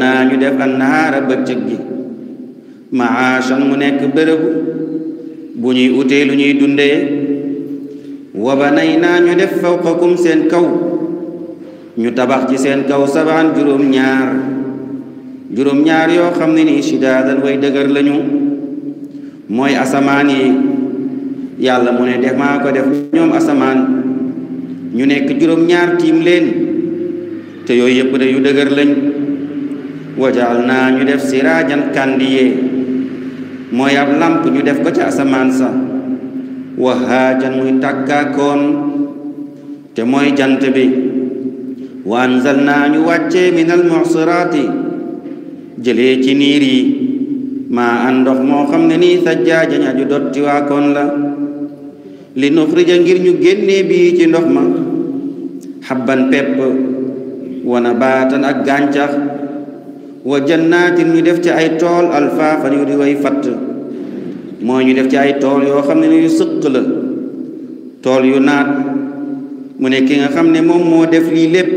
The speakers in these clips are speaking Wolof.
naa ñu def an nahaara bëccëg gi maashan mu nekk bërëbu bu ñuy utee lu ñuy dundee wa banay naa ñu def fawqakum seen kaw ñu tabax ci seen kaw sabaan juróom-ñaar juróom-ñaar yoo xam ne nii shidaadan way dëgër lañu mooy asamaan yi yàlla mu ne def maa ko def ñoom asamaan ñu nekk juróom-ñaar tiim leen te yooyu yëpp de yu dëgër lañ wajaal naa ñu def sirajan kandiye, mooy ab lamp ñu def ko ci asaman sa wahajan muy tàkkaakoon te mooy jant bi wa anzal naa ñu wàccee min al muxsiraati jëlee ci andoh yi maa an ndox moo xam ne nii sajjaajan aju dotti la li nuxrija ngir ñu génnee bii ci ndox ma habban pepp wana batan ak wa jannaatin ñu def ci ay tool alfaafan yu di fatt mooy ñu def ci ay tool yoo xam ne ne yu sëq la tool yu naat mu ne ki nga xam ne moom moo def lii lépp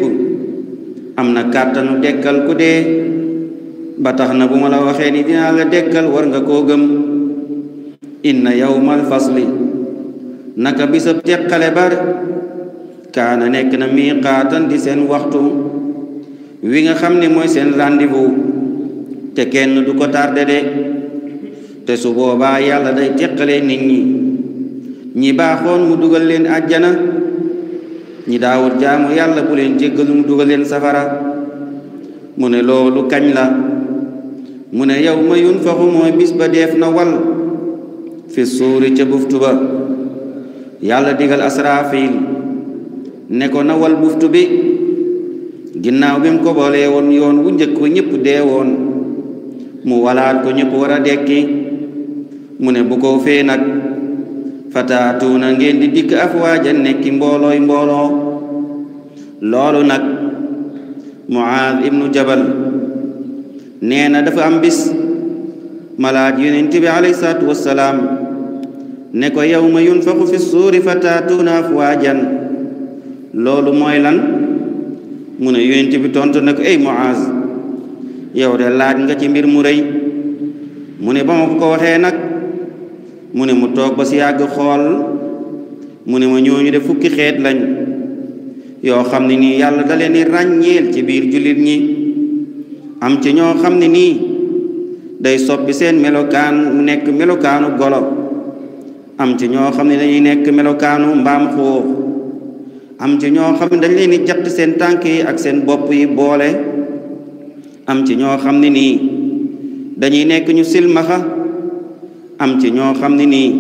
am na kàttanu dekkal ku dee ba tax na bu ma la waxee ni dinaa la dekkal war nga koo gëm inna yawmal fasli naka bisab teqale bar kaana nekk na miiqaatan di seen waxtu wi nga xam ne mooy seen rendez te kenn du ko tardé de te su boobaa yàlla day teqalee nit ñi ñi baaxoon mu dugal leen àjjana ñi daawut jaamu yàlla bu leen jéggal mu dugal leen safara mu ne loolu kañ la mu ne yow ma yun faxu mooy bis ba def na wal fi suuri ca buftu ba yàlla digal asraafil ne ko na wal buftu bi ginnaaw bi mu ko boolee woon yoon wu njëkk wa ñëpp dee woon mu walaat ko ñëpp war a dekki mu ne bu ko fee nag fataatuuna ngeen di dikk afwaaja nekki mboolooy mbooloo loolu nag muaaz ibnu jabal nee na dafa am bis malaat yonent bi alayhi salaatu wassalaam ne ko yawma yunfaxu fi suuri fataatuuna afwaajan loolu mooy lan mu ne yonent bi tontu ne ko ey Muaz yow ya de laaj nga ci mbir mu rëy mu ne ba ma ko waxee nag mu ne mu toog ba si yàgg xool mu ne ma ñooñu de fukki xeet lañ yoo ya, xam ne ya nii yàlla da leen di ràññeel ci biir jullit ñi am ci ñoo xam ne nii day soppi seen melokaan mu nekk melokaanu golo am ci ñoo xam ne dañuy nekk melokaanu mbaam am ci ñoo xam ni dañ leen di jatt seen tànk yi ak seen bopp yi boole am ci ñoo xam ne nii dañuy nekk ñu silmaxa am ci ñoo xam ne nii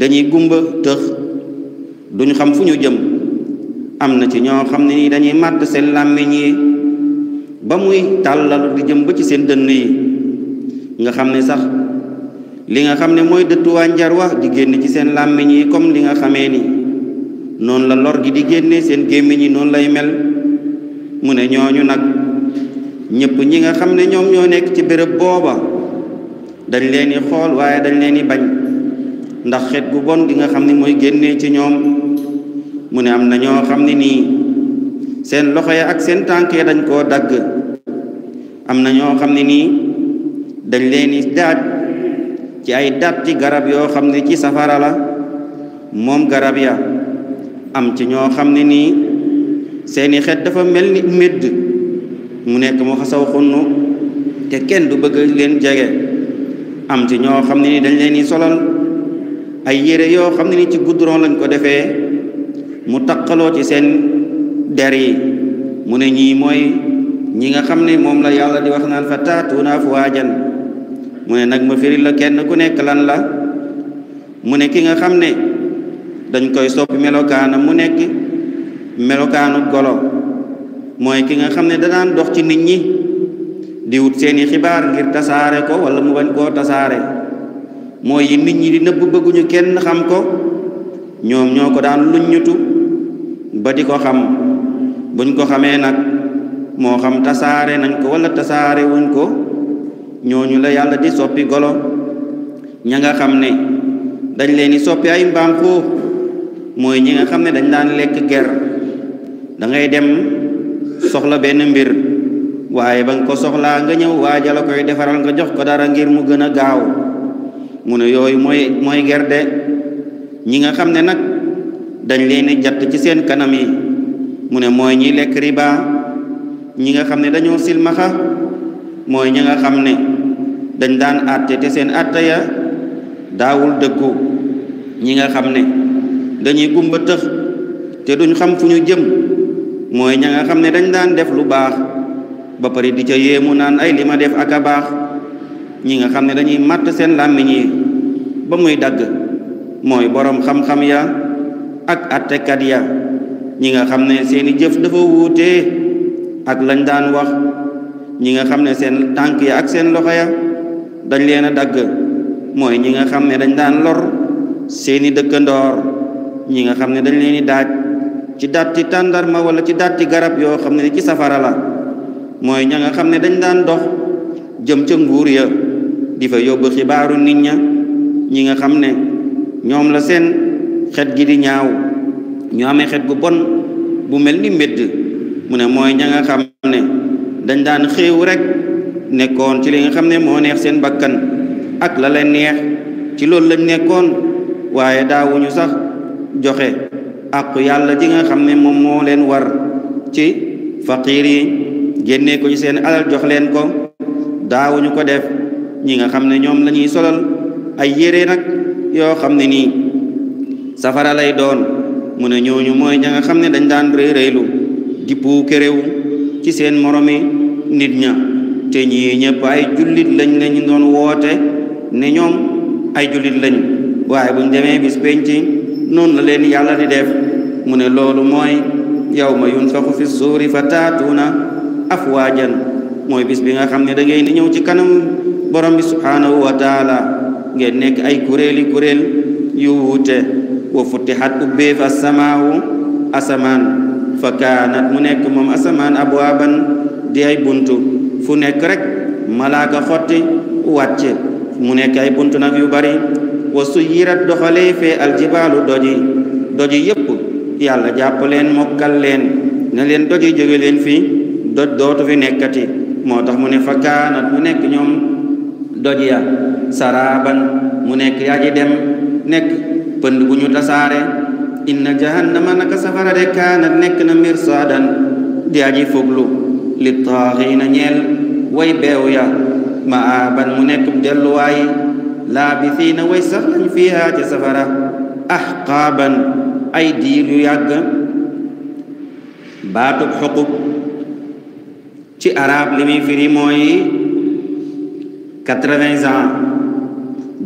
dañuy gumba tëx duñ xam fu ñu jëm am na ci ñoo xam ne nii dañuy màtt seen làmmiñ yi ba muy tàllalu di jëm ba ci seen dënn yi nga xam ne sax li nga xam ne mooy dëttuwaa njar wa di génn ci seen làmmiñ yi comme li nga xamee ni noonu la lor gi di génne seen gémmiñ yi noonu lay mel mu ne ñooñu nag ñëpp ñi nga xam ne ñoom ñoo nekk ci béréb booba dañ leen xool waaye dañ leen di bañ ndax xet bu bon gi nga xam ne mooy génne ci ñoom mu ne am na ñoo xam ne nii seen loxo ya ak seen tànk ya dañ koo dagg am na ñoo xam ne nii dañ leen di ci ay dat ci garab yoo xam ne ci safara la moom garab ya am ci ñoo xam ne nii seeni xeet dafa mel ni médd mu nekk mu xasaw xunnu te kenn du bëgg leen jege am ci ñoo xam ne ni dañ leen yi solal ay yére yoo xam ne ni ci goudron lañ ko defee mu taqaloo ci seen der yi mu ne ñii mooy ñii nga xam ne moom la yàlla di wax naan fa taatuuna afwaajan mu ne nag ma firi la kenn ku nekk lan la mu ne ki nga xam ne dañ koy soppi melokaana mu nekk melokaanu golo mooy ki nga xam ne danaan dox ci nit ñi di wut seeni xibaar ngir tasaare ko wala mu bañ koo tasaare mooy nit ñi di nëbb bëgguñu kenn xam ko ñoom ñoo ko daan luññutu ba di ko xam buñ ko xamee nag moo xam tasaare nañ ko wala tasaare wuñ ko ñooñu la yàlla di soppi golo ña nga xam ne dañ leen soppi ay mbaam xuux mooy ñi nga xam ne dañ daan lekk ger da dem soxla benn mbir waaye ba nga ko soxlaa nga ñëw waaja la koy defaral nga jox ko dara ngir mu gën a gaaw mu ne yooyu mooy mooy ger de ñi nga xam ne nag dañ leen jatt ci seen kanam yi mu ne mooy ñi lekk riba ñi nga xam ne dañoo silmaxa mooy ñi nga xam ne dañ daan àtte te seen àtte ya daawul dëggu ñi nga xam ne dañuy gumba tëx te duñ xam fu ñu jëm mooy ña nga xam ne dañ daan def lu baax ba pare di ca mu naan ay li def ak a baax ñi nga xam ne dañuy màtt seen làmmiñ yi ba muy dagg mooy boroom xam-xam ya ak attekat ya ñi nga xam ne seeni jëf dafa wuutee ak lañ daan wax ñi nga xam ne seen tànk ya ak seen loxo ya dañ leen a dagg mooy ñi nga xam ne dañ daan lor seeni dëkkandoor ñi nga xam ne dañ leen di daaj ci datti tàndarma wala ci datti garab yoo xam ne ci safara la mooy ña nga xam ne dañ daan dox jëm ca nguur ya di fa yóbbu xibaaru nit ña ñi nga xam ne ñoom la seen xet gi di ñaaw ñu amee gu bon bu mel ni mbedd mu ne mooy ña dañ daan xéew rek nekkoon ci li nga xam ne moo neex seen bakkan ak la neex ci loolu lañ nekkoon waaye daawuñu sax joxe àqu yàlla ji nga xam ne moom moo leen war ci faqiir yi génnee ko ci seen alal jox leen ko daawuñu ko def ñi nga xam ne ñoom lañuy ñuy solal ay yére nag yoo xam ne nii safara lay doon mu ne ñooñu mooy ña nga xam ne dañ daan rëy rëylu di puukerewu ci seen moromi nit ña te ñii ñëpp ay jullit lañ lañu doon woote ne ñoom ay jullit lañ waaye buñ demee bis penc noonu la leen yàlla di def mu ne loolu mooy yawma yunfaxu fi suuri fa taatuuna afwaajan mooy bis bi nga xam ne da ngeen di ñëw ci kanam borom bi subhaanahu wa taala ngeen nekk ay kuréeli kuréel yu wuute wa futixat ubbeef asamaawu asamaan fa kaanat mu nekk moom asamaan abwaaban di ay buntu fu nekk rek malaaka xotti wàcce mu nekk ay buntu nag yu bari wa suyirat doxalee fee aljibaalu doji doji yépp yàlla jàpp leen mokkal leen na leen doji jóge leen fii doj dootu fi nekkati moo tax mu ne fa kaanat mu nekk ñoom doj ya saraaban mu nekk yaa dem nekk pënd bu ñu tasaare inna jahannama naka safara de kaanat nekk na mirsaadan di aji foglu li taaxiina ñeel way beew ya ma aaban mu nekk delluwaay laabisiina way sax lañ fiihaa ca safara axqaaban ay diir yu yàgg baatub xuqub ci arab li muy mooy ans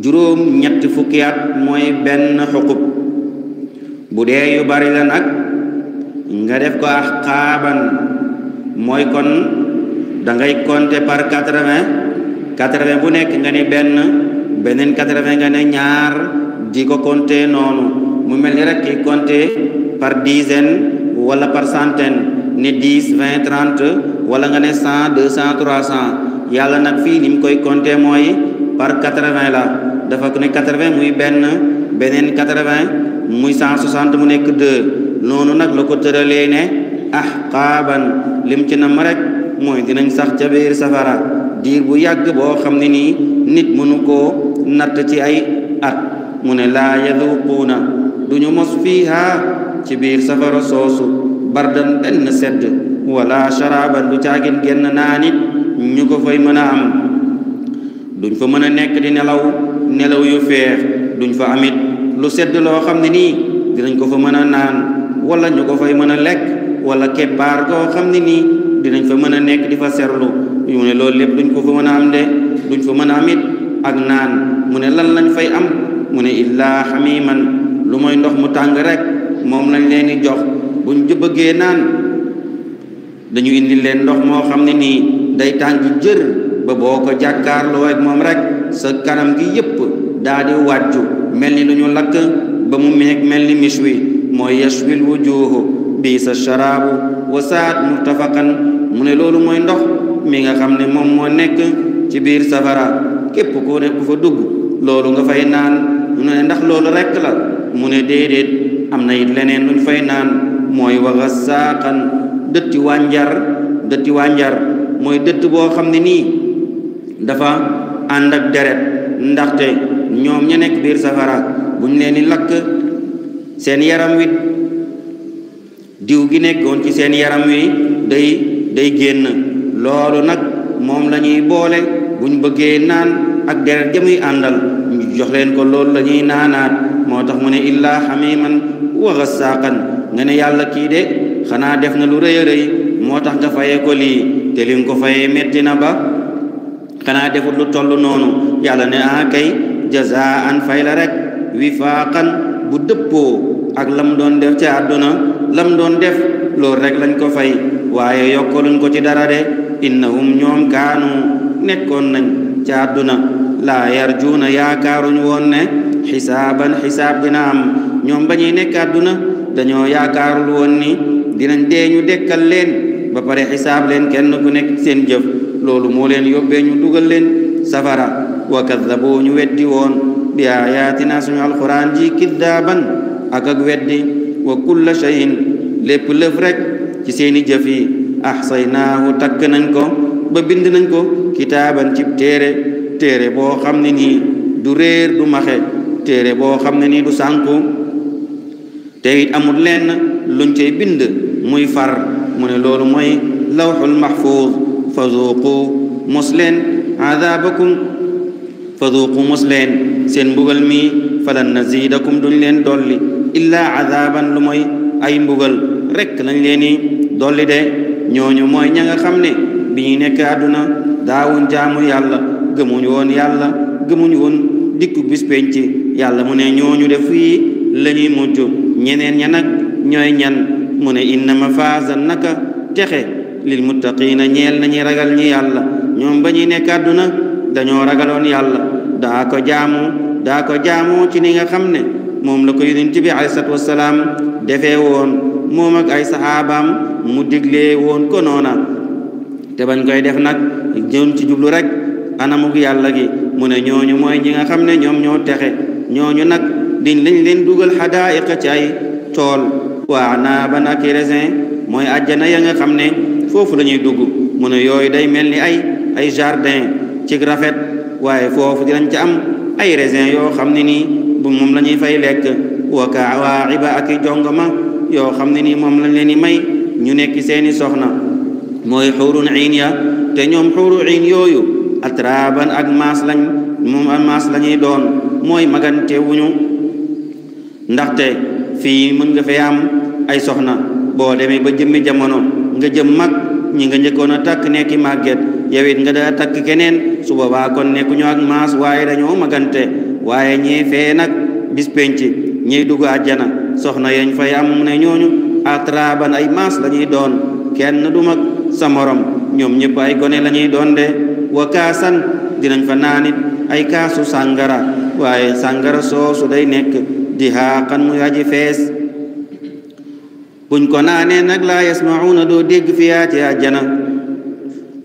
juróom ñetti fukki at mooy benn xuqub bu dee yu bari la nag nga def ko axqaaban mooy kon dangay compter par quatre-vingts quatre-vingts bu nekk nga ni benn beneen quatre-vingt nga ne ñaar di ko compter noonu mu mel ni rek ki compter par dizaine wala par centaine ne dix vingt trente wala nga ne cent deux cent trois cent yàlla nag fii ni mu koy compter mooy par quatre-vingt la dafa ko ne quatre-vingt muy benn beneen quatre-vingt muy cent soixante mu nekk deux noonu nag la ko tëralee ne ahqaaban lim ci nam rek mooy dinañ sax ca biir safara diir bu yàgg boo xam ne nii nit mënu koo natt ci ay at mu ne laa yaduquuna du ñu mos fiiha ci biir safara soosu bardan benn sedd wala sharaaban du caagin genn naanit ñu ko fay mën a am duñ fa mën a nekk di nelaw nelaw yu feex duñ fa amit lu sedd loo xam ne nii dinañ ko fa mën a naan wala ñu ko fay mën a lekk wala keppaar goo xam ni nii dinañ fa mën a nekk di fa serlu ñu ne loolu lépp duñ ko fa mën a am de duñ fa mën a amit ak naan mu ne lan lañ fay am mu ne illaa xamiman lu mooy ndox mu tàng rek moom lañ leen di jox buñ bëggee naan dañu indi leen ndox moo xam ne nii day tàng jër ba boo ko jàkkaarloo ak moom rek sa kanam gi yépp daa di wàjju mel ni lu ñu lakk ba mu meeg mel ni mis wi mooy yashwil wujuuhu bii sa sharaabu wa saat mu ne loolu mooy ndox mi nga xam ne moom moo nekk ci biir safara képp ko ne fa dugg loolu nga fay naan mu ne ndax loolu rekk la mu ne déedéet am na it leneen luñ fay naan mooy waxa saaqan dëtti wànjar dëtti wànjar mooy dëtt boo xam ne nii dafa ànd ak deret ndaxte ñoom ña nekk biir safara buñ leen di lakk seen yaram wi diw gi nekkoon ci seen yaram wi day day génn loolu nag moom la ñuy boole buñ bëggee naan ak deret ja muy àndal jox leen ko loolu la ñuy naanaat moo tax mu ne illaa xamiman wa xassaaqan nga ne yàlla kii de xanaa def na lu rëy rëy moo tax nga fayee ko lii te li nga ko fayee metti na ba xanaa defut lu toll noonu yàlla ne ah kay jazaan fay la rek wifaaqan bu dëppoo ak lam doon def ca àdduna lam doon def loolu rek lañ ko fay waaye yokkaluñ ko ci dara de innahum ñoom kaanu nekkoon nañ ci àdduna laa yarjuuna yaakaaruñu woon ne xisaaban xisaab dina am ñoom ba ñuy nekk àdduna dañoo yaakaarul woon ni dinañ dee ñu dekkal leen ba pare xisaab leen kenn ku nekk seen jëf loolu moo leen yóbbee ñu dugal leen safara wa kaddaboo ñu weddi woon bi aayaatina suñu alxuraan ji kiddaaban ak ak weddi wa kulla shayin lépp lëf rek ci seeni jëf yi ahsaynaahu takk nañ ko ba bind nañ ko kitaaban cib téere téere boo xam ne nii du réer du maxe téere boo xam ne ni du sànku te it amul leen luñ cay bind muy far mu ne loolu mooy lawxul maxfuuz fa zuuqu mos leen azaabakum fa mos leen seen mbugal mi falan naziidakum duñ leen dolli illaa azaaban lu mooy ay mbugal rekk lañ leen dolli de ñooñu mooy ña xam ne bi nekk àdduna daawuñ jaamu yàlla gëmuñ woon yàlla gëmuñu woon dikku bis penc yàlla mu ne ñooñu def fii la ñuy mujj ñeneen ña nag ñooy ñan mu ne innama faasa naka texe lil muttaqiina ñeel nañu ragal ñi yàlla ñoom ba ñuy nekk àdduna dañoo ragaloon yàlla daa ko jaamu daa ko jaamu ci ni nga xam ne moom la ko yonent bi alayhi salaatu wasalaam defee woon moom ak ay saxaabaam mu diglee woon ko te bañ koy def nag jël ci jublu rek anamuk yàlla gi mu ne ñooñu mooy ñi nga xam ne ñoom ñoo texe ñooñu nag diñ lañ leen dugal xadaaiqa ci ay tool waa naa ba naki raisin mooy àjjana ya nga xam ne foofu la ñuy dugg mu ne yooyu day mel ni ay ay jardin ci rafet waaye foofu dinañ ci am ay raisin yoo xam ne nii bu moom la fay lekk wa kawaaxiba ak i jongoma yoo xam ne nii moom lañ leen di may ñu nekk seeni soxna mooy xuurun iin ya te ñoom xuuru in yooyu atraaban ak maas lañ moom maas la doon mooy magante wuñu te fi mën nga fee am ay soxna boo demee ba jëmmi jamono nga jëm mag ñi nga njëkkoon a takk nekki màgget yow it nga daa takk keneen su boobaa kon nekkuñu ak maas waaye dañoo magante waaye ñee fee nag bis penc ñiy dugg àjjana soxna yeñ fay am ne ñooñu atraaban ay mas la don doon kenn du mag sa morom ñoom ñëpp ay gone lañuy doon de wa kaasan dinañ fa naanit ay kaasu sàngara waaye sàngara soosu day nekk di xaaqan muy aji fees buñ ko naanee nag laa yasmauna doo dégg fiyaa ci àjjana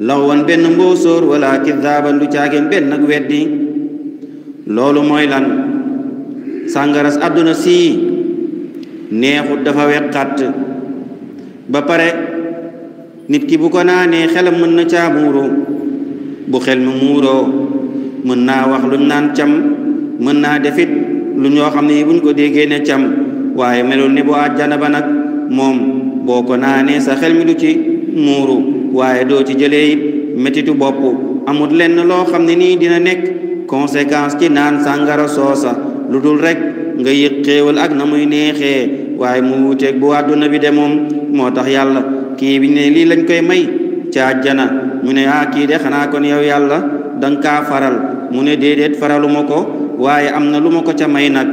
lawan benn mboosóor wala kidaaban du caageen benn ak weddi loolu mooy lan sàngaras àdduna sii neexut dafa weqat ba pare nit ki bu ko naanee xelam mën na caa muuro bu xel mu muuroo mën naa wax luñ naan cam mën naa defit lu ñoo xam ne buñ ko déggee ne cam waaye melul ni bu àjjana ba nag moom boo ko naanee sa xel mi du ci muuru waaye doo ci jëlee it métitu bopp amul lenn loo xam ne nii dina nekk conséquence ci naan sàngara soosa lu dul rek nga yëg ak na muy neexee waaye mu wuuteeg bu àdduna bi de moom moo tax yàlla kii biñ ne lii lañ koy may ca jana mu ne ah kii de xanaa kon yow yàlla danga kaa faral mu ne déedéet faraluma ko waaye am na lu ma ko ca may nag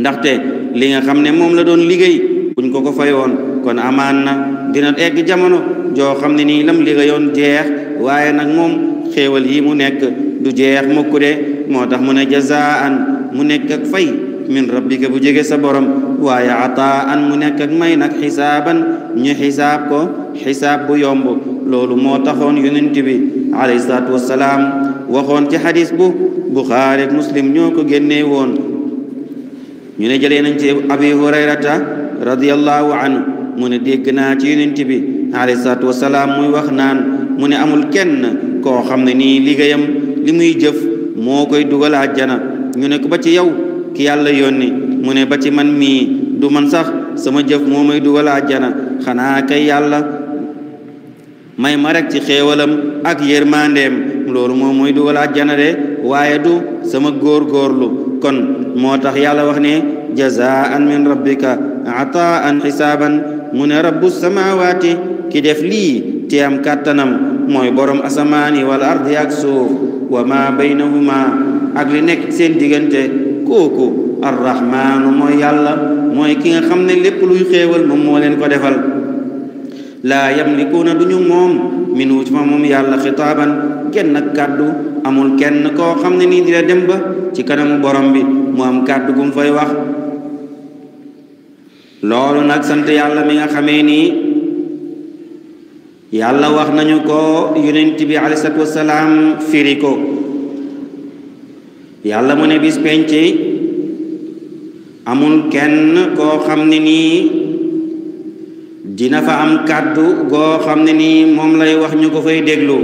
ndaxte li nga xam ne moom la doon liggéey buñ ko ko fayoon kon amaan na dina egg jamono joo xam ne nii lam liggéeyoon jeex waaye nag moom xéewal yi mu nekk du jeex mukk de moo tax mu ne jazaan mu nekk ak fay min rabbika bu jóge sa borom waaye ataan mu nekk may nag xisaaban ñu xisaab ko xisaab bu yomb loolu moo taxoon yonent bi alayhi salaatu wassalaam waxoon ci xadis bu buxaari ak muslim ñoo ko génnee woon ñu ne jëlee nañ ci abi hurayrata radiyallahu anhu mu ne dégg naa ci yonent bi alayhi salaatu salaam muy wax naan mu ne amul kenn koo xam ne nii liggéeyam li muy jëf moo koy dugal àjjana ñu ne ko ba ci yow ki yàlla yoni mu mi ba ci man mii du man sax sama jëf moo may dugal àjjana xanaa kay yàlla may ma rek ci ak yërmandeem loolu moom mooy dugal àjjana de waaye du sama gor góorlu kon moo tax wax ne jazaan min rabbika ataan hisaban mune rabbus rabbu samawaati ki def lii te am kàttanam mooy borom asamani wal ardi ak suuf wa ma baynahuma ak li nekk kooku arrahmaanu mooy yàlla mooy ki nga xam ne lépp luy xéewal moom moo leen ko defal laa yamlikuuna du ñu moom minu ci moom yàlla xitaaban genn ak kàddu amul kenn koo xam ne nii dina dem ba ci kanamu borom bi mu am kàddu gum fay wax loolu nag sant yàlla mi nga xamee nii yàlla wax nañu ko yonent bi alayhi salaatu wasalaam firi ko yàlla mu ne bis penc amul kenn koo xam ne nii dina fa am kàddu goo xam ne nii lay wax ñu ko fay déglu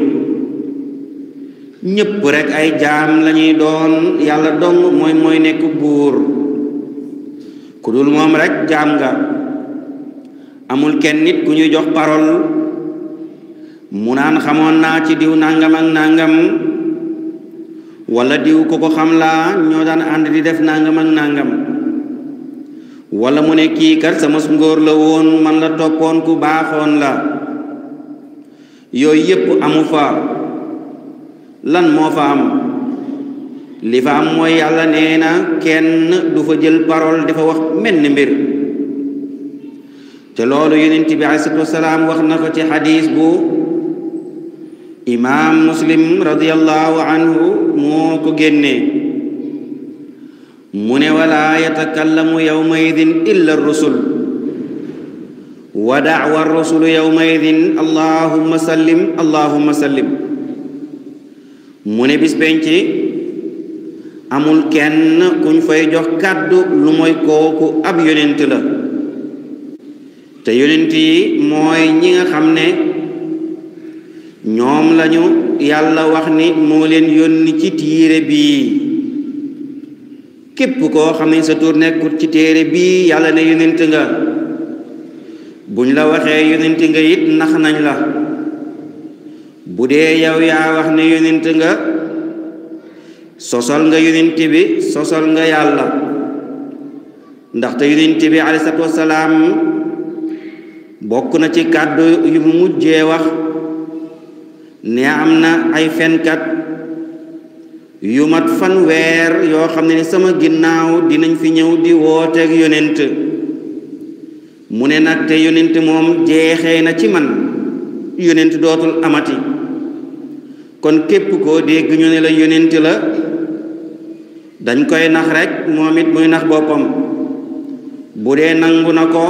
ñépp rek ay jaam lañuy doon yàlla dong moy moy nekk buur Kudul dul rek jaam nga amul kenn nit ku ñuy jox parole mu naan xamoon naa ci diw nangam ak nangam wala diw ko ko xam laa ñoo daan ànd di def nangam ak nangam wala mu ne kii kat sama ngóor la woon man la toppoon ku baaxoon la yooyu yépp amu fa lan moo fa am li fa am mooy yàlla nee na kenn du fa jël parole dafa wax menn mbir te loolu yonent bi alayhi wax na ko ci bu imaam muslim radiyallahu anhu moo ko génnee mu ne walaa yatakallamu yawma idin illa rusul wa daawa rusulu yawma idin allahumma sallim allahumma sallim mu ne bis amul kenn kuñ fay jox kàddu lu mooy kooku ab yonent la te yonent mooy ñi xam ne ñoom lañu yàlla wax ni moo leen yónni ci téere bii képp koo xam ne sa tur nekkul ci téere bii yàlla na yonent nga buñ la waxee yonent nga it nax nañ la bu dee yow yaa wax ne yonent nga sosol nga yonent bi sosol nga yàlla ndaxte yonent bi alayhi salaatu bokk na ci kàddu yu mu mujjee wax neamna ay fenkat yu mat fan yoo yo ne ni sama ginnaaw dinañ fi ñëw di wooteeg yonent mu ne te yonent mom jehe na ci man yonent amati kon képp ko dégg ñu ne la yonent la dañ koy nax rek moom it muy nax boppam bu dee nangu na ko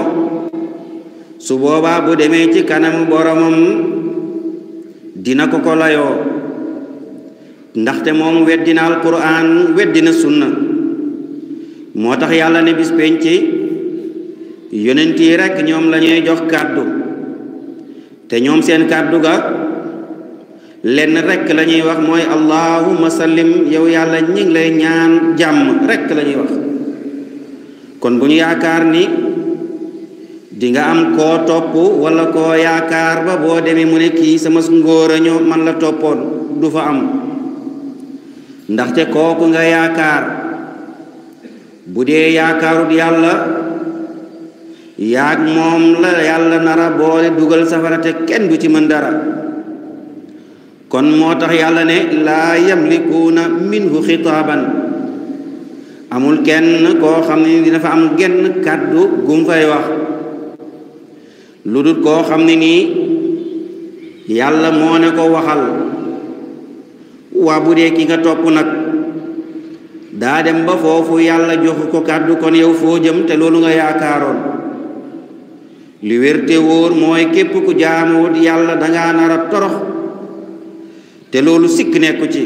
su boobaa bu ci boromam dina ko ko layoo ndaxte moom weddina wet dina sunna moo tax yàlla ne bis penc yonent yi rekk ñoom la ñuy jox kàddu te ñoom seen kàddu ga lenn rekk lañuy wax mooy allahuma sallim yow yàlla ñi lay ñaan jàmm rekk lañuy ñuy wax kon bu ñu yaakaar ni dinga am koo topp wala koo yakar ba boo demee mu ki sama ngóor a man la du fa am ndaxte kooku nga yaakaar bu dee yaakaarut yàlla yaag moom la nara boole dugal safara te kenn du ci mën dara kon moo tax ne laa yamlikuuna minhu xitaaban amul kenn koo xam di dina fa am genn kàddu gum fay wax lu dul koo xam ni nii yàlla moo ne ko waxal waa bu dee ki nga topp nag daa dem ba foofu yàlla joxu ko kàddu kon yow foo jëm te loolu nga yaakaaroon li wér te wóor mooy képp ku jaamuwut yàlla dangaa nar a torox te loolu sikk nekku ci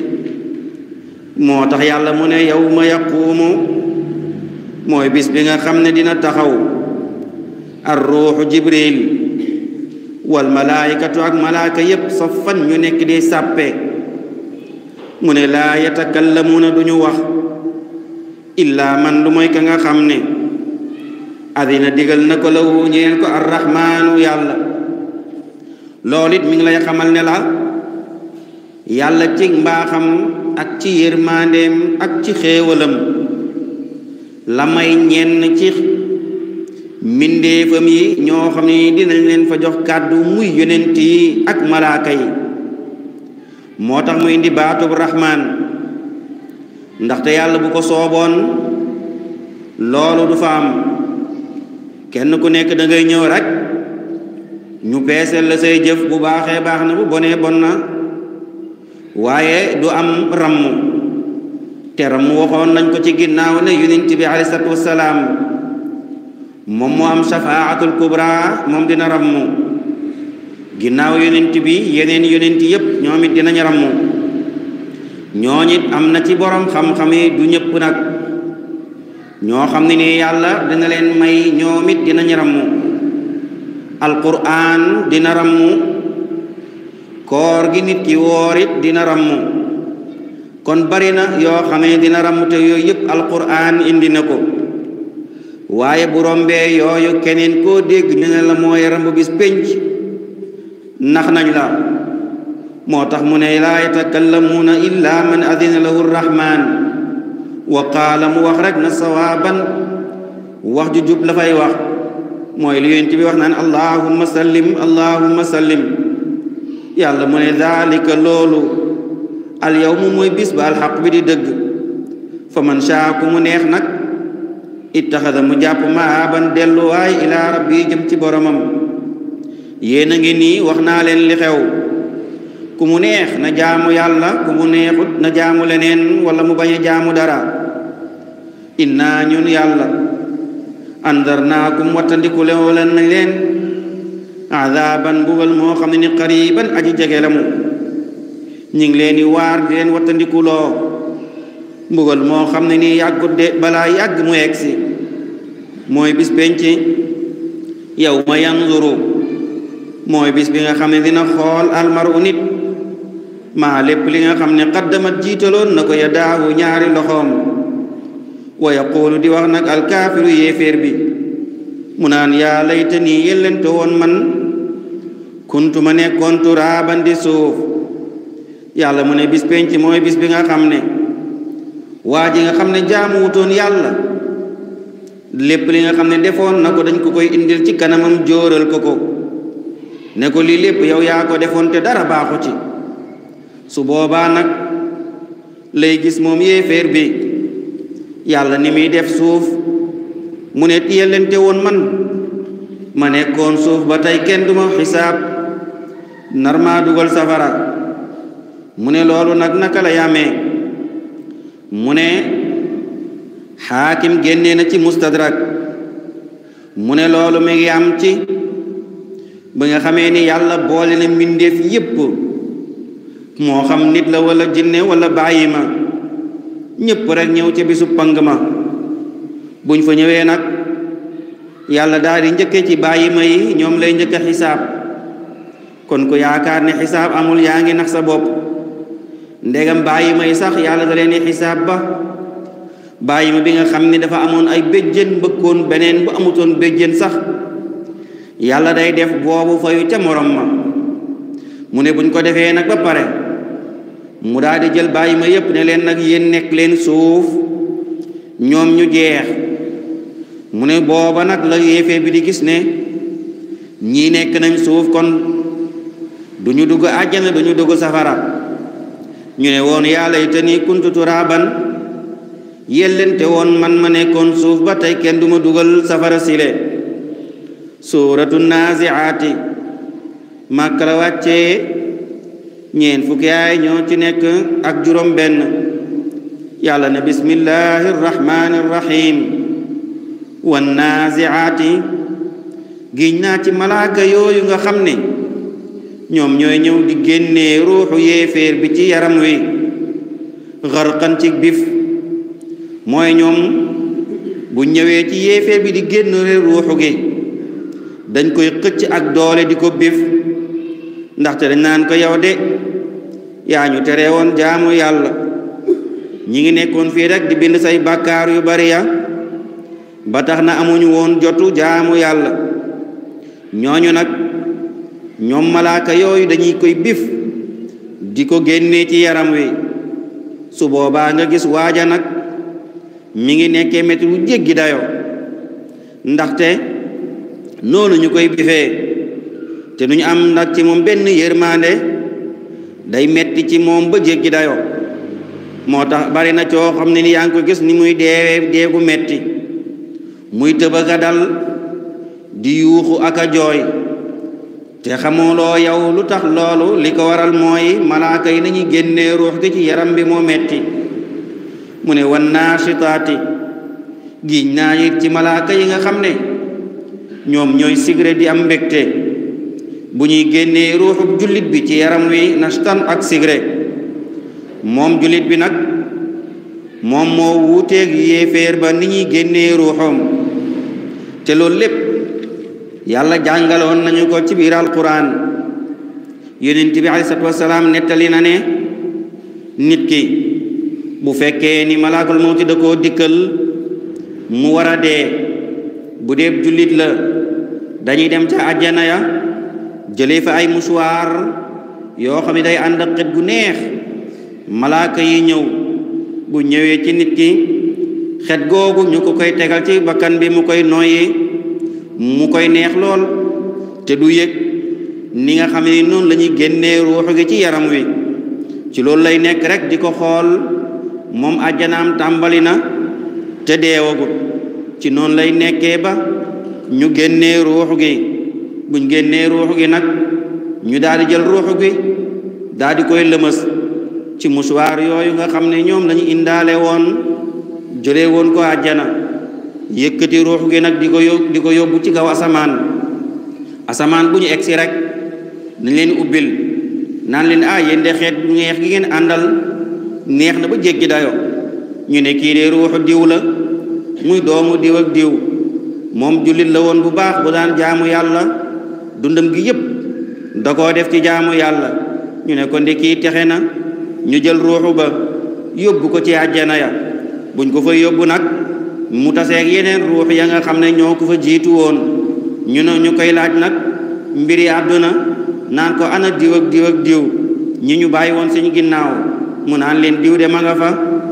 moo tax yàlla mu ne yow ma yaquumu mooy bis bi nga xam ne dina taxaw ar jibril wal malaayikatu ak malaaka yépp sa fan ñu nekk di sàppe mu ne laa yatakallamuuna du ñu wax illaa man lu mooy ka nga xam ne adina digal na ko lawu ñeel ko arrahmaanu yàlla loolit it mi lay xamal ne la yàlla ci mbaaxam ak ci yërmandeem ak ci xéewalam la may ñenn ci mbindeefam yi ñoo xam ne dinañ leen fa jox kàddu muy yonent yi ak malaaka yi moo tax mu indi baatub rahmaan ndaxte yàlla bu ko sooboon loolu du fa am kenn ku nekk dangay ñëw rek ñu peeseel la say jëf bu baaxee baax na bu bonee bon na waaye du am ramm te ramm waxoon nañ ko ci ginnaaw ne yonent bi alayhi salaatu wassalaam moom am safaatul kubra mom dina ramu ginnaaw yonent bi yenen yonent yépp ñoom dina dinañ rammu ñooñit am na ci borom xam-xam yi du nini yalla ñoo xam ne dina len may ñoom it dinañ alquran dina ramu koor gi nit ki woor dina ramu kon bari na dina ramu te yooyu yëpp alquran indi waye borom bee yoyu kenen ko deg ñu ne la moy rambu bis pénc nax nañ la motax tax mu ne laa yatakallamuuna illa man adina lahu arrahman wa qaala mu wax rek na sawaaban wax ju jup la fay wax moy li yent bi wax nan allahumma sallim allahumma sallim yàlla mu ne daalika loolu al yawm moy bis ba haqq bi di deug faman man shaa ku neex nak ittaxada mu jàpp maaban delluwaay ilaa rabbi jëm ci boromam yéen a ngi nii wax naa leen li xew ku mu neex na jaamu yàlla ku mu neexut na jaamu leneen wala mu bañ a jaamu dara innaa ñun yàlla andarnaakum wattandiku lew leen nañ leen azaban mbugal moo xam ne ni xariban aji jege la mu ñi leen di waar di leen wattandiku loo mbugal moo xam ne nii yàggut de balaa yàgg mu egsi mooy bis penc yow yanzuru mooy bis bi nga xam ne dina xool almaru nit maa lépp li nga xam ne xaddamat jiitaloon na ko ya daawu ñaari loxoom wa yaquulu di wax nag alkaafiru yéeféer bi mu naan yaa layta nii yellente woon man kuntu ma nekkoon turaaban suuf yàlla mu ne bis penc mooy bis bi nga xam ne waa ji nga xam ne jaamuwutoon yàlla lépp li nga xam ne defoon na ko dañ ko koy indil ci kanamam jóoral ko ko ne ko lii lépp yow yaa ko defoon te dara baaxu ci su boobaa nag lay gis moom yéeféer bi yàlla ni muy def suuf mu ne tiyalente woon man ma nekkoon suuf ba tey kenn duma xisaab nar maa dugal safara mu ne loolu nag naka la yàmmee mu ne xaakim génne na ci mustadrak mu ne loolu mi ngi am ci ba nga xamee ni yàlla boole na mbindeef yépp moo xam nit la wala jinne wala bàyyi ma ñépp rek ñëw ca bisu pang ma buñ fa ñëwee nag yàlla daal di ci bàyyi ma yi ñoom lay njëkk a xisaab kon ku yaakaar ne xisaab amul yaa ngi nax sa bopp ndegam bàyyi ma yi sax yàlla da xisaab ba bàyyi ma bi nga xam ni dafa amoon ay bëjjën mbëkkoon beneen bu amutoon bëjjën sax yàlla day def boobu fayu ca morom ma mu ne buñ ko defee nag ba pare mu daal jël bàyyi ma yépp ne leen nag yéen nekk leen suuf ñoom ñu jeex mu ne booba nag la yéefee bi di gis ne ñii nekk nañ suuf kon du ñu dugg àjjana du ñu dugg safara ñu ne woon yàlla yi te ni kuntu turaaban yellente woon man ma nekkoon suuf ba tey kenn duma dugal safara sile suuratu naaziaati màkka la wàccee ñeen fukki aay ñoo ci nekk ak juróom benn yàlla na bismillahi rrahmani rrahim wan naaziaati giñ naa ci malaaka yooyu nga xam ne ñoom ñooy ñëw di génnee ruuxu yéeféer bi ci yaram wi xarqan ci bif mooy ñoom bu ñëwee ci yéeféer bi di génn ruuxu gi dañ koy xëcc ak doole di ko béf ndaxte dañ naan ko yow de yaa ñu tere woon jaamu yàlla ñi ngi nekkoon fii rek di bind say bàkkaar yu bari ya ba tax na amuñu woon jotu jaamu yàlla ñooñu nag ñoom malaaka yooyu dañuy koy bif di ko génnee ci yaram wi su boobaa nga gis waaja nag mu ngi nekkee métti wu jéggi dayo ndaxte noonu ñu koy bifee te duñu am nag ci moom benn yërmande day metti ci moom ba jéggi dayo moo tax bari na coo xam ne ni yaa ngi ko gis ni muy deewee deegu metti muy tëbëg a dal di yuuxu ak a jooy te xamuloo yow lu tax loolu li ko waral mooy malaaka yi nañu génnee ruux gi ci yaram bi moo metti mu ne wan naashitaati giiñ naa it ci malaaka yi nga xam ne ñoom ñooy sigre di am mbégte bu ñuy génnee ruuxub jullit bi ci yaram wi nashtan ak sigre moom jullit bi nag moom moo wuuteeg yéeféer ba ni ñuy génnee ruuxam te loolu lépp yàlla jàngaloon nañu ko ci biir alquran yonent bi alei salatu wasalaam nettali na ne nit ki bu fekkee ni malaakul mawti da koo dikkal mu war a dee bu dee jullit la dañuy dem ca àjjana ya jëlee fa ay musuwaar yoo xam ne day ànd xet gu neex malaaka yi ñëw bu ñëwee ci nit ki xet googu ñu ko koy tegal ci bakkan bi mu koy noyyi mu koy neex lool te du yég ni nga xam ne noonu lañuy ñuy génnee gi ci yaram wi ci loolu lay nekk rek di ko xool moom àjjanaam tàmbali na te deewagut ci noonu lay nekke ba ñu génnee ruux gi buñ génnee ruux gi nag ñu daal jël ruux gi daal koy lëmës ci musuwaar yooyu nga xam ne ñoom lañu indaale woon jëlee woon ko àjjana yëkkati ruux gi nag di ko yóbbu di ko yóbbu ci kaw asamaan asamaan bu ñu egsi rek dañ leen ubbil naan leen ah yéen de xeet bu neex gi ngeen àndal neex na ba jéggi dayoo ñu ne kii de ruuxu diw la muy doomu diw ak diw moom jullit la woon bu baax bu daan jaamu yàlla dundam gi yépp da koo def ci jaamu yàlla ñu ne ko ndi texe na ñu jël ruuxu ba yóbbu ko ci àjjana ya buñ ko fa yóbbu nag mu taseeg yeneen ruux ya nga xam ne ñoo ko fa jiitu woon ñu ne ñu koy laaj nag mbiri àdduna naan ko ana diw ak diw ak diw ñi ñu bàyyi woon suñu ginnaaw mu naan leen diw de ma nga fa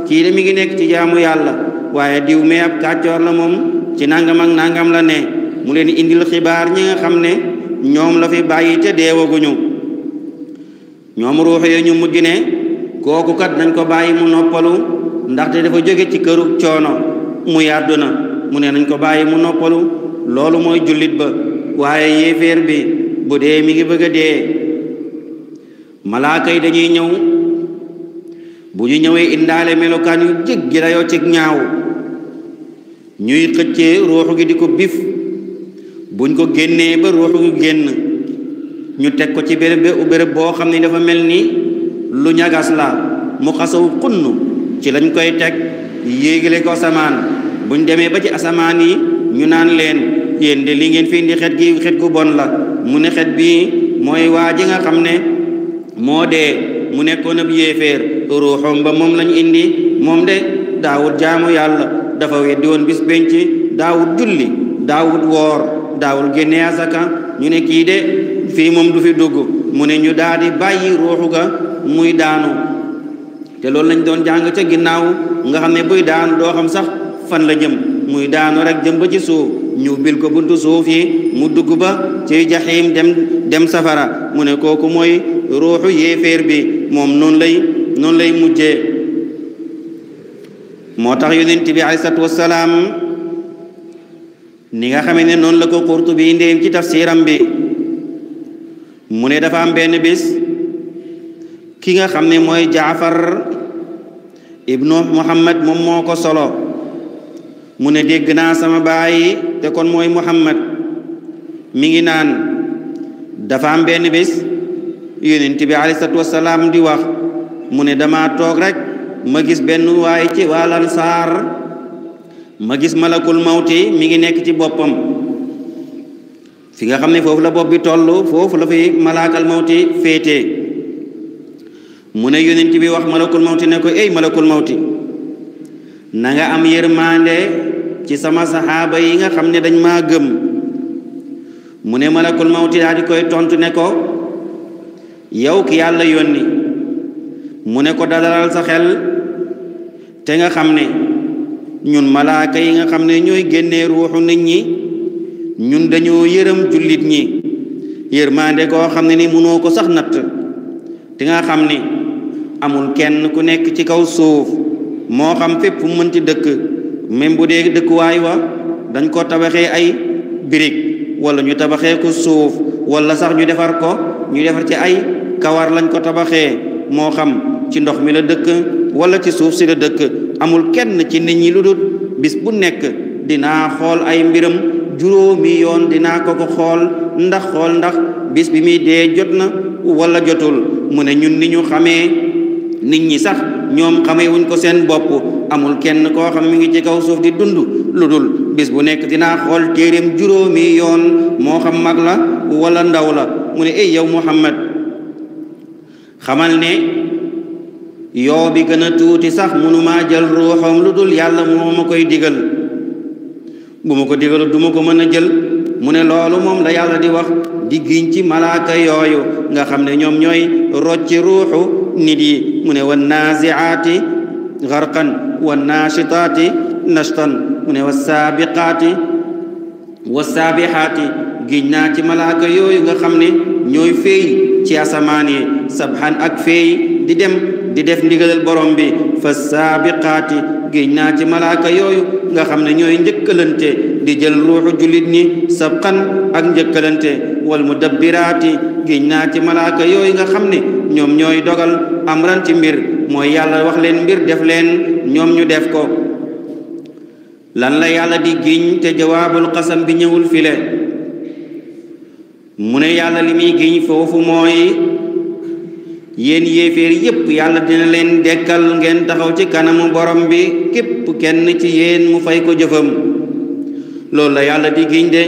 kii de mi ngi nekk ci jaamu yàlla waaye diw mee ab kàccoor la moom ci nangam ak nangam la ne mu leen indil xibaar ñi nga xam ne ñoom la fi bàyyi te deewaguñu ñoom ruux yo ñu mujj ne kooku kat dañ ko bàyyi mu noppalu ndaxte dafa jóge ci këru coono mu yàddu na mu ne nañ ko bàyyi mu noppalu loolu mooy jullit ba waaye yéeféer bi bu dee mi ngi bëgg a dee malaaka yi dañuy ñëw bu ñu ñëwee indaale melokaan yu jéggi dayoo ci ñaaw ñuy xëccee ruuxu gi di ko bif buñ ko génnee ba ruuxu gi génn ñu teg ko ci béréb béréb boo xam ne dafa mel ni lu ñagas la mu xasaw xunn ci lañ koy teg yéegale ko asamaan buñ demee ba ci asamaan yi ñu naan leen yéen de li ngeen fii indi xet gi xet gu bon la mu ne xet bii mooy waa ji nga xam ne moo dee mu nekkoon ab yéeféer ruuxam ba moom lañu indi moom de daawut jaamu yàlla dafa weddi woon bis penc daawut julli daawut woor daawul génne asaka ñu ne kii de fii moom du fi dugg mu ne ñu daal bàyyi ruuxu ga muy daanu te loolu lañ doon jàng ca ginnaaw nga xam ne buy daanu doo xam sax fan la jëm muy daanu rek jëm ba ci suuf ñu bil ko buntu suuf yi mu dugg ba ci jaxiim dem dem safara mu ne kooku moy ruuxu yéeféer bi moom noonu lay noonu lay mujjee moo tax yu bi alayhi salaatu wassalaam ni nga xamee ne noonu la ko Qurtubi indee ci tafsiram bi mu ne dafa am benn bis ki nga xam ne mooy Jaafar ibnu Muhammad moom moo ko solo mu ne dégg naa sama baay te kon mooy Muhammad mi ngi naan dafa am benn bis yonent bi alayhi salaatu wasalaam di wax mu ne dama toog rek ma gis benn waay ci waa Ansaar ma gis malakul mawti mi ngi nekk ci boppam fi nga xam ne foofu la bopp bi toll foofu la fi malaakal mawti féete mu ne yonent bi wax malakul mawti ne ko ey malakul mawti na nga am yërmande ci sama saxaaba yi nga xam ne dañ ma gëm mu ne malakul mawti daal di koy tontu ne ko yow ki yàlla yónni mu ne ko dalal sa xel te nga xam ne ñun malaaka yi nga xam ne ñooy génnee ruuxu nit ñi ñun dañoo yërëm jullit ñi yërmaande koo xam ne ni mënoo ko sax natt te nga xam ne amul kenn ku nekk ci kaw suuf moo xam fépp fu mënti dëkk même bu dee dëkkuwaay wa dañ ko tabaxee ay birig wala ñu tabaxee ko suuf wala sax ñu defar ko ñu defar ci ay kawar lañ ko tabaxee moo xam ci ndox mi la dëkk wala ci suuf si la dëkk amul kenn ci nit ñi lu dul bis bu nekk dinaa xool ay mbiram juróomi yoon dinaa ko ko xool ndax xool ndax bis bi muy dee jot na wala jotul mu ne ñun ni ñu xamee nit ñi sax ñoom xamee ko seen bopp amul kenn koo xam mi ngi ci kaw suuf di dund lu dul bis bu nekk dinaa xool téeréem juróomi yoon moo xam la wala ndaw la mu ne ey yow Muhammad xamal ne yoo bi gën a tuuti sax mënumaa jël ruuxam lu dul yàlla moo koy digal bu ko digalu duma ko mën a jël mu ne loolu moom la yàlla di wax di giñ ci malaaka yooyu nga xam ne ñoom ñooy rocci ruuxu nit yi mu ne wan naaziaati garqan wan naashitaati nashtan mu ne wa saabiqaati wa saabixaati giñ naa ci malaaka yooyu nga xam ne ñooy féey ci asamaan yi sabhan ak feey di dem di def ndigalal borom bi fa saabiqaati géej naa ci malaaka yooyu nga xam ne ñooy di jël ruuxu jullit ñi sabqan ak wal mudabbiraati géej naa ci malaaka yooyu nga xam ne dogal amran ci mbir mooy yàlla wax leen mbir def leen ñoom ñu def ko lan la yàlla di giñ te jawaabul xasam bi file mu ne yàlla li muy giñ foofu mooy yéen yéeféer yépp yàlla dina leen dekkal ngeen taxaw ci kanamu borom bi képp kenn ci yéen mu fay ko jëfam loolu la yàlla di giñ de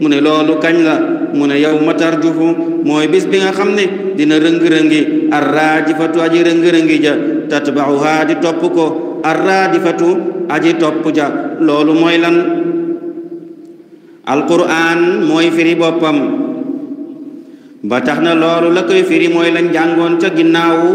mu ne loolu kañ la mu ne yow matar jufu mooy bis bi nga xam ne dina rëng-rëngi arraajifatu aji rëng-rëngi ja tatbauha di topp ko arraajifatu aji topp ja loolu mooy lan alquran mooy firi boppam ba tax na loolu la koy firi mooy lañ jàngoon ca ginnaawu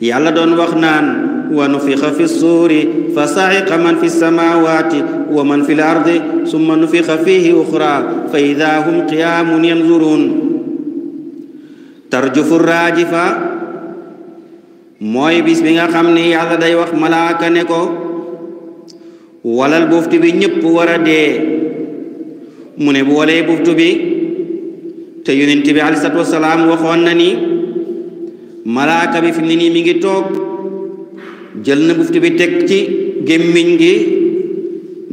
yàlla doon wax naan wa nufixa fi suuri fa saxiqa man fi samaawaati wa man fi l ardi summa nufixa fihi uxra fa ida hum qiyaamun yanzuruun tarjufu raajifa mooy bis bi nga xam ni yàlla day wax malaaka ne ko walal buftu bi ñëpp war a dee mu ne bu walee buftu bi te yonent bi aleyhi salaatu wasalaam waxoon na ni malaaka bi fi mu nii mi ngi toog jël na buftu bi teg ci gémmiñ gi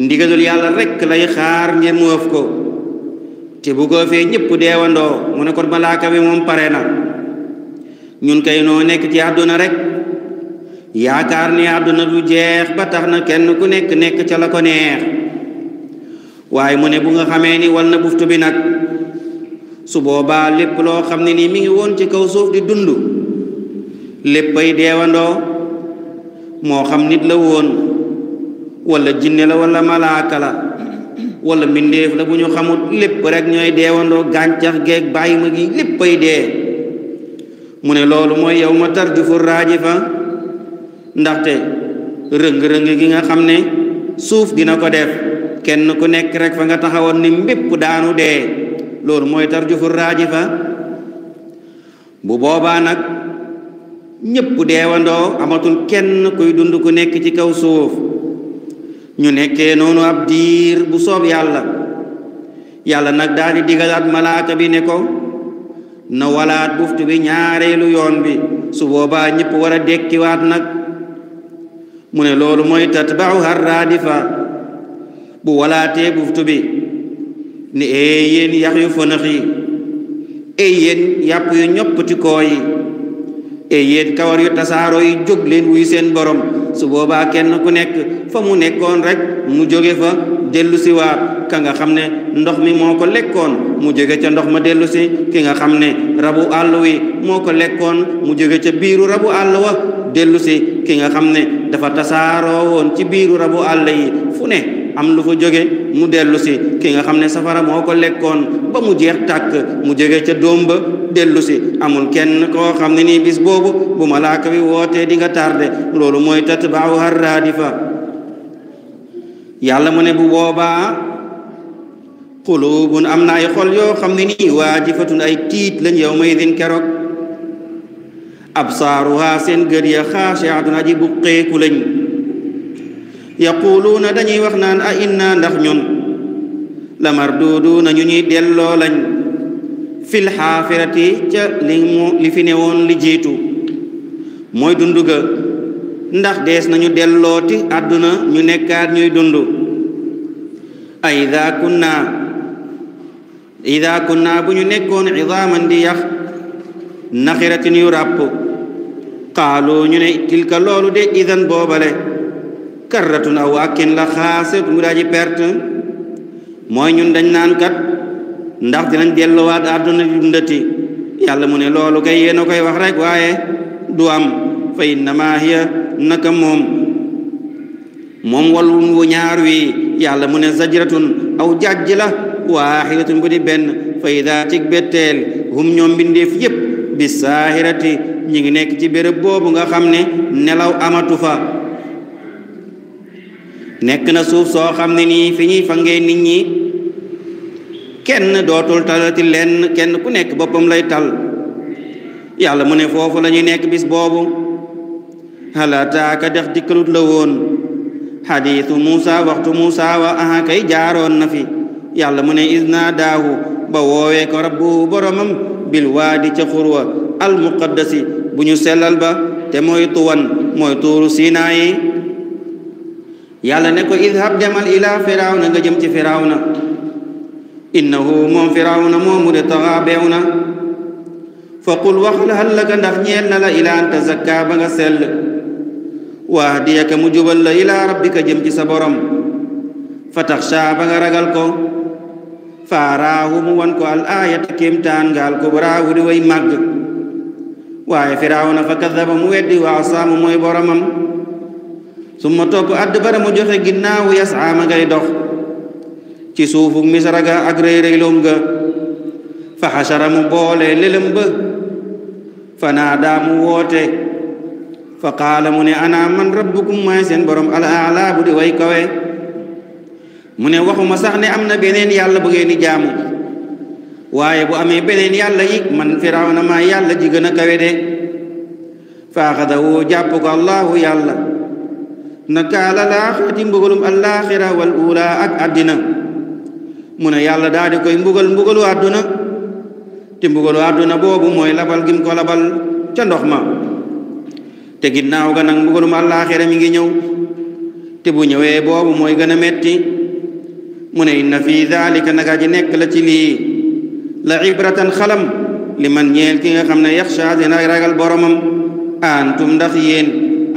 ndigalul yàlla rekk lay xaar ngir mu ëf ko te bu ko fee ñëpp deewandoo mu ne ko malaaka bi moom pare na ñun kay noo nekk ci àdduna rek yaakaar ne àdduna du jeex ba tax na kenn ku nekk nekk ca la ko neex waaye mu ne bu nga xamee ni wal na buftu nag su boobaa lépp loo xam ne nii mi ngi woon ci kaw suuf di dund léppay deewandoo moo xam nit la woon walla jinne la walla malaaka la wala mbindéef la bu ñu xamul lépp rek ñooy deewandoo gàncax geeg bàyyi ma gi léppay dee mu ne loolu mooy yow ma tarjufu fa ndaxte rëng-rëng gi nga xam ne suuf dina ko def kenn ku nekk rek fa nga taxawoon ni mbépp daanu dee loolu mooy tarjufu raajifa bu boobaa nag ñépp deewandoo amatul kenn kuy dund ku nekk ci kaw suuf ñu nekkee noonu ab diir bu soob yàlla yàlla nag daal di digalaat malaaka bi ne ko na walaat buftu bi ñaareelu yoon bi su boobaa ñépp war a dekkiwaat nag mu ne loolu mooy tatbauha raadifa bu walaatee buftu bi ne ee yéen yax yu fënax yi ee yéen yàpp yu ñoppatikoo yi ee yéen kawar yu tasaaroo yi jóg leen wuy seen borom su boobaa kenn ku nekk fa mu nekkoon rek mu jóge fa dellu si waat ka nga xam ne ndox mi moo ko lekkoon mu jóge ca ndox ma dellu si ki nga xam ne rabu àll wi moo ko lekkoon mu jóge ca biiru rabu àll wa dellu si ki nga xam ne dafa tasaaroo woon ci biiru rabu àll yi fu ne am lu fa joge mu dellusi si ki nga xam ne safara moo ko lekkoon ba mu jeex tàkk mu jege ca doom ba dellu si amul kenn koo xam ne nii bis boobu bu malaaka bi wootee di nga tardé loolu mooy tatba'uha fa yàlla mu ne bu boobaa qulubun am na ay xol yoo xam ne nii waajifatun ay tiit lañ yow may din keroog absaaruha seen gër ya xaashi'atun aji buqeeku lañ yaquluna dañuy wax naan a inna ndax ñun lamarduduna ñu ñuy delloo lañ fil xaafirati ca li mu li fi ne woon li jiitu mooy dunduga ndax dees nañu dellooti àdduna ñu nekkaat ñuy dund aida kunna ida kunna bu ñu nekkoon idaaman di yax naxiratin yu ràpp qaalu ñu ne tilka loolu de idan boobale karratun aw akkin la xaasir mu perte mooy ñun dañ naan kat ndax dinañ delluwaat àdduna di dundati yàlla mu ne loolu kay yéen koy wax rek waaye du am fay innama hiya naka moom moom walun wu ñaar wi yàlla mu ne zajratun aw jàjj la bu di benn fa ida cig betteel hum ñoom mbindeef yépp bi saahirati ngi nekk ci béréb boobu nga xam ne nelaw amatu fa nekk na suuf soo xam ne nii fi ñuy fangee nit ñi kenn dootul talati lenn kenn ku nekk boppam lay tal yàlla mu ne foofu lañuy nekk bis boobu xalaataaka dex dikkalut la woon xadiisu Muusa waxtu Muusa wa aha jaaroon na fi yàlla mu ne is naa daahu ba woowee ko rabbu boromam bil waadi ca xurwa al muqaddasi bu ñu sellal ba te mooy tuuru siinaa yàlla ne ko idhab demal ila firawna nga jëm ci firawna innahu moom moomu de taxa beew na fa qul wax la hallaka ndax ñeel na la ila an ba nga sell wahdiyaka mu jubal la ila rabbika jëm ci sa borom fa taxsha ba nga ragal ko faaraahu mu wan ko al aayata kéemtaan ngaal kubraa wu way màgg waaye firawna fa kadaba mu weddi wa asaamu boromam su ma topp àdd bara mu joxe ginnaawu yasaa ma ngay dox ci suufuk misra ga ak rëy fa xasara mu boole lëlëm ba fa naadaa woote fa qaala mu ne ana man rabbukum maay seen borom di way kawe mu ne waxuma sax ne am na beneen yàlla bu ngeen di jaamu waaye bu amee beneen yàlla yi man firawna maa yàlla ji gën a kawe de fa axadahu jàpp ko allahu yàlla nakaala laaxaati mbugalum allaaxira wal uulaa ak àddina mu ne yàlla daal koy mbugal mbugalu àdduna te mbugalu àdduna boobu mooy labal gim ko labal ca ndox ma te ginnaaw ga nag mbugalum allaaxira mi ngi ñëw te bu ñëwee boobu mooy gën a metti mu ne inna fii daalika naga nekk la ci lii la ibratan xalam li ñeel ki nga xam ne yaxsha dina ragal boromam antum ndax yéen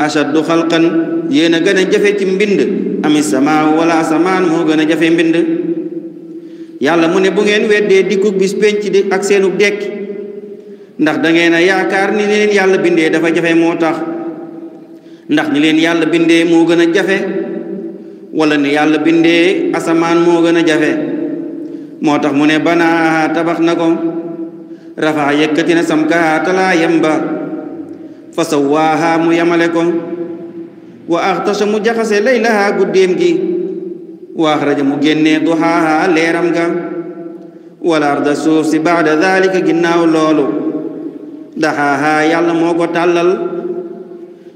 ashaddu xalqan yéen a gën a jafe ci mbind ami sama wala asamaan moo gën a jafe mbind yàlla mu ne bu ngeen weddee dikkug bis penc di ak seenu dekki ndax dangeen a yaakaar ni leen yàlla bindee dafa jafe moo tax ndax ni leen yàlla bindee moo gën a jafe wala yàlla bindee asamaan moo gën a jafe moo tax mu ne banaa tabax na ko rafa yëkkati na samkaha talaa yem ba fa sawaaha mu yemale ko wa axtasha mu jaxase laylaha guddeem gi wa axraja mu génnee duhaaha leeram ga wal arda suuf si baada dalika ginnaaw loolu daxaaha yàlla moo ko tàllal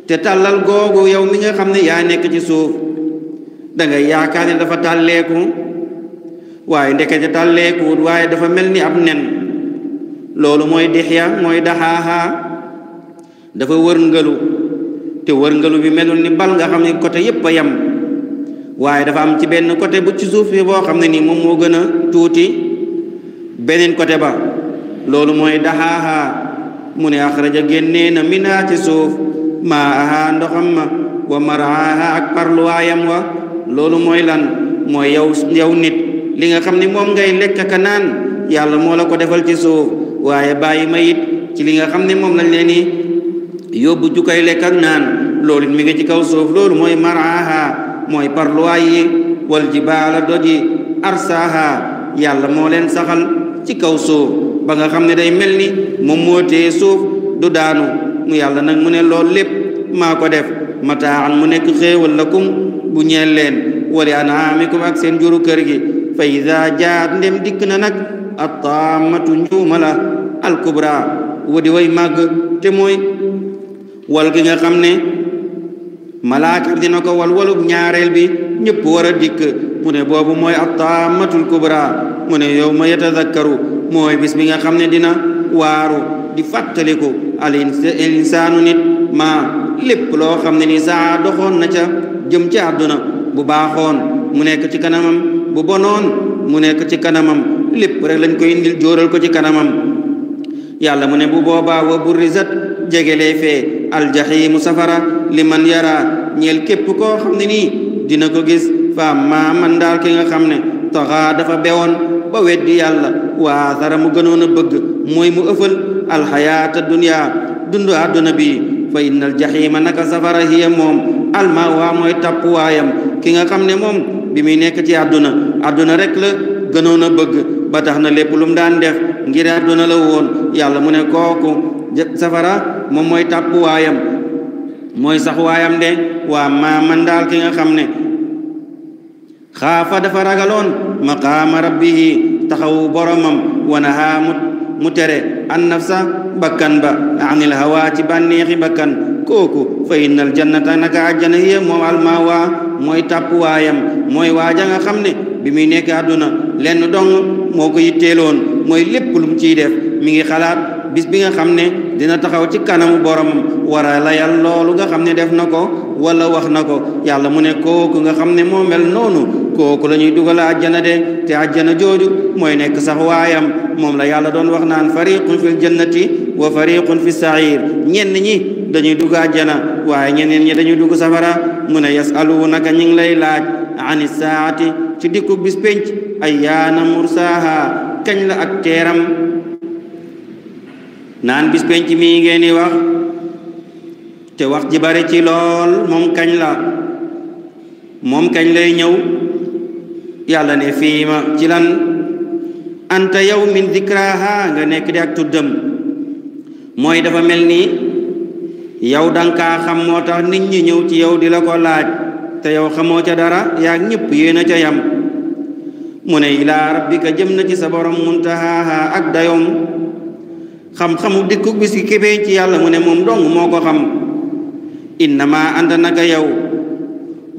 te tàllal googu yow mi nga xam ne yaa nekk ci suuf danga yaakaar ne dafa tàlleeku waaye ndekete tàlleeku waaye dafa mel ni ab nen loolu mooy dexya mooy daxaaha dafa wërngalu te wërngalu bi melul ni bal nga xam ne côté yépp a yam waaye dafa am ci benn côté bu ci suuf bi boo xam ne nii moom moo gën a tuuti beneen côté ba loolu mooy daxaaxaa mu ne axraja génnee na minaa ci suuf maa ahaa ndoxam ma wa maraaha ak parluwaayam wa loolu mooy lan mooy yow yow nit li nga xam ne moom ngay lekk ka naan yàlla moo la ko defal ci suuf waaye bàyyi ma it ci li nga xam ne moom lañ leen yóbbu ju koy lekk ak naan loolu mi ngi ci kaw suuf loolu mooy maraaha mooy parluwaay yi wal jibaala doji arsaaha yàlla moo leen saxal ci kaw suuf ba nga xam ne day mel ni moom moo tee suuf du daanu mu yàlla nag mu ne loolu lépp maa ko def mataan mu nekk xéewal lakum bu ñeel leen wali anaamikum ak seen juru kër gi fa ida jaat ndem dikk na nag a taamatu njuuma la alkubra wadi way màgg te mooy wal gi nga xam ne malaaka dina ko wal walub ñaareel bi ñëpp war a dikk mu ne boobu mooy attaamatul kubra mu ne yow ma yatadakkaru mooy bis bi nga xam ne dina waaru di fàttaliku al insaanu nit maa lépp loo xam ne ni saa doxoon na ca jëm ci àdduna bu baaxoon mu nekk ci kanamam bu bonoon mu nekk ci kanamam lépp rek lañ koy indil jooral ko ci kanamam yàlla mu ne bu boobaa wa burrizat jegelee fee aljaxiimu safara li man yara ñeel képp ko xam ne nii dina ko gis fa maa man daal ki nga xam ne taxaa dafa bewoon ba weddi yàlla waa dara mu gënoon a bëgg mooy mu ëfal alxayaata duniyaa dundu àdduna bi fa inna aljaxiima naka safara hiya moom almawaa mooy tappuwaayam ki nga xam ne moom bi muy nekk ci àdduna àdduna rek la gënoon a bëgg ba tax na lépp lu mu ngir àdduna la woon yàlla mu ne kooku safara moom mooy tàppuwaayam mooy sax waayam de waa maa man daal ki nga xam ne xaafa dafa ragaloon maqaama rabbihi taxawu boromam wa nahaa mu tere an nafsa bakkan ba anil hawa ci bànneexi bakkan kooku fa innal jannata naka àjjana hiya moom almawa mooy tàppuwaayam mooy waaja nga xam ne bi muy nekk àdduna lenn dong moo ko yitteeloon mooy lépp lu mu ciy mi ngi xalaat bis bi nga xam ne dina taxaw ci kanamu boromam war a layal loolu nga xam ne def na ko wala wax na ko yàlla mu ne kooku nga xam ne moom mel noonu kooku la ñuy dugal àjjana de te àjjana jooju mooy nekk sax waayam moom la yàlla doon wax naan fariqun fil jannati wa fariqun fi sair ñenn ñi dañuy dugg àjjana waaye ñeneen ñi dañuy dugg safara mu ne yasaluunaka ñi ngi lay laaj ani saati ci dikku bis pénc ay yaana mursaaha kañ la ak teeram naan bis ci mii ngeen di wax te wax ji bari ci lool moom kañ la moom kañ lay ñëw yàlla ne fii ma ci lan anta yow min dikraha nga nekk di ak tuddam mooy dafa mel ni yow danga kaa xam moo tax nit ñi ñëw ci yow di la ko laaj te yow xamoo ca dara yaag ñëpp yéen ca yam mu ne ilaa rabbika jëm na ci sa borom muntahaha ak dayoom xam-xamu dikkug bis ki kefeeñ ci yàlla mu ne moom dong moo ko xam innama ànd naka yow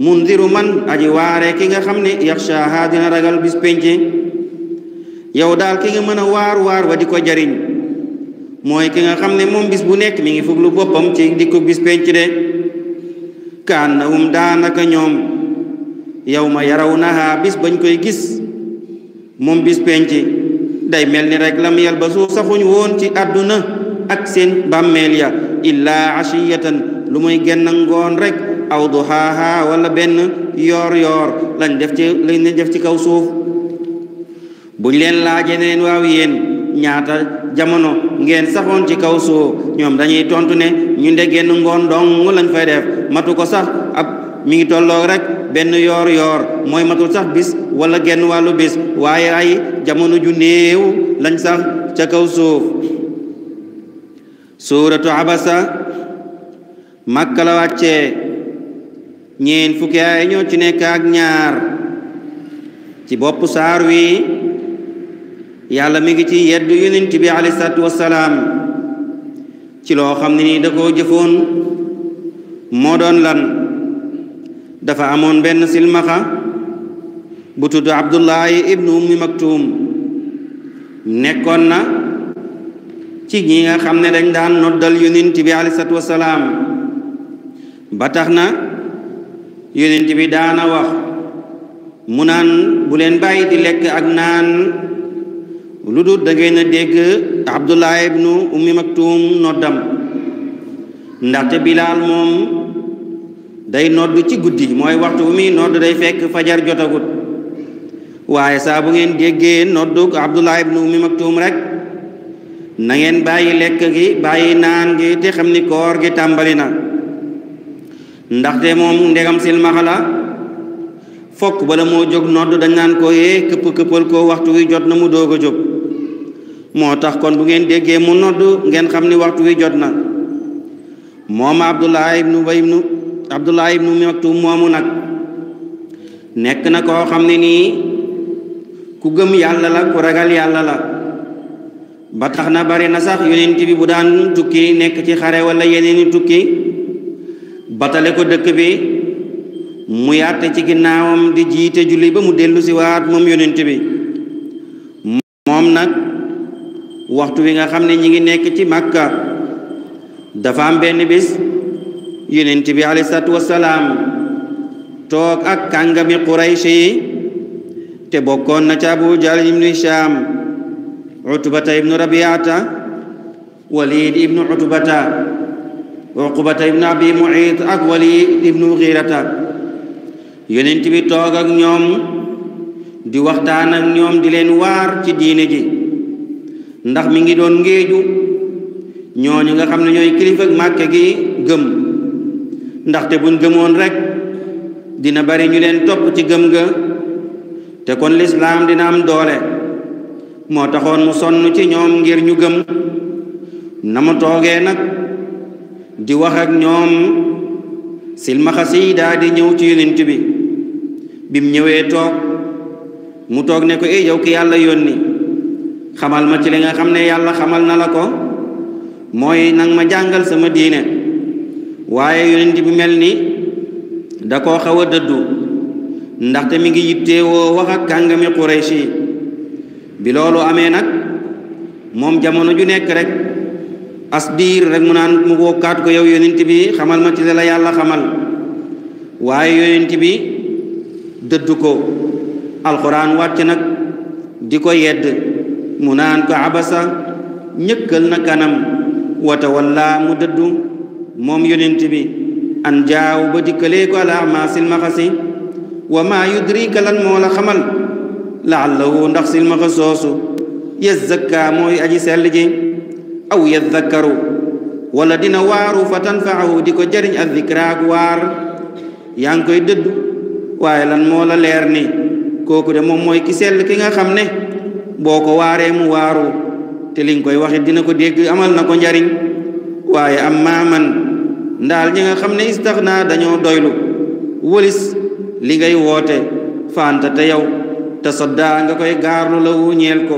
mundiru man aji waare ki nga xam ne yaxshaaha dina ragal bis pénce yow daal ki nga mën a waar waar wa di ko jariñ mooy ki nga xam ne moom bis bu nekk mi ngi fuglu boppam ci dikkug bis pénc de kaannahum daanaka ñoom yow ma yaraw naha bis bañ koy gis moom bis pénc day mel ni rek lam yalbasu saxuñ woon ci àdduna ak seen bàmmeel ya illaa ashiyatan lu muy génn ngoon rek aw duhaaha wala benn yoor yoor lañ def ci lañ def ci kaw suuf buñ leen laajee neen waaw yéen ñaata jamono ngeen saxoon ci kaw suuf ñoom dañuy tontu ne ñu nde genn ngoon dong lañ fay def matu ko sax mi ngi tolloog rek benn yoor yoor mooy matul sax bis walla genn wàllu bis waaye ay jamono ju néew lañ sax ca kaw suuf suuratu abasa màkka la wàccee ñeen fukki ay ñoo ci nekk ak ñaar ci bopp saar wi yàlla mi ngi ci yedd yonent bi alayhi salaatu wassalaam ci loo xam ne da koo jëfoon moo doon lan dafa amoon benn silmaxa bu tudd abdullahi ibnu ummi maktuum nekkoon na ci ñi nga xam ne dañ daan noddal yonent bi alayhi salaatu wasalaam ba tax na yonent bi daana wax mu naan bu leen bàyyi di lekk ak naan lu dul da dégg abdullahi ibnu ummi maktuum noddam ndaxte bilaal moom day nodd ci guddi mooy waxtu bu muy nodd day fekk fajar jotagut waaye saa bu ngeen déggee noddug abdullah ibnu ummi maktuum rek na ngeen bàyyi lekk gi bàyyi naan gi te xam ni koor gi tàmbali na ndaxte moom ndegam silmaxa la fokk bala moo jóg nodd dañ naan ko yee eh, këpp këppal ko waxtu wi jot na mu doog a jóg moo tax kon bu ngeen déggee mu nodd ngeen xam ni waxtu wi jot na moom abdullah ibnu ubay ibnu abdullah ibnu maktum moomu nag nekk na koo xam ne nii ku gëm yàlla la ku ragal yàlla la ba tax na bari na sax yonent bi bu daan tukki nekk ci xare wala yeneeni tukki batale ko dëkk bi mu yàtte ci ginnaawam di jiite julli ba mu dellu si waat moom yonent bi moom nag waxtu wi nga xam ne ñi ngi nekk ci màkka dafa am benn bis yonent bi alayhi salaatu wasalaam toog ak kàngami kuraishi, e tebokon te bokkoon na ca Abu Jahl ibnu Hisham Utbata Rabiata Walid ibnu Utbata Uqbata ibnu Abi Mu'ayt ak Walid ibnu Mughirata yonent bi tok ak ñoom di waxtaan ak nyom di leen waar ci diine ji ndax mi ngi doon ngéeju ñooñu nga xam ne kilifa ak gi ndaxte buñ gëmoon rek dina bari ñu leen topp ci gëm ga te kon lislaam dina am doole moo taxoon mu sonn ci ñoom ngir ñu gëm na mu toogee nag di wax ak ñoom silmaxa si daa di ñëw ci yonent bi bim ñëwee toog mu toog ne ko eh yow ki yàlla yónni xamal ma ci li nga xam ne yàlla xamal na la ko mooy nang ma jàngal sama diine waaye yonent mel ni da koo xaw a dëddu ndaxte mi ngi yitteewoo wax ak kàngami Quraysh yi bi loolu amee nag moom jamono ju nekk rek as diir rek mu naan mu wokkaat ko yow yonent bi xamal ma ci la yàlla xamal waaye yonent bi dëddu ko alxuraan wàcc nag di ko yedd mu naan ko abasa ñëkkal na kanam wata walla mu dëddu moom yonent bi an jaaw ba dikkalee ko ala ma silmaxa si wa maa yudrika lan moo la xamal laallahu ndax silmaxa soosu yazakka mooy aji sell ji aw yadakkaru wala dina waaru fa tanfaahu di ko jariñ ak dikraak waar yaa ngi koy dëdd waaye lan moo la leer ni kooku de moom mooy ki sell ki nga xam ne boo ko waaree mu waaru te li koy waxit dina ko dégg amal na ko njariñ waaye am maaman ndaal ñi nga xam ne naa dañoo doylu wëlis li ngay woote fanta te yow te saddaa nga koy gaarlu la wu ñeel ko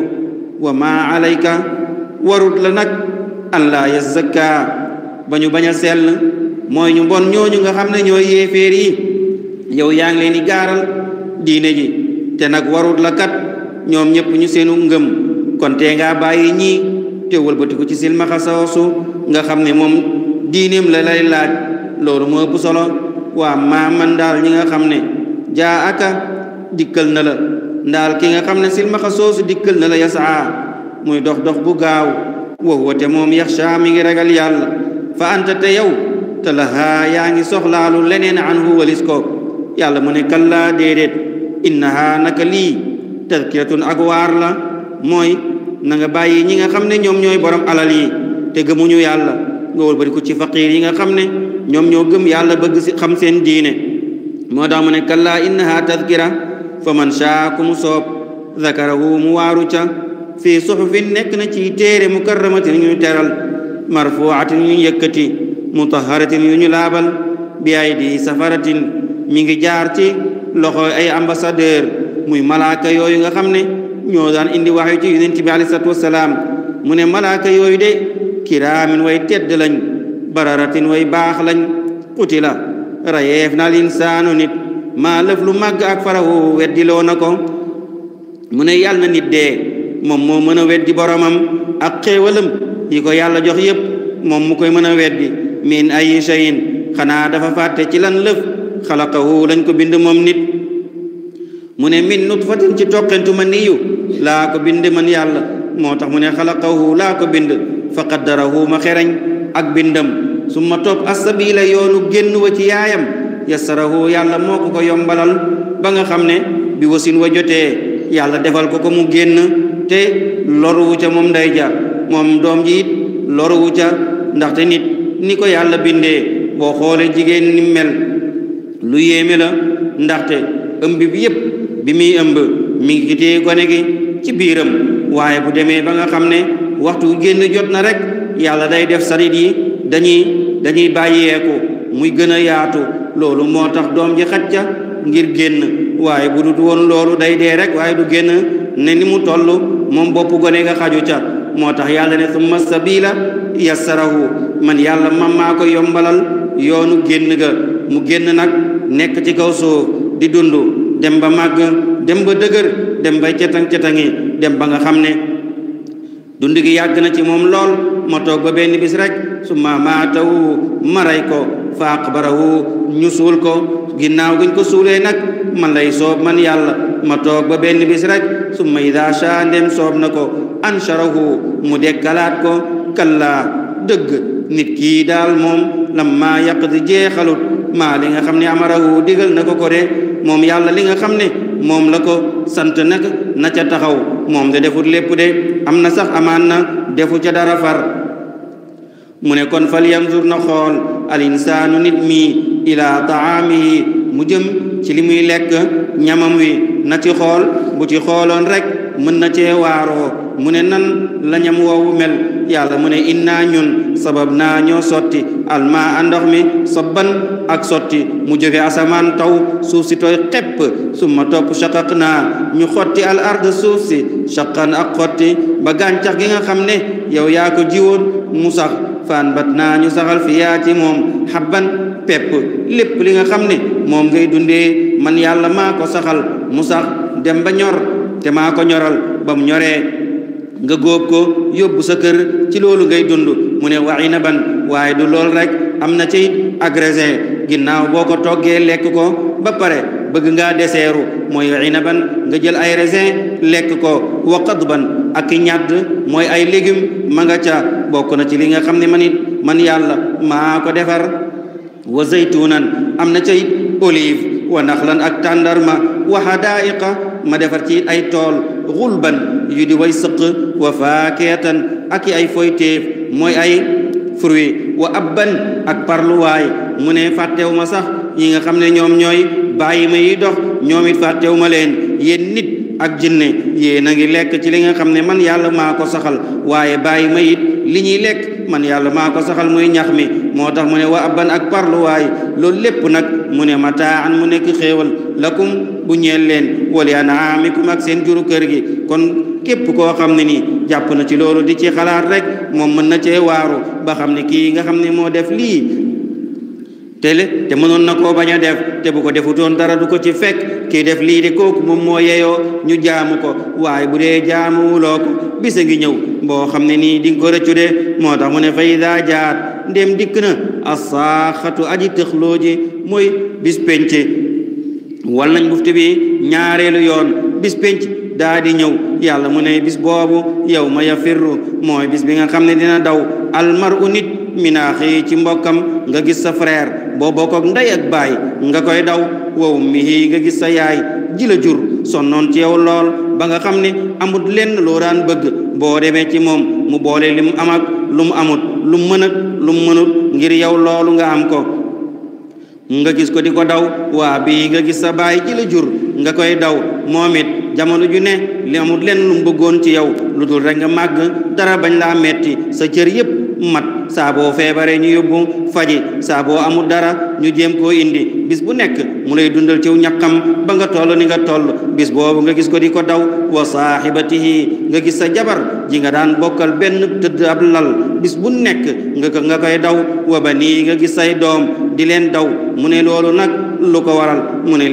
wa maa alayka warut la nag an laa yazakka ba ñu bañ a sell mooy ñu bon ñooñu nga xam ne ñoo yéeféer yi yow yaa ngi leen di gaaral diine ji te nag warut la kat ñoom ñëpp ñu seenu ngëm kon tee ngaa bàyyi ñii te wëlbatiku ci silmaxa soosu nga xam ne moom diineem la lay laaj loolu moo ëpp solo waa maa man daal ñi nga xam ne jaa aka dikkal na la ndaal ki nga xam ne silmaxa soosu dikkal na la yasaa muy dox dox bu gaaw wow wate moom yaxsha mi ngi ragal yàlla fa anta te yow te lahaa yaa ngi soxlaalu leneen anhu walis ko yàlla mu ne kallaa déedéet innaha naka lii tadkiratun ak waar la mooy na nga bàyyi ñi nga xam ne ñoom ñooy borom alal yi te gëmuñu yàlla nga wëlbati ko ci faqiir yi nga xam ne ñoom ñoo gëm yàlla bëgg si xam seen diine moo daa mu ne kallaa innaha tadkira fa man shaa ku mu soob zakarahu mu waaru ca fii suxufin nekk na ci téere mukarramatin yu ñu teral marfuatin yu ñu yëkkati mutaharatin yu ñu laabal bi ay di safaratin mi ngi jaar ci loxo ay ambassadeur muy malaaka yooyu nga xam ne ñoo daan indi wax yu ci yonent bi alayhi salaatu wasalaam mu ne malaaka yooyu de kiraamin way tedd lañ bararatin way baax lañ qutila rayeef na linsaanu nit maa lëf lu màgg ak farawo weddiloo na ko mu ne yàlla nit dee moom moo mën a weddi boromam ak xéewalam yi ko yàlla jox yépp moom mu koy mën a weddi min ay shayin xanaa dafa fàtte ci lan lëf xalaqahu lañ ko bind moom nit mu ne min nutfatin ci toqentu ma niyu laa ko bind man yàlla moo tax mu ne xalaqahu laa ko bind fa qaddarahu ma xereñ ak bindam su summa topp la yoonu génn wa ci yaayam yasarahu yàlla moo ko ko yombalal ba nga xam ne bi wasin wa jotee yàlla defal ko ko mu génn te loruwu ca moom nday ja moom doom jiit it loruwu ca ndaxte nit ni ko yàlla bindee boo xoolee jigéen ni mel lu yéeme la ndaxte ëmb bi yépp bi muy ëmb mi ngi gone gi ci biiram waaye bu demee ba nga xam ne waxtu génn jot na rek yàlla day def sarit yi dañuy dañuy bàyyeeku muy gën a yaatu loolu moo tax doom ji xaj ca ngir génn waaye bu du woon loolu day dee rek waaye du génn ne ni mu toll moom bopp gone nga xaju ca moo tax yàlla ne summa sabila yassarahu man yàlla mam maa ko yombalal yoonu génn ga mu génn nag nekk ci kaw suuf di dund dem ba màgg dem ba dëgër dem ba cetang cetangi dem ba nga xam ne du gi yàgg na ci moom lool ma toog ba benn bis rek su ma maatawu ma rey ko fa aqbarawu ñu suul ko ginnaaw giñ ko suulee nag man lay soob man yàlla ma toog ba benn bis rek su ma ida sha soob na ko ansharahu mu dekkalaat ko kallaa dëgg nit kii daal moom lamma yaqdi jeexalut maa li nga xam ne amarahu digal na ko ko de moom yàlla li nga xam ne moom la ko sant nag na ca taxaw moom de defut lépp de am na sax amaan na defu ca dara far mu ne kon fal yanzur na xool al insaanu nit mi ila taamihi mu jëm ci li muy lekk ñamam wi na ci xool bu ci xooloon rek mën na cee waaroo mu ne nan lañam ñam mel yàlla mu ne innaa ñun sabab naa ñoo sotti almaa ndox mi sobban ak sotti mu jóge asamaan taw suuf si tooy xepp summa topp shaqaq naa ñu xotti al ard suuf si shaqan ak xotti ba gàncax gi nga xam ne yow yaa ko jiwoon mu sax faan bat naa ñu saxal fi yaa ci moom xabban pepp lépp li nga xam ne moom ngay dundee man yàlla maa ko saxal mu sax dem ba ñor te maa ko ñoral ba mu ñoree nga góob ko yóbbu sa kër ci loolu ngay dund mu ne waxi na ban waaye du lool rek am na ci agraisin ginnaaw boo ko toggee lekk ko ba pare bëgg ngaa deseeru mooy waxi na ban nga jël ay raisin lekk ko waqat ban ak ñàdd mooy ay légume ma nga ca bokk na ci li nga xam ne man man yàlla maa ko defar wa zaytunan am na ca it olive wa naxlan ak tàndarma wa ma defar ci ay tool xulban yu di way sëq wa faakeetan ak i ay foyteef mooy ay fruit wa abban ak parluwaay mu ne fàttewu ma sax ñi nga xam ne ñoom ñooy bàyyi ma dox ñoom it fàttewu ma leen yéen nit ak jinne yéen a ngi lekk ci li nga xam ne man yàlla maa ko saxal waaye bàyyi ma li ñuy lekk man yàlla maa ko saxal muy ñax mi moo tax mu ne wa abban ak parluwaay loolu lépp nag mu ne mataan mu nekk xéewal lakum bu ñeel leen wali anaamikum ak seen juru kër gi kon képp koo xam ne nii jàpp na ci loolu di ci xalaat rek moom mën na cee waaru ba xam ne kii nga xam ne moo def lii te te mënoon na ko bañ a def te bu ko defutoon dara du ko ci fekk kii def lii de kooku moom moo yeyoo ñu jaamu ko waaye bu dee jaamuwuloo ko bisa ngi ñëw boo xam ne nii di ko rëccu de moo tax mu ne fa idaa jaat ndem dikk na asaaxatu aji tëxloo ji mooy bis pénce wal nañ bufti bi ñaareelu yoon bis pénc daa di ñëw yàlla mu ne bis boobu yow ma yafirru mooy bis bi nga xam ne dina daw almaru nit min axi ci mbokkam nga gis sa frère boo bokkook ndey ak baay nga koy daw wow mihi nga gis sa yaay jila la jur sonnoon ci yow lool ba nga xam ni amut lenn loo daan bëgg boo demee ci moom mu boole li mu am lu mu amut lu mu mën ak lu mu mënut ngir yow loolu nga am ko nga gis ko di ko daw waa bii nga gis sa baay ji la jur nga koy daw moomit it jamono ju ne li amul lenn lu mu bëggoon ci yow lu dul rek nga màgg dara bañ laa metti sa cër yépp mat sabo boo feebaree ñu yóbbu faji saa boo amul dara ñu jéem koo indi bis bu nekk mu lay dundal ciw ñaqam ba nga toll ni nga toll bis nga gis ko di ko daw wa saaxibatihi nga gis sa jabar ji nga daan bokkal ben tëdd ab lal bis bu nekk nga nga koy daw wa ba nii nga gis say doom di leen daw mu ne lu ko waral mu ne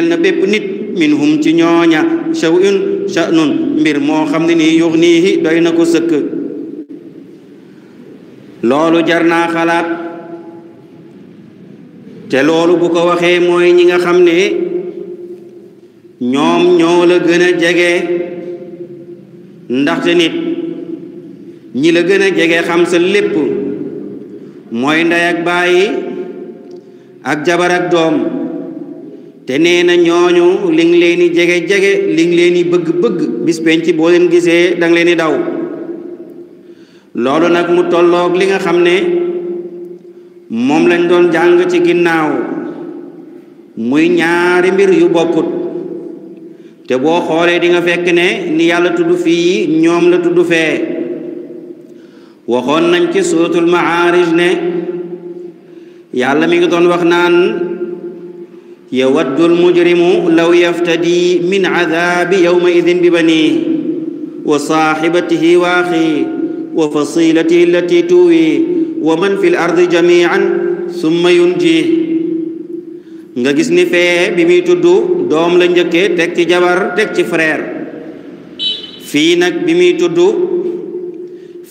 na bépp nit minhum ci ñooña shaw'un sha'nun mbir moo xam ne nii yuxniihi ko loolu jar naa xalaat te loolu bu ko waxee mooy ñi nga xam ne ñoom ñoo la gën a jege ndaxte nit ñi la gën a jege xam sa lépp mooy ndey ak bàyyi ak jabar ak doom te nee na ñooñu li ngi jege jege li ngi leen bëgg bëgg bis penc boo leen gisee danga leen di daw loolu nag mu tolloog li nga xam ne moom lañ doon jàng ci ginnaaw muy ñaari mbir yu bokkut te boo xoolee dinga fekk ne ni yàlla tudd fii ñoom la tudd fee waxoon nañ ci suuratul maarij ne yàlla mi ngi doon wax naan yawaddul mujrimu law yaftadi min adaabi yawma idin bi banii wa saaxibatihi wa axii وفصيلته التي تؤويه ومن في الأرض جميعا ثم ينجيه nga gis ni fee bi muy tudd doom la njëkkee teg ci jabar teg ci frère fii nag bi muy tudd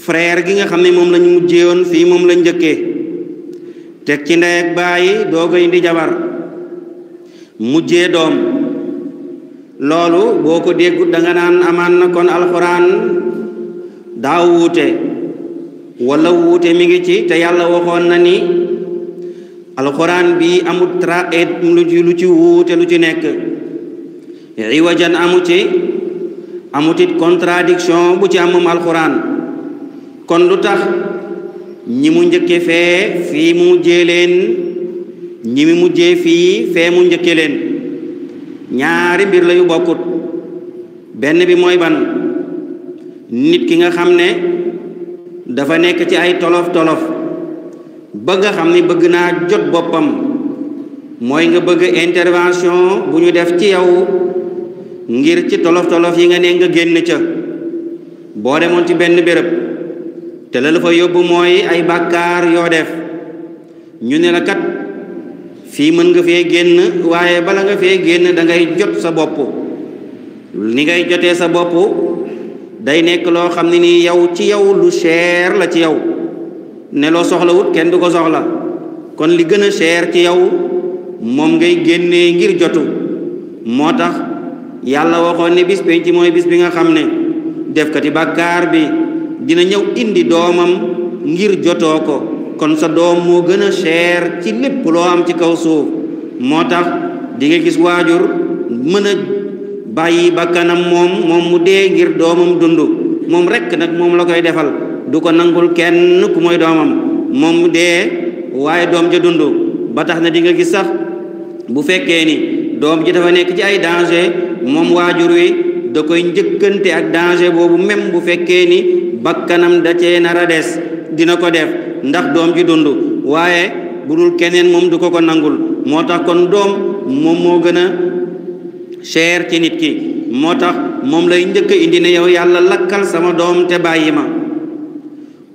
frère gi nga xam ne moom lañu mujjeewoon fii moom lañ njëkkee teg ci ndey ak bàyyi doog a indi jabar mujjee doom loolu boo ko déggut danga naan amaan na kon alxuraan daa wuute wala wuute mi ngi ci te yàlla waxoon na ni alxuraan bi amul tra lu ci lu ci wuute lu ci nekk iwajan amu ci amutit contradiction bu ci amum alxuraan kon lu tax ñi mu njëkke fee fii mu mujjee leen ñi mu mujjee fii fee mu njëkke leen ñaari mbir layu yu bokkut benn bi mooy ban nit ki nga xam ne dafa nekk ci ay tolof tolof ba nga xam ne bëgg naa jot boppam mooy nga bëgg intervention bu ñu def ci yow ngir ci tolof tolof yi nga ne nga génn ca boo demoon ci benn bërëb te la la fa yóbbu mooy ay bàkkaar yoo def ñu ne la kat fii mën nga fee génn waaye bala nga fee génn dangay jot sa bopp ni ngay jotee sa bopp day nekk loo xam ne nii yow ci yow lu cher la ci yow ne loo soxla wut kenn du ko soxla kon li gën a cher ci yow moom ngay génnee ngir jotu moo tax yàlla waxoon ne bis penc mooy bis bi nga xam ne def defkati bàkkaar bi dina ñëw indi doomam ngir jotoo ko kon sa doom moo gën a cher ci lépp loo am ci kaw suuf moo tax dinga gis waajur mën a bàyyi bakkanam moom moom mu dee ngir doomam dund moom rekk nag moom la koy defal du ko nangul kenn ku mooy doomam moom mu dee waaye doom ja dund ba tax na di nga gis sax bu fekkee ni doom ji dafa nekk ci ay danger moom waajur wi da koy njëkkante ak danger boobu même bu fekkee ni bakkanam da cee nar a des dina ko def ndax doom ji dund waaye bu dul keneen moom du ko ko nangul moo tax kon doom moom moo gën cher ci nit ki moo tax moom lay njëkk indi na yow yàlla lakkal sama doom te bàyyi ma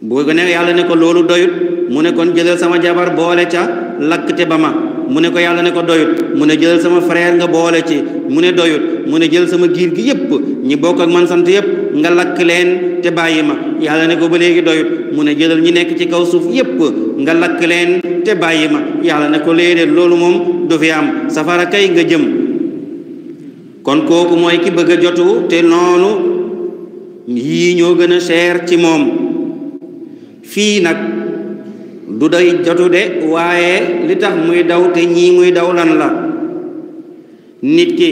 bu ko ne yàlla ne ko loolu doyut mu ne kon jëlal sama jabar boole ca lakk te ba ma mu ne ko yàlla ne ko doyut mu ne jëlal sama frère nga boole ci mu ne doyut mu ne jël sama giir gi yépp ñi bokk ak man sant yépp nga lakk leen te bàyyi ma yàlla ne ko ba léegi doyut mu ne jëlal ñi nekk ci kaw suuf yépp nga lakk leen te bàyyi ma yàlla ne ko léedéet loolu moom du fi am safara kay nga jëm kon kooku mooy ki bëgg a jotu te noonu yii ñoo gën a seer ci moom fii nag du day jotu de waaye li tax muy daw te ñii muy daw lan la nit ki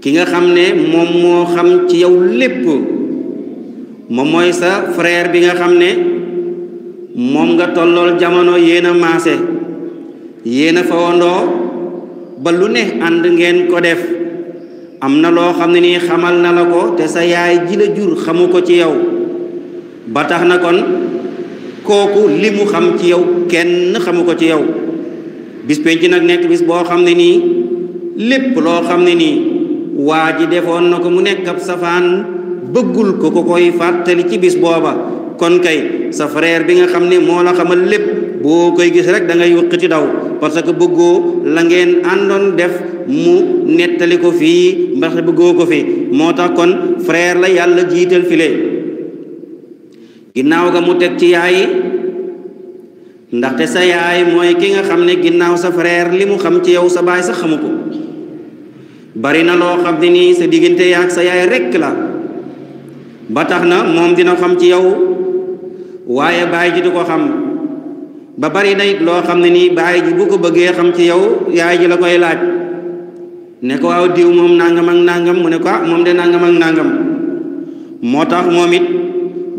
ki nga xam ne moom moo xam ci yow lépp moom mooy sa frère bi nga xam ne moom nga tollool jamono yéen a maase yéen a fawandoo ba lu ne ànd ngeen ko def am na loo xam ne nii xamal na la ko te sa yaay ji la jur xamu ko ci yow ba tax na kon kooku li mu xam ci yow kenn xamu ko ci yow bis penc nag nekk bis boo xam ne nii lépp loo xam ne nii waa ji defoon na ko mu nekk ab safaan bëggul ko ko koy fàttali ci bis booba kon kay sa frère bi nga xam ne moo la xamal lépp boo koy gis rek da ngay wëqati daw parce que bëggoo la ngeen def mu nettali ko fi ndax bëggoo ko fi moo kon frère la yàlla jiital file ginnaaw ga mu teg ci yaay ndaxte sa yaay mooy ki nga xam ne ginnaaw sa frère li mu xam ci yow sa baay sax xamu ko bari na loo xam ne sa diggante yaag sa yaay rekk la ba tax na moom dina xam ci yow ji du xam ba bari na day loo xam ne nii baay ji bu ko bëggee xam ci yow yaay ji la koy laaj ne ko waaw diw moom nangam ak nangam mu ne ko ah, moom de nangam ak moo tax moom it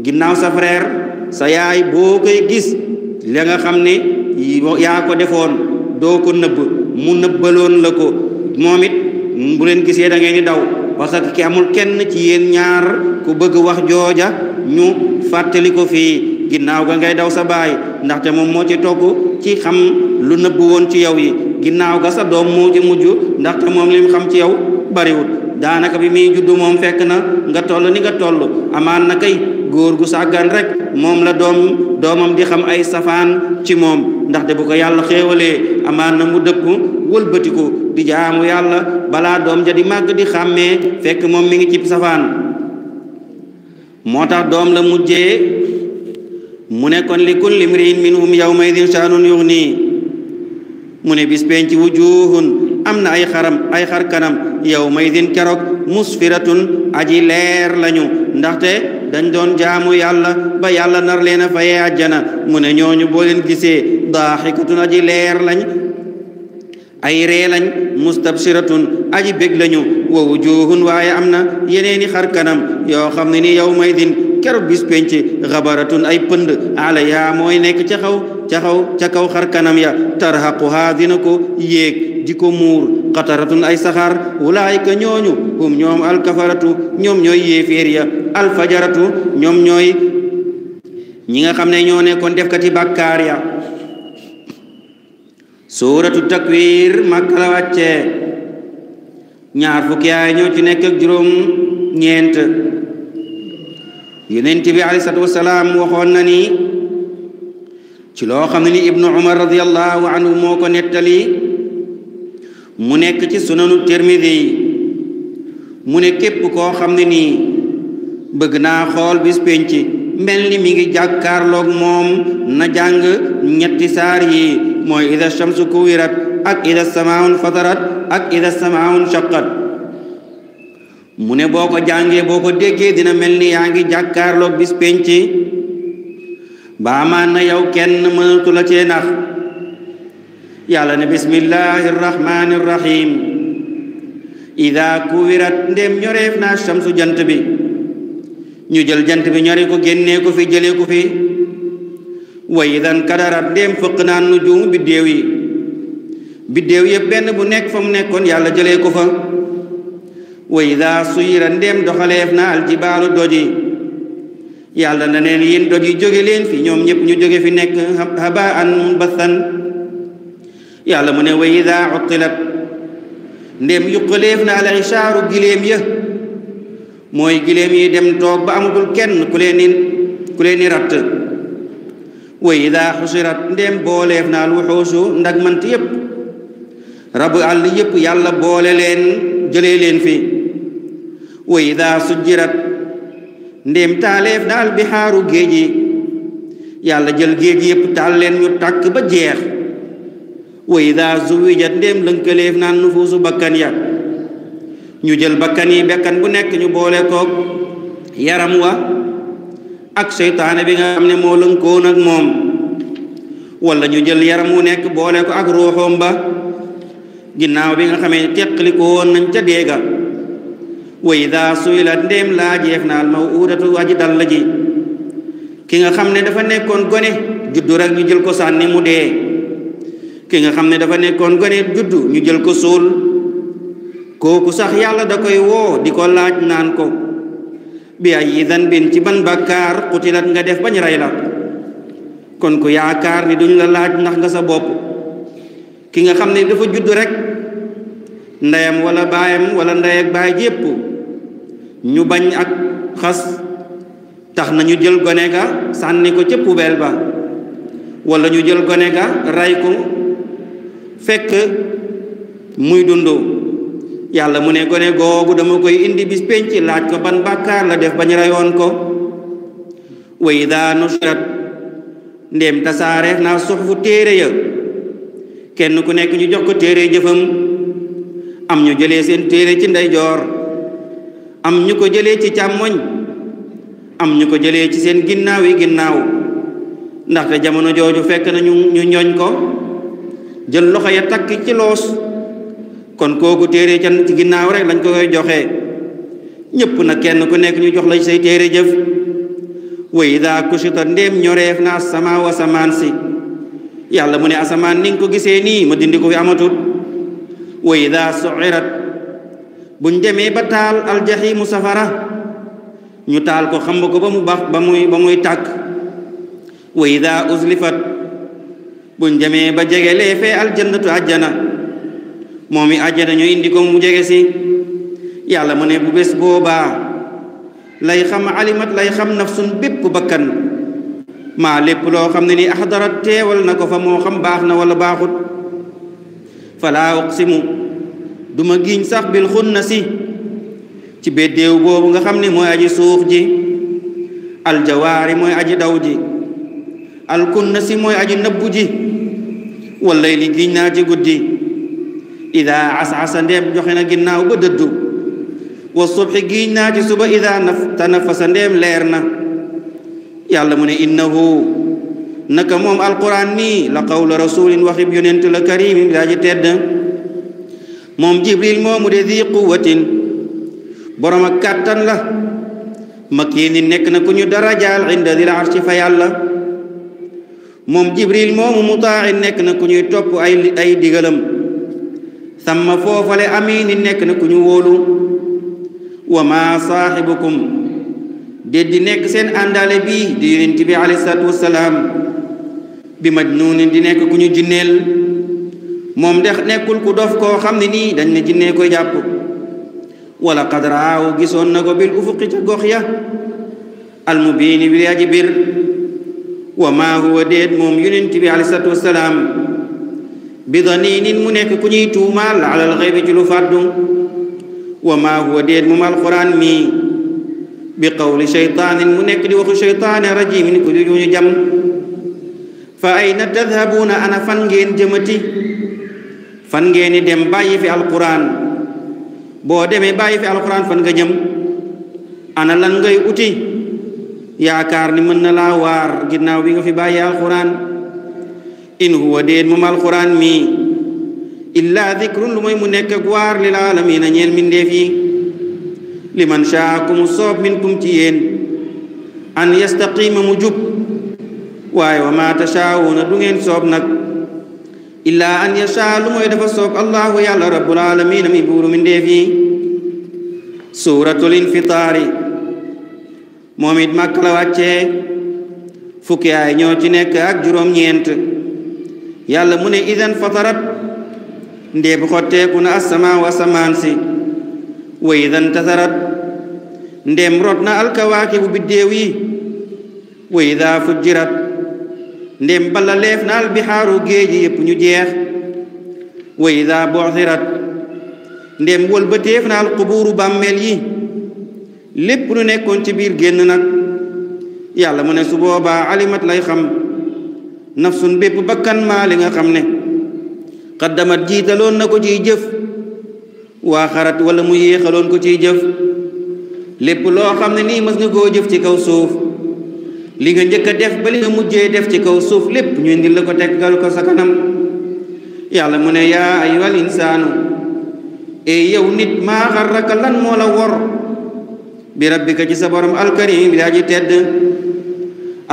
ginnaaw sa frère sa yaay boo koy gis li nga xam ni yaa ko defoon doo ko nëbb mu nëbbaloon la ko moom it bu leen gisee da ngeen daw parce que ki amul kenn ci yéen ñaar ku bëgg wax jooja ñu fàttali ko fii ginnaaw ga ngay daw sa baay ndaxte moom moo ci togg ci xam lu nëbb woon ci yow yi ginnaaw ga sa doom moo ci mujj ndaxte moom lim xam ci yow bariwul daanaka bi muy juddu moom fekk na nga toll ni nga toll amaan na kay góor gu sàggan rek moom la doom doomam di xam ay safaan ci moom ndaxte bu ko yàlla xéewalee amaan na mu dëkku wëlbatiku di jaamu yàlla balaa doom ja di màgg di xàmmee fekk moom mi ngi cib safaan moo tax doom la mujjee mu ne kon li kulli imri'in minhum yawma idin sha'nun yughnii mu ne bis penc wujuhun am na ay xaram ay xar kanam yawma idin keroog musfiratun aji leer lañu ndaxte dañ doon jaamu yàlla ba yàlla nar leen a fayee àjjana mu ne ñooñu boo leen gisee daaxikatun aji leer lañ ay ree lañ mustabsiratun aji bég lañu wa wujuhun waaye am na yeneeni xar yoo xam ne ni keroog bis penc xabaratun ay pënd ala mooy nekk ca xaw ca xaw ca kaw xar kanam ya tarhaquhaa dina ko yéeg di ko muur xataratun ay saxaar wulaayika ñooñu hum ñoom alkafaratu ñoom ñooy yéeféer ya alfajaratu ñoom ñooy ñi nga xam ne ñoo nekkoon defkati bàkkaar ya suuratu takwir Makka la wàcce ñaar fukki aay ñoo ci nekk juróom ñeent yonent bi alayhi wasalaam waxoon na ni ci loo xam ne ni ibnu umar radiallahu moo ko nettali mu nekk ci sunanu tirmidi mu ne képp koo xam ne ni bëgg naa xool bis pénc mel ni mi ngi jàkkaarloog moom na jàng ñetti saar yi mooy ida shamsu kuwirat ak ida samaun fatarat ak ida samaun shaqat mu ne boo ko jàngee boo ko déggee dina mel ni yaa ngi jàkkaarloog bis penc ba amaan na yow kenn mënatu la cee nax yàlla ne bismillahi rrahmani rrahim ida kuwirat ndéem ñoreef naa samsu jant bi ñu jël jant bi ñore ko génnee ko fi jëlee ko fi wa idan kadarat ndéem fëq naan nu juumu biddéew yi biddéew yépp benn bu nekk fa mu nekkoon yàlla jëlee ko fa wa ida suyira ndem doxaleef na aljibaalu doji yàlla na neen yéen doj yi jóge leen fi ñoom ñëpp ñu jóge fi nekk haba an munbathan yàlla mu ne wa ida utilat ndem yuqaleef na al ishaaru giléem ya mooy giléem yi dem toog ba amatul kenn ku leen ni ku leen ni ratt wa ida xusirat ndem booleef na al wuxuusu ndagmant yépp rabu àll yépp yàlla boole leen jëlee leen fi wa ida jirat ndéem taaleef daal bi xaaru géej yàlla jël géej yépp taal leen ñu tàkk ba jeex wa ida zuwijat ndéem lënkaleef naan nufuusu bakkan ya ñu jël bakkan bu nekk ñu boole koog yaram wa ak seytaane bi nga xam ne moo lënkoon moom wala ñu jël yaram wu nekk boole ko ak ruuxoom ba ginnaaw bi nga xamee teqli ko woon nañ ca deega wa ida suylat ndéem laa jeef naal maw uudatu aji dal la ji ki nga xam ne dafa nekkoon gone juddu rek ñu jël ko sànni mu dee ki nga xam ne dafa nekkoon gone juddu ñu jël ko suul kooku sax yàlla da koy woo di ko laaj naan ko bi ay danbin ci ban bàkkaar xutilat nga def bañ rey la kon ko yaakaar ni duñ la laaj ndax nga sa bopp ki nga xam ne dafa judd rek ndeyam walla baayam wala ndey ak baay jépp ñu bañ ak xas tax nañu jël gone ga sànni ko ca poubelle ba wala ñu jël gone ga ray ko fekk muy dund yàlla mu ne gone googu dama koy indi bis penc laaj ko ban bàkkaar la def bañ reyoon ko wa ida nushirat ndéem tasaare naa suxfu téere ya kenn ku nekk ñu jox ko téere jëfam am ñu jëlee seen téere ci ndeyjoor am ñu ko jëlee ci càmmoñ am ñu ko jëlee ci seen ginnaaw yi ginnaaw ndaxte jamono jooju fekk na ñu ñu ñooñ ko jël loxo ya takk ci loos kon kooku téere ca ci ginnaaw rek lañ ko koy joxe ñëpp nag kenn ku nekk ñu jox la say téere jëf wa ida kusita ndéem ñoreef na asamaa wa asamaan si yàlla mu ne asamaan ni ko gisee nii ma dindi ko fi amatul wa ida suirat buñ demee ba taal aljaximu safara ñu taal ko xamb ko ba mu bax ba muy ba muy tàkk wa ida uslifat buñ demee ba jegelee fee aljannatu ajjana moom i ajjana ñu indi ko mu mu bu lay xam alimat lay xam nafsun bépp bakkan maa lépp loo xam ne ni axdarat teewal na ko fa moo xam wala uqsimu duma ma giiñ sax bil xunna si ci beddeew boobu nga xam ne mooy aji suux ji aljawaari mooy aji daw ji alkunna si mooy aji nëbbu ji wallay li giiñ naa ci guddi ida asasa ndeem joxe na ginnaaw ba dëddu wa subxi giiñ naa ci suba ida tanafasa ndeem leer na yàlla mu ne innahu naka moom alquran nii la qawla rasulin waxib yonentu la karim daa ji tedd moom jibril moomu de di quwatin borom ak kàttan la makiinin nekk na ku ñu darajaal inda dil ci fa yàlla moom jibril moomu mutaain nekk na ku ñuy topp ay ay digalam sama foofale amiini nekk na ku ñu wóolu wa ma saaxibukum di nekk seen àndaale bii di yonent bi alayhi bi majnuunin di nekk ku ñu jinneel moom de nekkul ku dof koo xam ne nii dañ ne jinnee koy jàpp wala qad raaw gisoon na ko bil ufuqi ca gox ya almubiini bi aji bir wa maa huwa déet moom yonent bi alayhi salaatu wasalaam bi daniinin mu nekk ku ñuy tuumaal alal xaybi ci lu wa maa huwa déet moom alquran mi bi qawli shaytaanin mu nekk di waxu shaytaani rajimin ku di ñu jam fa ayna tadhabuuna ana fan ngeen jëmati fan ngeen dem bàyyi fi alquran boo demee bàyyi fi alquran fan nga jëm ana lan ngay e uti yaakaar ni mën na laa waar ginnaaw bi nga fi alquran in huwa déen moom alquran mi illa dikrun lu mooy mu nekk ak waar lil aalamiina ñeen mindeef liman shaa ku min soob minkum ci an yastaqima mujub jub wa ma tashaawuna du ngeen sob nak illaa an yasha lu mooy dafa soog allahu yàlla rabbul aalamiina mi buuru mi ndéef suuratul infitaari moom it màkk fukki ay ñoo ci nekk ak juróom-ñeent yàlla mu ne idan fatarat ndéeb xotteeku na asamaan wa asamaan si wa idan rot na alkawaakibu biddéew yi wa fujjirat ndéem bala leef na albihaaru géeji yépp ñu jeex wa ida bu'thirat ndéem wëlbateef na alqubuuru bàmmeel yi lépp lu nekkoon ci biir génn nag yàlla mu ne su boobaa alimat lay xam nafsun bépp bakkan maa li nga xam ne xaddamat jiitaloon na ko ci jëf waa xarat wala mu yéexaloon ko ci jëf lépp loo xam ne nii mës nga koo jëf ci kaw suuf li nga njëkk a def ba li nga mujjee def ci kaw suuf lépp ñu indil la ko teggal ko sa kanam yàlla mu ne yaa ayyuhal insaanu e yow nit maa xarraka lan moo la wor bi rabbika ci sa borom alkarim yaa ji tedd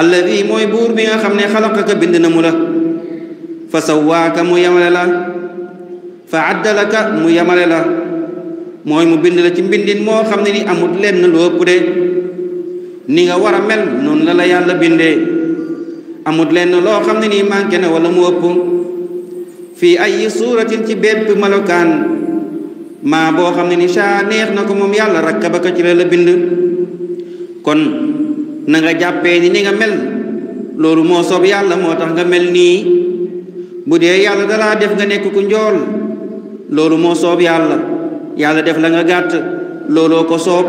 alladi mooy buur bi nga xam ne xalaqaka bind na mu la fa sawaaka mu yamale la fa addalaka mu yamale la mooy mu bind la ci mbindin moo xam ne ni amut lenn lu ëpp de ni nga war a mel noonu la la yàlla bindee amut lenn loo xam ne nii manqué na wala mu ëpp fii ay suuratin ci bépp melokaan maa boo xam ne ni saa neex na ko moom yàlla rakkaba ko ci la la bind kon nanga nga jàppee ni ni nga mel loolu moo soob yàlla moo tax nga mel nii bu dee yàlla dalaa def nga nekk ku njool loolu moo soob yàlla yàlla def la nga gàtt looloo ko soob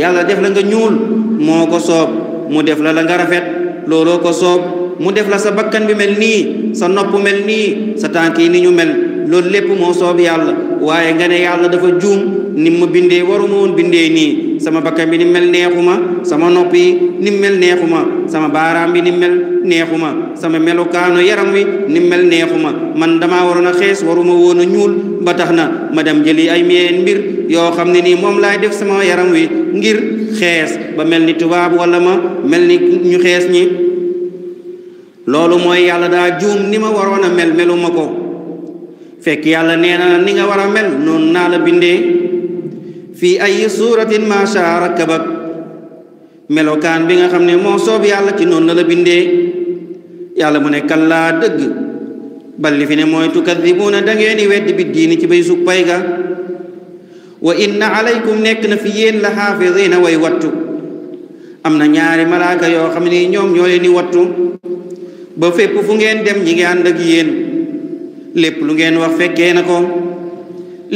yàlla def la nga ñuul moo ko soob mu def la la nga rafet looloo ko soob mu def la sa bakkan bi mel nii sa nopp mel nii sa tànk yi ni ñu mel loolu lépp moo soob yàlla waaye nga ne yàlla dafa juum ni ma bindee waruma woon bindee nii sama bakkan bi ni mel neexuma sama nopp yi ni mel neexuma sama baaraam bi ni mel neexuma sama melukaanu yaram wi ni mel neexuma man dama waroon a xees waruma woon a ñuul ba tax na ma dem jëli ay meen mbir yoo xam ne nii moom laay def sama yaram wi ngir xees ba mel ni tubaab wala ma mel ni ñu xees ñi loolu mooy yàlla daa juum ni ma waroon a mel melu ma ko fekk yàlla nee na ni nga war a mel noonu naa la bindee fii ay suuratin ma shaa rakkabak melokaan bi nga xam ne moo soob yàlla ci noonu la bindee yàlla mu ne kallaa dëgg balli fi ne mooy tukadibuuna da ngeen di weddi bi diini ci bay suk ga wa inna alaykum nekk na fi yéen la xaafidina way wattu am na ñaari malaaka yoo xam ne ñoom ñoo leen di wattu ba fépp fu ngeen dem ñi ngi ànd ak yéen lépp lu ngeen wax fekkee na ko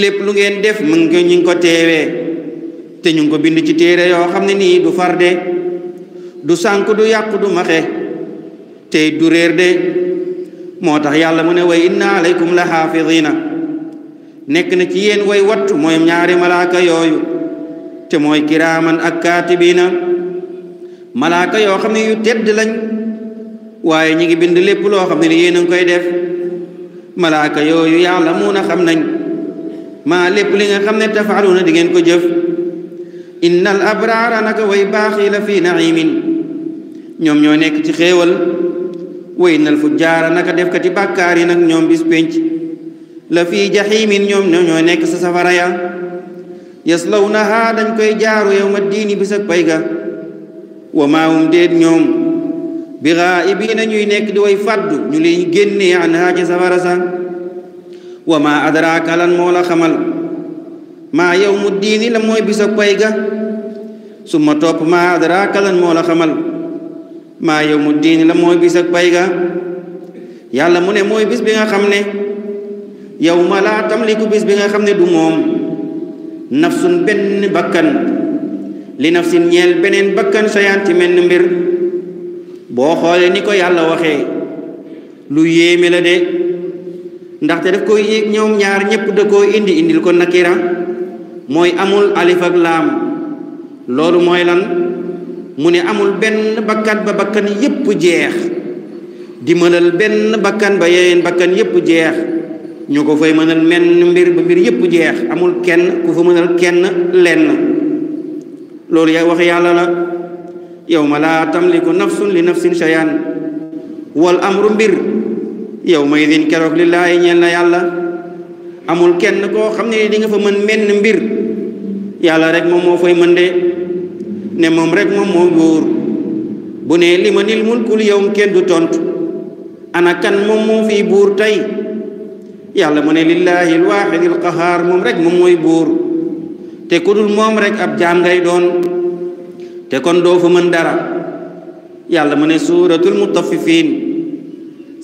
lépp lu ngeen def mu ngi ñu ko teewee te ñu ko bind ci téere yoo xam ne nii du far de du sànk du yàq du maxe tey du réer de moo tax yàlla mu ne way inna alaykum la xaafidina nekk na ci yéen way wattu mooy ñaari malaaka yooyu te mooy kiraaman ak kaatibiina malaaka yoo xam ne yu tedd lañ waaye ñi ngi bind lépp loo xam ne ni yéen a ngi koy def malaaka yooyu yàlla muun a xam nañ maa lépp li nga xam ne tafaaluuna di ngeen ko jëf inna al abraara naka way baax yi la fii naimin ñoom ñoo nekk ci xéewal wa inna al fujjaara naka def kati bàkkaar yi nag ñoom bis la fi jaximin ñoom ñoo ñoo sa safara ya yaslawnaha dañ koy jaaru jaru ma diini bisa ak pay ga wa maahum déet ñoom bi xaa'ibiina ñuy nekk di way fàddu ñu leen génnee anha ca safara sa wa ma ya lan lamoi bisa xamal maa ma mu diini la mooy bis ak pay ga summa topp maa adraaka lan moo xamal la bis ak pay ga mu ne bis bi nga yawma laa tamliku bis bi nga xam du moom nafsun benn bakkan li nafsin ñeel benen bakkan sayaan ci menn mbir boo xoolee ni ko yàlla waxee lu yéeme la de ndaxte daf ko yéeg ñoom ñaar ñépp da koo indi indil ko nakira moy amul alif ak laam loolu lan mune amul ben bakkan ba bakkan yépp jeex dimalal ben bakkan ba bakkan yepu jeex ñu ko fay mënal menn mbir ba mbir yépp jeex amul kenn ku fa mënal kenn lenn loolu ya yàlla la ma laa tamliku nafsun li nafsin shay'an wal amru mbir yow yawma idin keroog lillaahi ñeel na yàlla amul kenn koo xam ne di nga fa mën menn mbir yàlla rek moom moo fay mën de ne moom rek moom moo góor bu ne limanil mulkul yawm kenn du tontu ana kan moom moo fi buur tey yàlla mu ne lillahi alwaxidi alqahaar moom rek moom mooy buur te ku dul moom rek ab jaam ngay doon te kon doo fa mën dara yàlla mu ne suuratul mutaffifin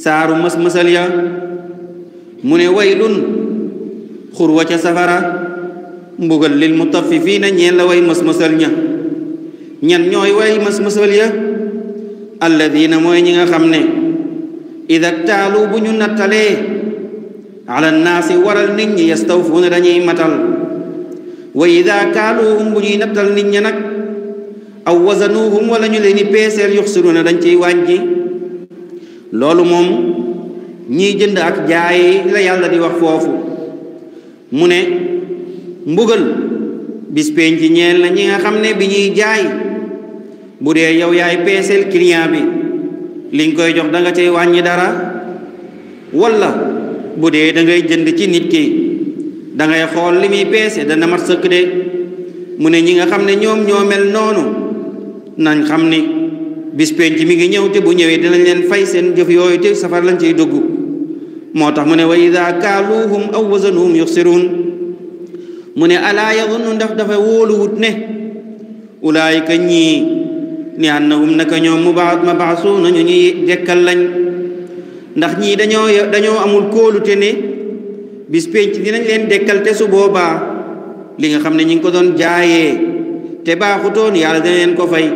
saaru mas-masal mu ne waylun xurwa ca safara mbugal lil mutaffifina ñeen la way mas-masal ña ñan ñooy way mas-masal ya alladina mooy ñi nga xam ne ida taalu bu ñu nattalee ala naasi waral nit ñi yastawfuuna dañuy matal wa ida kaaluuhum bu ñuy nattal nit ñi nag aw wazanuuhum wala ñu leen si peeseel yuxsiruuna dañ ciy wàññi loolu moom ñi jënd ak jaay la yàlla di wax foofu mu ne mbugal bis penc ci ñeel na ñi nga xam ne bi ñuy jaay bu dee yow yaay peeseel client bi liñ koy jox danga nga cay wàññi dara wala bu dee da ngay jënd ci nit ki dangay xool li muy peese dana mat sëkk de mu ne ñi nga xam ne ñoom ñoo mel noonu nañ xam ni bis penc mi ngi ñëw te bu ñëwee dinañ leen fay seen jëf yooyu te safar lañ cay dugg moo tax mu ne wa ida kaaluuhum aw wazanuhum yuxsiruun mu ne alaa yazunnu ndax dafa wóoluwut ne ulaayika ñii ni annahum naka ñoom mu baax ma baax suuna ñu ñuy dekkal lañ ndax ñii dañoo dañoo amul kóolute ne bis pénc dinañ leen dekkal te su boobaa li nga xam ne ñi ngi ko doon jaaye te baaxutoon yàlla dina leen ko fay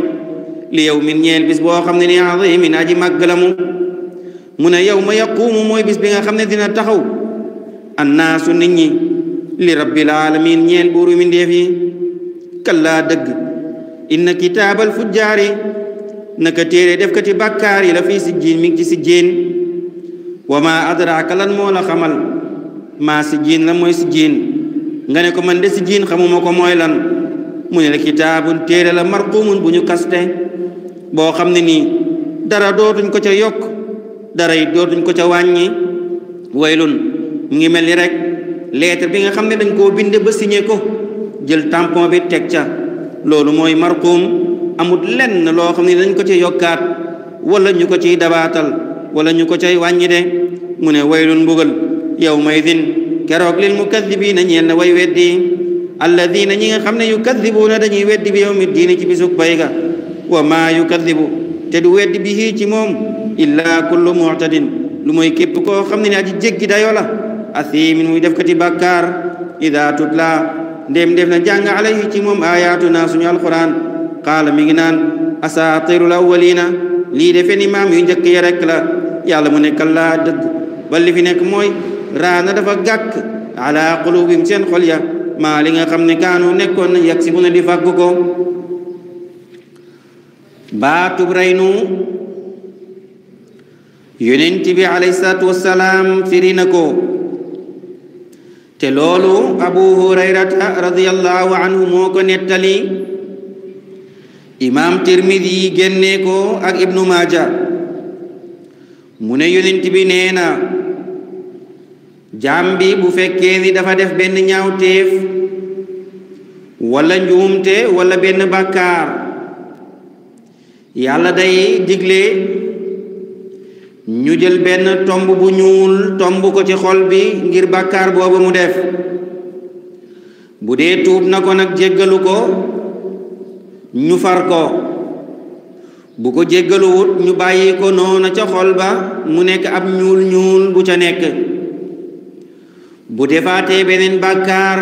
li yow min ñeel bis boo xam ne ni azimin aji màgg la mu mu ne yow ma yaquumu mooy bis bi nga xam ne dina taxaw annaasu nit ñi li rabbil alamin ñeel buuru mi ndeef yi kallaa dëgg inna kitaabal fujjaari naka téere def kati bàkkaar yi la fii si jiin mi ci si jéen wa ma adraka lan moo la xamal maa si jiin la mooy si jiin nga ne ko man de si jiin xamuma ko mooy lan mu ne la kitaabun téere la marqumun bu ñu kaste boo xam ne nii dara dootuñ ko ca yokk dara it dootuñ ko ca wàññi waylun mu ngi mel ni rek lettre bi nga xam ne dañ koo binde ba signé ko jël tampon bi teg ca loolu mooy marqum amut lenn loo xam ne dañ ko ci yokkaat wala ñu ko ciy dabaatal wala ñu ko cay wàññi de mu ne waylun mbugal yawma idin keroog lil mukaddibiina ñeel na way weddi alladina ñi nga xam ne yukaddibuuna dañuy weddi bi yawmi diini ci bisug bay ga wa maa yukaddibu te du weddi bihi ci moom illa kullu mu'tadin lu mooy képp koo xam ne ne aji jéggi dayoo la asimin muy defkati bàkkaar ida tutla ndéem def na jàng alayhi ci moom ayatuna suñu alquran qaala mi ngi naan asatirul awwalina lii defe ni maam yu njëkk ya rek la yàlla mu ne kallaa dëgg ba li fi nekk mooy raana dafa gàkk ala qulubim seen xol maa li nga xam ne kaanu nekkoon nañ yagg si di fàggu ko baatub reynu yonent bi alayhi salaatu wassalaam firi ko te loolu abu hurayrata radiyallahu anhu moo ko nettali imaam tirmidi génnee ko ak ibnu maaja mu ne yonent bi nee na jaam bi bu fekkee ni dafa def benn ñaawteef walla njuumte wala benn bàkkaar yàlla day digle ñu jël benn tomb bu ñuul tomb ko ci xol bi ngir bàkkaar boobu mu def bu dee tuub na ko nag jéggalu ko ñu far ko bu ko jéggaluwut ñu bàyyi ko noona ca xol ba mu nekk ab ñuul ñuul bu ca nekk bu defaatee beneen bàkkaar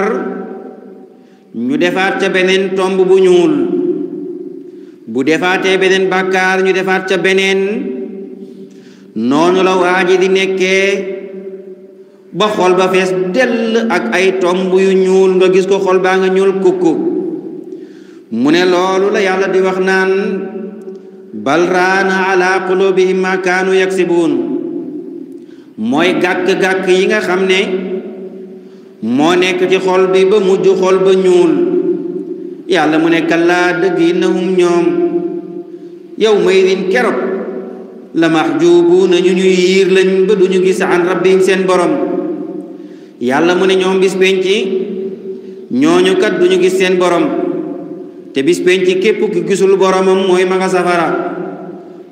ñu defaat ca beneen tomb bu ñuul bu defaatee beneen bàkkaar ñu defaat ca beneen noonu la waa ji di nekkee ba xol ba fees dell ak ay tomb yu ñuul nga gis ko xol baa nga ñuul kukku mu ne loolu la yàlla di wax naan bal raana bi qulubihim ma kaanu yaksibuun mooy gàkk-gàkk yi nga xam ne moo nekk ci xol bi ba mujj xol ba ñuul yàlla mu ne kallaa dëgg innahum ñoom yow may din keroog la mahjubuuna ñu ñu yiir lañ ba duñu gis an rabbihim seen boroom yàlla mu ne ñoom bis penc ñooñu kat duñu gis seen boroom te bis penc képp ki gisul boromam mooy ma safara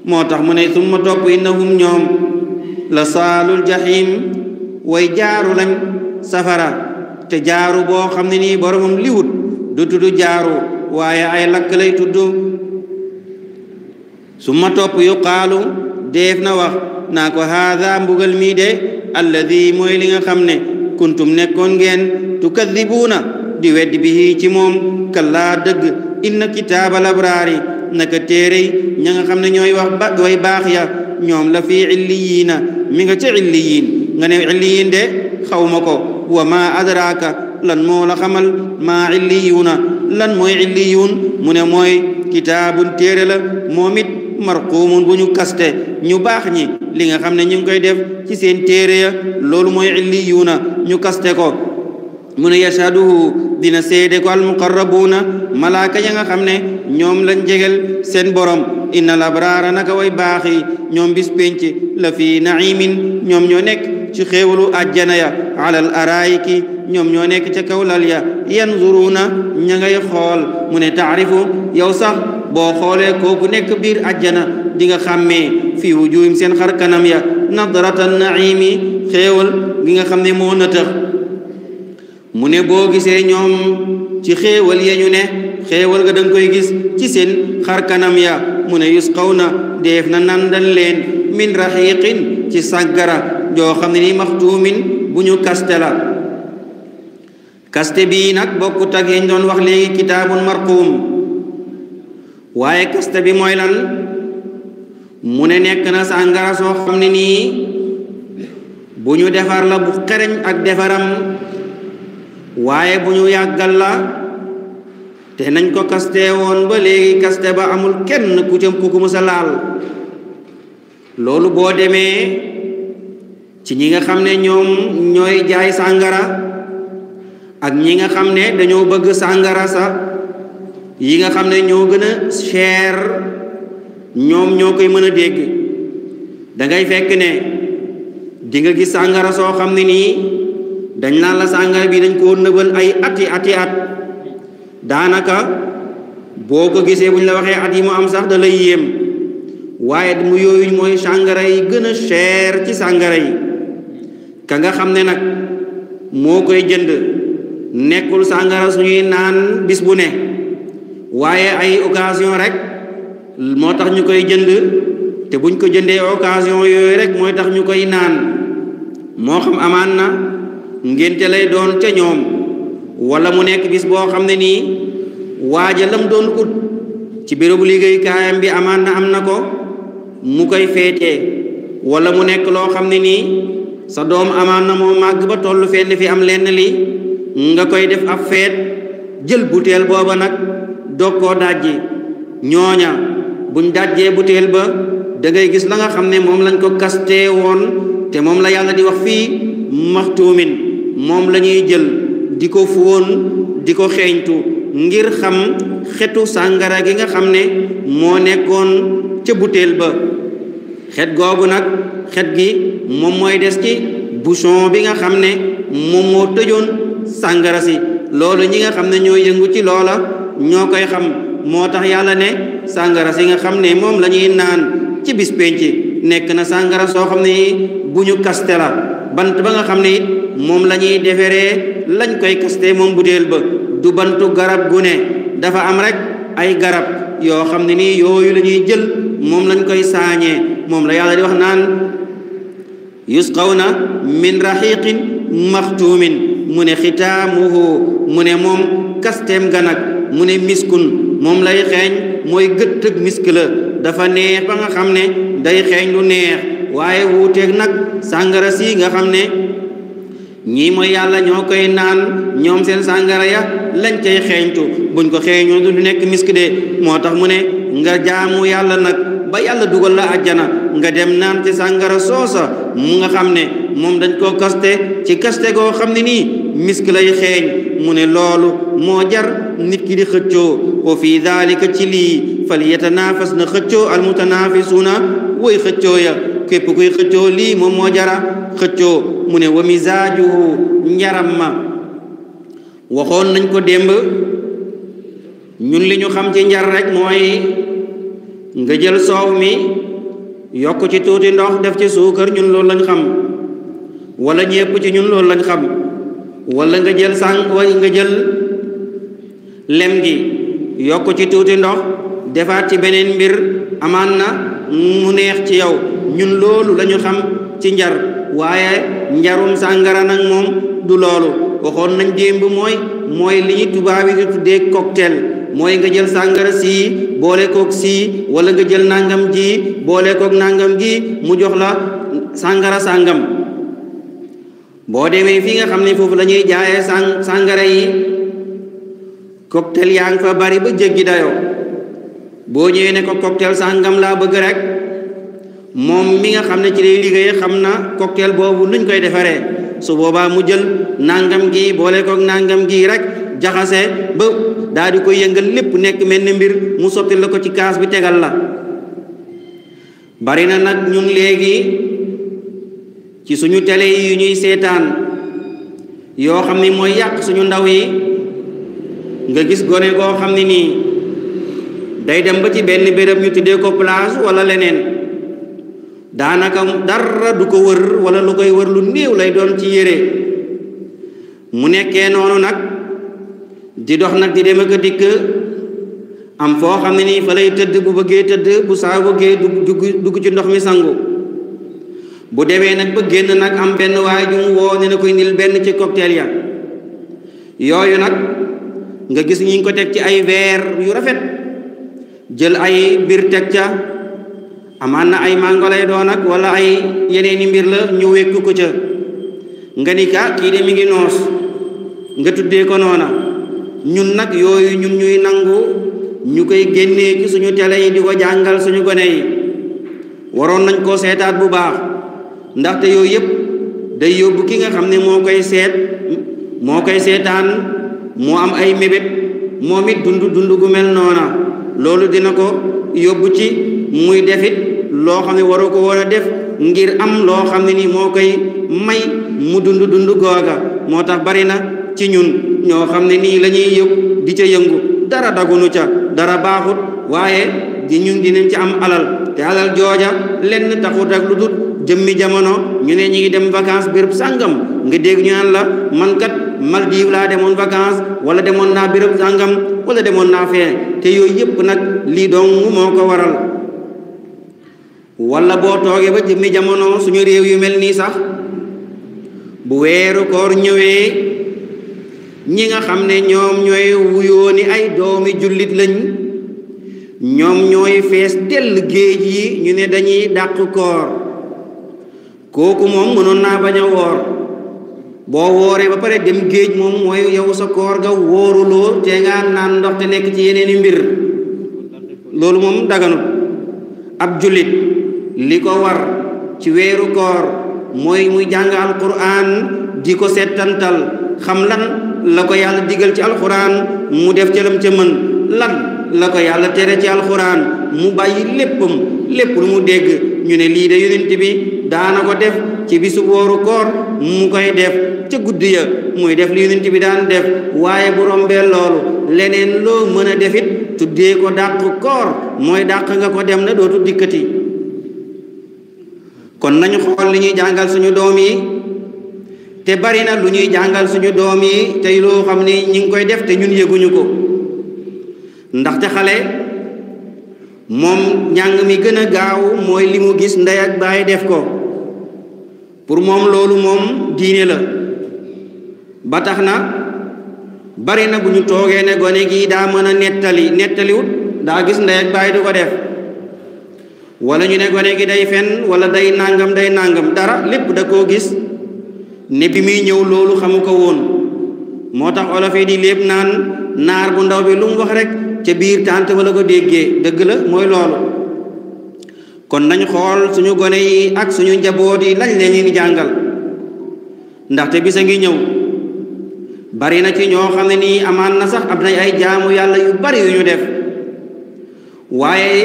moo tax mu ne summa topp innahum ñoom la saalul way jaaru lañ safara te jaaru boo xam ne nii boromam liwut du tudd jaaru waaye ay lakk lay tudd summa topp yuqaalu deef na wax naa ko haada mbugal mii de alladi mooy li nga xam ne kuntum nekkoon ngeen tukadibuuna di weddi bi ci moom kallaa dëgg inna kitaabal abraari naka téerey ña nga xam ne ñooy wax ba way baax ya ñoom la fii illiyiina mi nga ca illiyiin nga ne illiyiin de xaw ko wa maa adraaka lan moo la xamal maa illiyuuna lan mooy illiyuun mu ne mooy kitaabun téere la moom it marquumun bu ñu kaste ñu baax ñi li nga xam ne ñu koy def ci seen téere ya loolu mooy illiyuuna ñu kaste ko mu ne yashhaduhu dina seede ko almuqarrabuuna malaaka ya nga xam ne ñoom lañ jegel seen borom inna labraara naka way baaxi ñoom bis pénc la fi naimin ñoom ñoo nekk ci xewlu àjjana ya alal araayiki ñoom ñoo nekk ca kawlal ya yanzuruuna ña ngay xool mu ne taarifu yow sax boo xoolee kooku nekk biir àjjana di nga xàmmee fii wujuhim seen xar kanam ya nadrata naimi xéewal gi nga xam ne moo nëtëx mu ne boo gisee ñoom ci xewal ya ñu ne xéewal nga danga koy gis ci seen xar kanam ya mu ne na def na nandal leen min raxiqin ci sàggara joo xam ne ni maxtuumin bu ñu kaste la kaste bii nag bokkut ak yañ doon wax léegi kitaabun marquum waaye kaste bi mooy lan mu ne nekk na sàngara soo xam ne nii bu ñu defar la bu xereñ ak defaram waaye bu ñu yàggal la te nañ ko kaste woon ba léegi kaste ba amul kenn ku ca ku mu sa laal loolu boo demee ci ñi nga xam ne ñoom ñooy jaay sàngara ak ñi nga xam ne dañoo bëgg sàngara sa yi nga xam ne ñoo gën a cher ñoom ñoo koy mën a dégg da fekk ne di nga gis sàngara soo xam ne nii dañ naan la sàngaay bii dañ koo nëbal ay ati ati at daanaka boo ko gisee bu ñu la waxee at yi mu am sax da lay yéem waaye mu yooyu mooy sàngara yi gën a cher ci sàngara yi ka nga xam ne nag moo koy jënd nekkul sàngara suñuy naan bis bu ne waaye ay occasion rek moo tax ñu koy jënd te buñ ko jëndee occasion yooyu rek mooy tax ñu koy naan moo xam amaan na ngénte lay doon ca ñoom wala mu nekk bis boo xam ne nii waaja lam doon ut ci bérébu liggéeykaayam bi amaan na am ko mu koy feetee wala mu nekk loo xam ne sa doom amaan na moo ba toll fenn fi am lenn li nga koy def ab feet jël butel booba nag do koo dajji ñooña buñ dajjee butel ba da ngay gis la nga xam ne lañ ko kastee woon la di wax fii moom lañuy jël di ko fóon di ko xeeñtu ngir xam xetu sàngara gi nga xam ne moo nekkoon ca butéel ba xet googu nag xet gi moom mooy des ci bouchon bi nga xam ne moom moo tëjoon sàngara si loolu ñi nga xam ne ñoo yëngu ci loola ñoo koy xam moo tax yàlla ne sàngara si nga xam ne moom la ñuy naan ci bis nekk na sàngara soo xam ne bu ñu kaste la bant ba nga xam ne it moom lañuy ñuy deferee lañ koy kaste moom butéel ba du bantu garab gu ne dafa am rek ay garab yoo xam ne nii yooyu la ñuy jël moom lañ koy saañee moom la yàlla di wax naan na min raxiqin maxtuumin mu ne xitaamuhu mu ne moom kasteem ga mu ne miskun moom lay xeeñ mooy gëttëg misk la dafa neex ba nga xam ne day xeeñ lu neex waaye wuuteeg nag sàngara sii nga xam ne ñii mooy yàlla ñoo koy naan ñoom seen sàngara ya lañ cay xeeñtu buñ ko xeeñoo du nekk misk de moo tax mu ne nga jaamu yàlla nag ba yàlla dugal la àjjana nga dem naan ci sàngara soosa mu nga xam ne moom dañ koo kaste ci kaste goo xam ne nii misk lay xeeñ mu ne loolu moo jar nit ki di xëccoo wa fii daalika ci lii fa fal yatanaafas na xëccoo almutanaafisuuna way xëccoo ya képp kuy xëccoo lii moom moo jara xëccoo mu ne wa misaajuhu njaram ma waxoon nañ ko démb ñun li ñu xam ci njar rek mooy nga jël soow mi yokk ci tuuti ndox def ci suukar ñun loolu lañ xam wala ñépp ci ñun loolu lañ xam walla nga jël sàng way nga jël lem gi yokk ci tuuti ndox defaat ci beneen mbir amaan na mu neex ci yow ñun loolu lañu ñu xam ci njar waaye njarum sàngara nag moom du loolu waxoon nañ démb mooy mooy li ñu tubaab yi di tuddee mooy nga jël sàngara sii boole koog sii wala nga jël nangam ji boole koog nangam gi mu jox la sàngara sàngam boo demee fii nga xam ne foofu lañuy ñuy jaayee sàngara yi cocktail yaa ngi fa bari ba jéggi dayoo boo ñëwee ne ko cocktail sàngam laa bëgg rekk moom mi nga xam ne ci lay liggéeye xam na cocktail boobu nuñ koy defaree su boobaa mu jël nangam gi boole koog nangam gi rek jaxase ba daal di koy yëngal lépp nekk mel ni mbir mu sotti la ko ci kaas bi tegal la bari na nag ñun léegi ci suñu télé yi ñuy seetaan yoo xam ni mooy yàq suñu ndaw yi nga gis gone goo xam ne nii day dem ba ci benn béréb ñu tuddee ko plage wala leneen daanaka dara du ko wër wala lu koy wër lu néew lay doon ci yére mu nekkee noonu nag di dox nag di dem ak dikk am foo xam ne nii fa lay tëdd bu bëggee tëdd bu saa bëggee dugg dugg ci ndox mi sangu bu demee nag ba génn nag am benn waay ju mu woo ne na koy nil benn ci cocktail ya yooyu nag nga gis ñi ngi ko teg ci ay weer yu rafet jël ay biir teg ca amaan na ay mango lay doon ak wala ay yeneeni mbir la ñu wekku ko ca nga ni ka kii de mi ngi noos nga tuddee ko noona ñun nag yooyu ñun ñuy nangu ñu koy génnee ci suñu télé yi di ko jàngal suñu gone yi waroon nañ koo seetaat bu baax ndaxte yooyu yëpp day yóbbu ki nga xam ne moo koy seet moo koy seetaan moo am ay mébét moom it dund dund gu mel noona loolu dina ko yóbbu ci muy defit loo xam ne waru ko war a def ngir am loo xam ne ni moo koy may mu dund dund googa moo tax bari na ci ñun ñoo xam ne nii lañuy ñuy yëg di ca yëngu dara dagunu ca dara baaxut waaye ji ñun dinañ ci am alal te alal jooja lenn taxut ak lu dut jëmmi jamono ñu ne ñu ngi dem vacances béréb sàngam nga dégg ñu naan la man kat Maldives laa demoon vacances wala demoon naa béréb sàngam wala demoon naa fee te yooyu yëpp nag lii dong moo ko waral wala boo toogee ba jëmmi jamono suñu réew yu mel nii sax bu weeru koor ñëwee ñi nga xam ne ñoom ñooy wuyoo ni ay doomi jullit lañ ñoom ñooy fees dell géej yi ñu ne dañuy dàq koor kooku moom mënoon naa bañ a woor boo wooree ba pare dem géej moom mooy yow sa koor ga wooruloo te nga naan ndox te nekk ci yeneen yeneeni mbir loolu moom daganut ab jullit li ko war ci weeru koor mooy muy jàng alquran di ko settantal xam lan la ko yàlla digal ci alxuraan mu def ca lam ca mën lan la ko yàlla tere ci alxuraan mu bàyyi léppam lépp lu mu dégg ñu ne lii de yonent bi daana ko def ci bisu wooru koor mu koy def ca guddi ya muy def li yonent bi daan def waaye bu rombee loolu leneen loo mën a defit tuddee ko dàq koor mooy dàq nga ko dem na dootu dikkati kon nañu xool li ñuy jàngal suñu doom yi te bari na lu ñuy jàngal suñu doom yi tey loo xam ni ñi ngi koy def te ñun yëguñu ko ndaxte xale moom njàng mi gën a gaaw mooy li mu gis ndey ak baay def ko pour moom loolu moom diine la ba tax na bari na bu ñu toogee ne gone gii daa mën a nettali nettaliwut daa gis ndey ak baay du ko def wala ñu ne gone gi day fenn wala day nàngam day nàngam dara lépp da koo gis ne bi muy ñëw loolu xamu ko woon moo tax olof di lépp naan naar bu ndaw bi lu wax rek ca biir tànt wala ko déggee dëgg la mooy loolu kon nañ xool suñu gone yi ak suñu njaboot yi lañ leen di jàngal ndaxte bisa ngi ñëw bari na ci ñoo xam ne nii amaan na sax am nañ ay jaamu yàlla yu bari yu ñu def waaye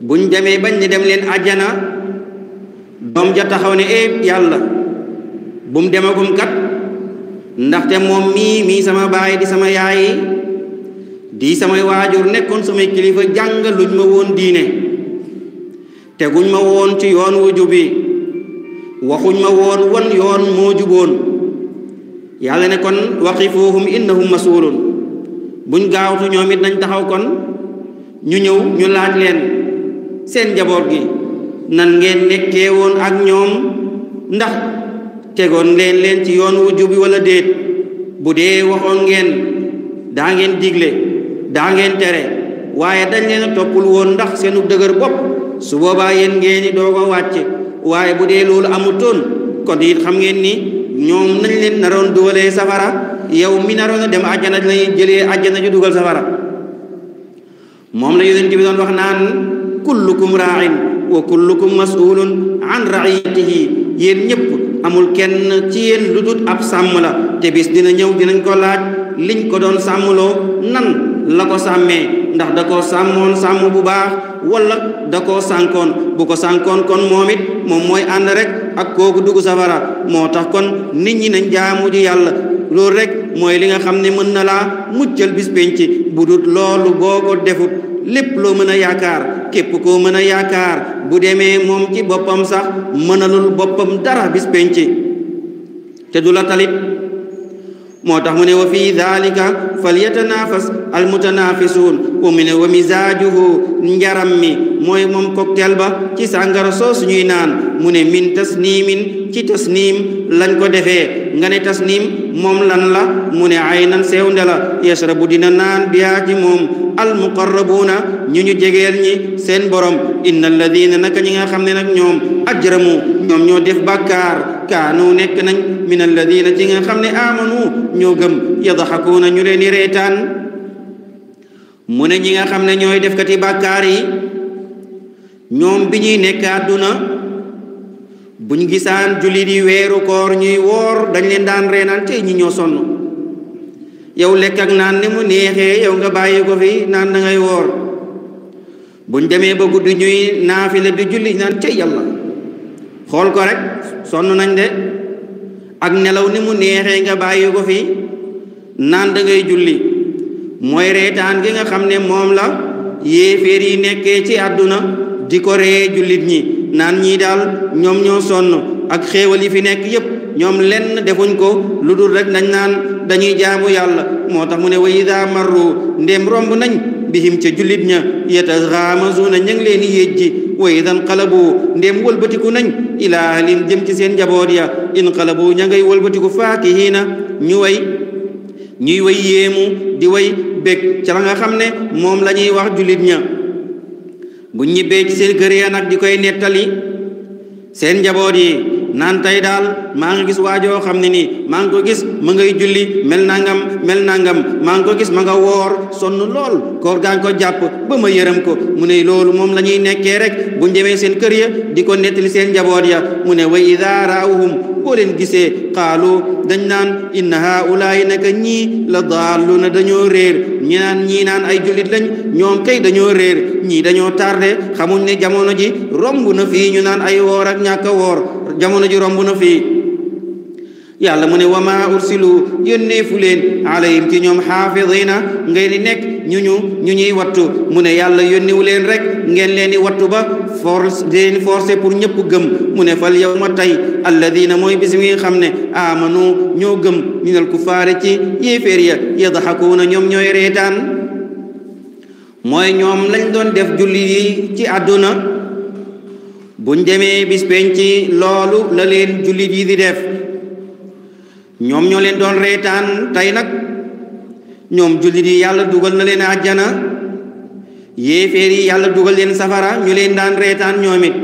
buñ demee bañ di dem leen àjjana doom ja taxaw ne e yàlla bu mu demagum kat ndaxte moom mii mii sama baay di sama yaay di samay waajur nekkoon samay kilifa jàngal luñ ma woon diine teguñ ma woon ci yoon wu jubi waxuñ ma woon won yoon moo juboon yàlla ne kon waqifuhum innahum masulun buñ gaawtu ñoom it nañ taxaw kon ñu ñëw ñu laaj leen seen njaboot gi nan ngeen nekkee woon ak ñoom ndax tegoon leen leen ci yoon wu jub wala déet bu dee waxoon ngeen daa ngeen digle daa ngeen tere waaye dañ leen a toppul woon ndax seenu dëgër bopp su boobaa yéen ngeen di wàcce waaye bu dee loolu amutoon kon it xam ngeen ni ñoom nañ leen naroon dugalee safara yow mi naroon a dem àjjana lañuy jëlee àjjana ju dugal safara moom la yonent bi wax naan kullukum raain wa kullukum masulun an raiyatihi yéen ñëpp amul kenn ci yéen lu dut ab sàmm la te bis dina ñëw dinañ ko laaj liñ ko doon sàmmloo nan la ko sàmmee ndax da ko sàmmoon sàmm bu baax wala da koo sànkoon bu ko sànkoon kon moom it moom mooy ànd rek ak kooku dugg safara moo tax kon nit ñi nañ jaamu ji yàlla loolu rek mooy li nga xam ni mën na laa muccal bis penc bu dut loolu boo ko defut lépp loo mën a yaakaar képp koo mën a yaakaar bu demee moom ci boppam sax mënalul boppam dara bis pénc te du la talit moo tax mu ne wa fi dalika falyatanafas almutanafisuun wa mu ne wa misaajuhu njaram mi mooy moom cocktail ba ci sàngara soo suñuy naan mu ne min tasnimin ci tasnim lañ ko defee nga ne tasnim moom lan la mu ne aynan sewnde la yashrabu dina naan biyaa ci moom almuqarrabuuna ñu ñu jegeel ñi seen borom inna alladina naka ñi nga xam ne nag ñoom ajramu ñoom ñoo def bàkkaar kaanu nekk nañ min alladina ci nga xam ne amanu ñoo gëm na ñu leen di reetaan mu ne ñi nga xam ne ñooy defkati bàkkaar yi ñoom bi ñuy nekk bu ñu gisaan jullit yi weeru koor ñuy woor dañ leen daan reenaan tey ñi ñoo sonn yow lekk ak naan ni mu neexee yow nga bàyyi ko fi naan da ngay woor buñ demee ba guddi ñuy naafila di julli naan tey yàlla xool ko rek sonn nañ de ak nelaw ni mu neexee nga bàyyi ko fi naan da julli mooy reetaan gi nga xam ne moom la yéeféer yi nekkee ci àdduna di ko ree jullit ñi naan ñii daal ñoom ñoo sonn ak xéewal yi fi nekk yépp ñoom lenn defuñ ko lu dul rek nañ naan dañuy jaamu yàlla moo tax mu ne wa ida marru ndéem romb nañ bihim ca jullit ña yetaxaamasuuna ña ngi leen i yéej ji wa idan xalabu walbatiku nañ ila ahlim jëm ci seen njaboot ya in xalabu ña ngay walbatiku faakihiina ñu way ñuy way yéemu di way bég ca la xam ne moom la ñuy wax jullit ña bu ñibbee ci seen kër ya nag di koy nettali seen njaboot yi naan dal manggis wajo ngi gis waajoo xam ne nii maa gis ma ngay julli mel nangam mel nangam maa ngi gis ma nga woor sonn lool koor gaa ko ko ne loolu moom la rek bu ñu demee kër ya di ko nettali seen ya wa boo leen gisee xaalu dañ naan inna haulaay naka ñii la daalluuna dañoo réer ñi naan ñii naan ay jullit lañ ñoom kay dañoo réer ñii dañoo tardé xamuñ ne jamono ji romb na fii ñu naan ay woora ak woor jamono ji romb na fii yàlla mu ne wa maa ursilu leen alayhim ci ñoom xaafidina ngeen di nekk ñu ñu ñu ñuy wattu mu ne yàlla yónniwu leen rek ngeen leen di wattu ba force leen forcé pour ñëpp gëm mu ne fal ma tey alladina mooy bis nga xam ne amanu ñoo gëm ñu nel ku faare ci yéeféer ya yadxakuuna ñoom ñooy reetaan mooy ñoom lañ doon def julli yi ci àdduna buñ demee bis ci loolu la leen julli yi di def ñoom ñoo leen doon reetaan tey nag ñoom jullit yi yàlla dugal na leen àjjana yéeféer yi yàlla dugal leen safara ñu leen daan reetaan ñoom it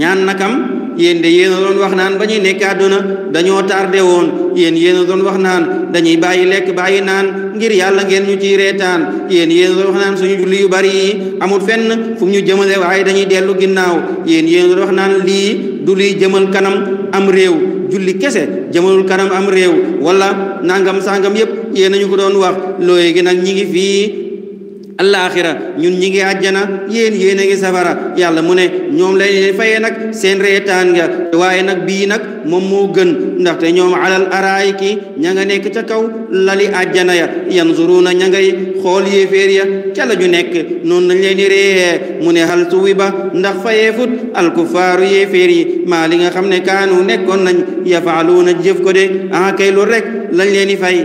ñaan nakam yéen de yéen doon wax naan ba ñuy nekk àdduna dañoo tardé woon yéen yéen a doon wax naan dañuy bàyyi lekk bàyyi naan ngir yàlla ngeen ñu ciy reetaan yéen yéen a doon wax naan suñu julli yu bari yi amul fenn fu ñu jëmale waaye dañuy dellu ginnaaw yéen yéen doon wax naan lii du luy jëmal kanam am réew julli kese jamanul karam am réew wala nangam sangam yep yéen nañu ko doon wax looy gi ñi ngi alaaxira ñun ñi ngi àjjana yéen yéen a ngi safara yàlla mu ne ñoom lay leen fayee nag seen reetaan nga waaye nag bii nag moom moo gën ndaxte ñoom alal araayiki ña nga nekk ca kaw lali àjjana ya yanzuruuna ña ngay xool yéeféer ya ca la ñu nekk noonu lañ leen di ree mu ne hal tuwi ba ndax fayee fut alkufaaru yéeféer yi maa li nga xam ne kaanu nekkoon nañ yafaaluuna jëf ko de ah kay lu rek lañ leen fay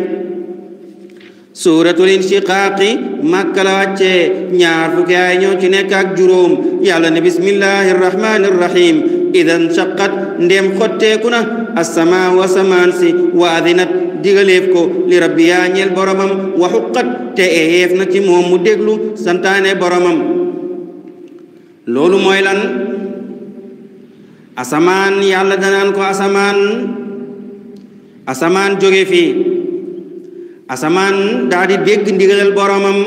suuratul inshiqaaqi màkka la wàccee ñaar fukki ay ci nekk ak juróom yàlla ne bismillahi irrahmani irrahim idan shaqat ndem xotteeku na assamaa wa samaan si wa adinat digaleef ko li rabbi yaa boromam wa xuqat te eyeef ci moom mu déglu santaane boromam loolu mooy lan asamaan yàlla danaan ko asamaan asamaan jóge fii asamaan daa di dégg ndigalal boromam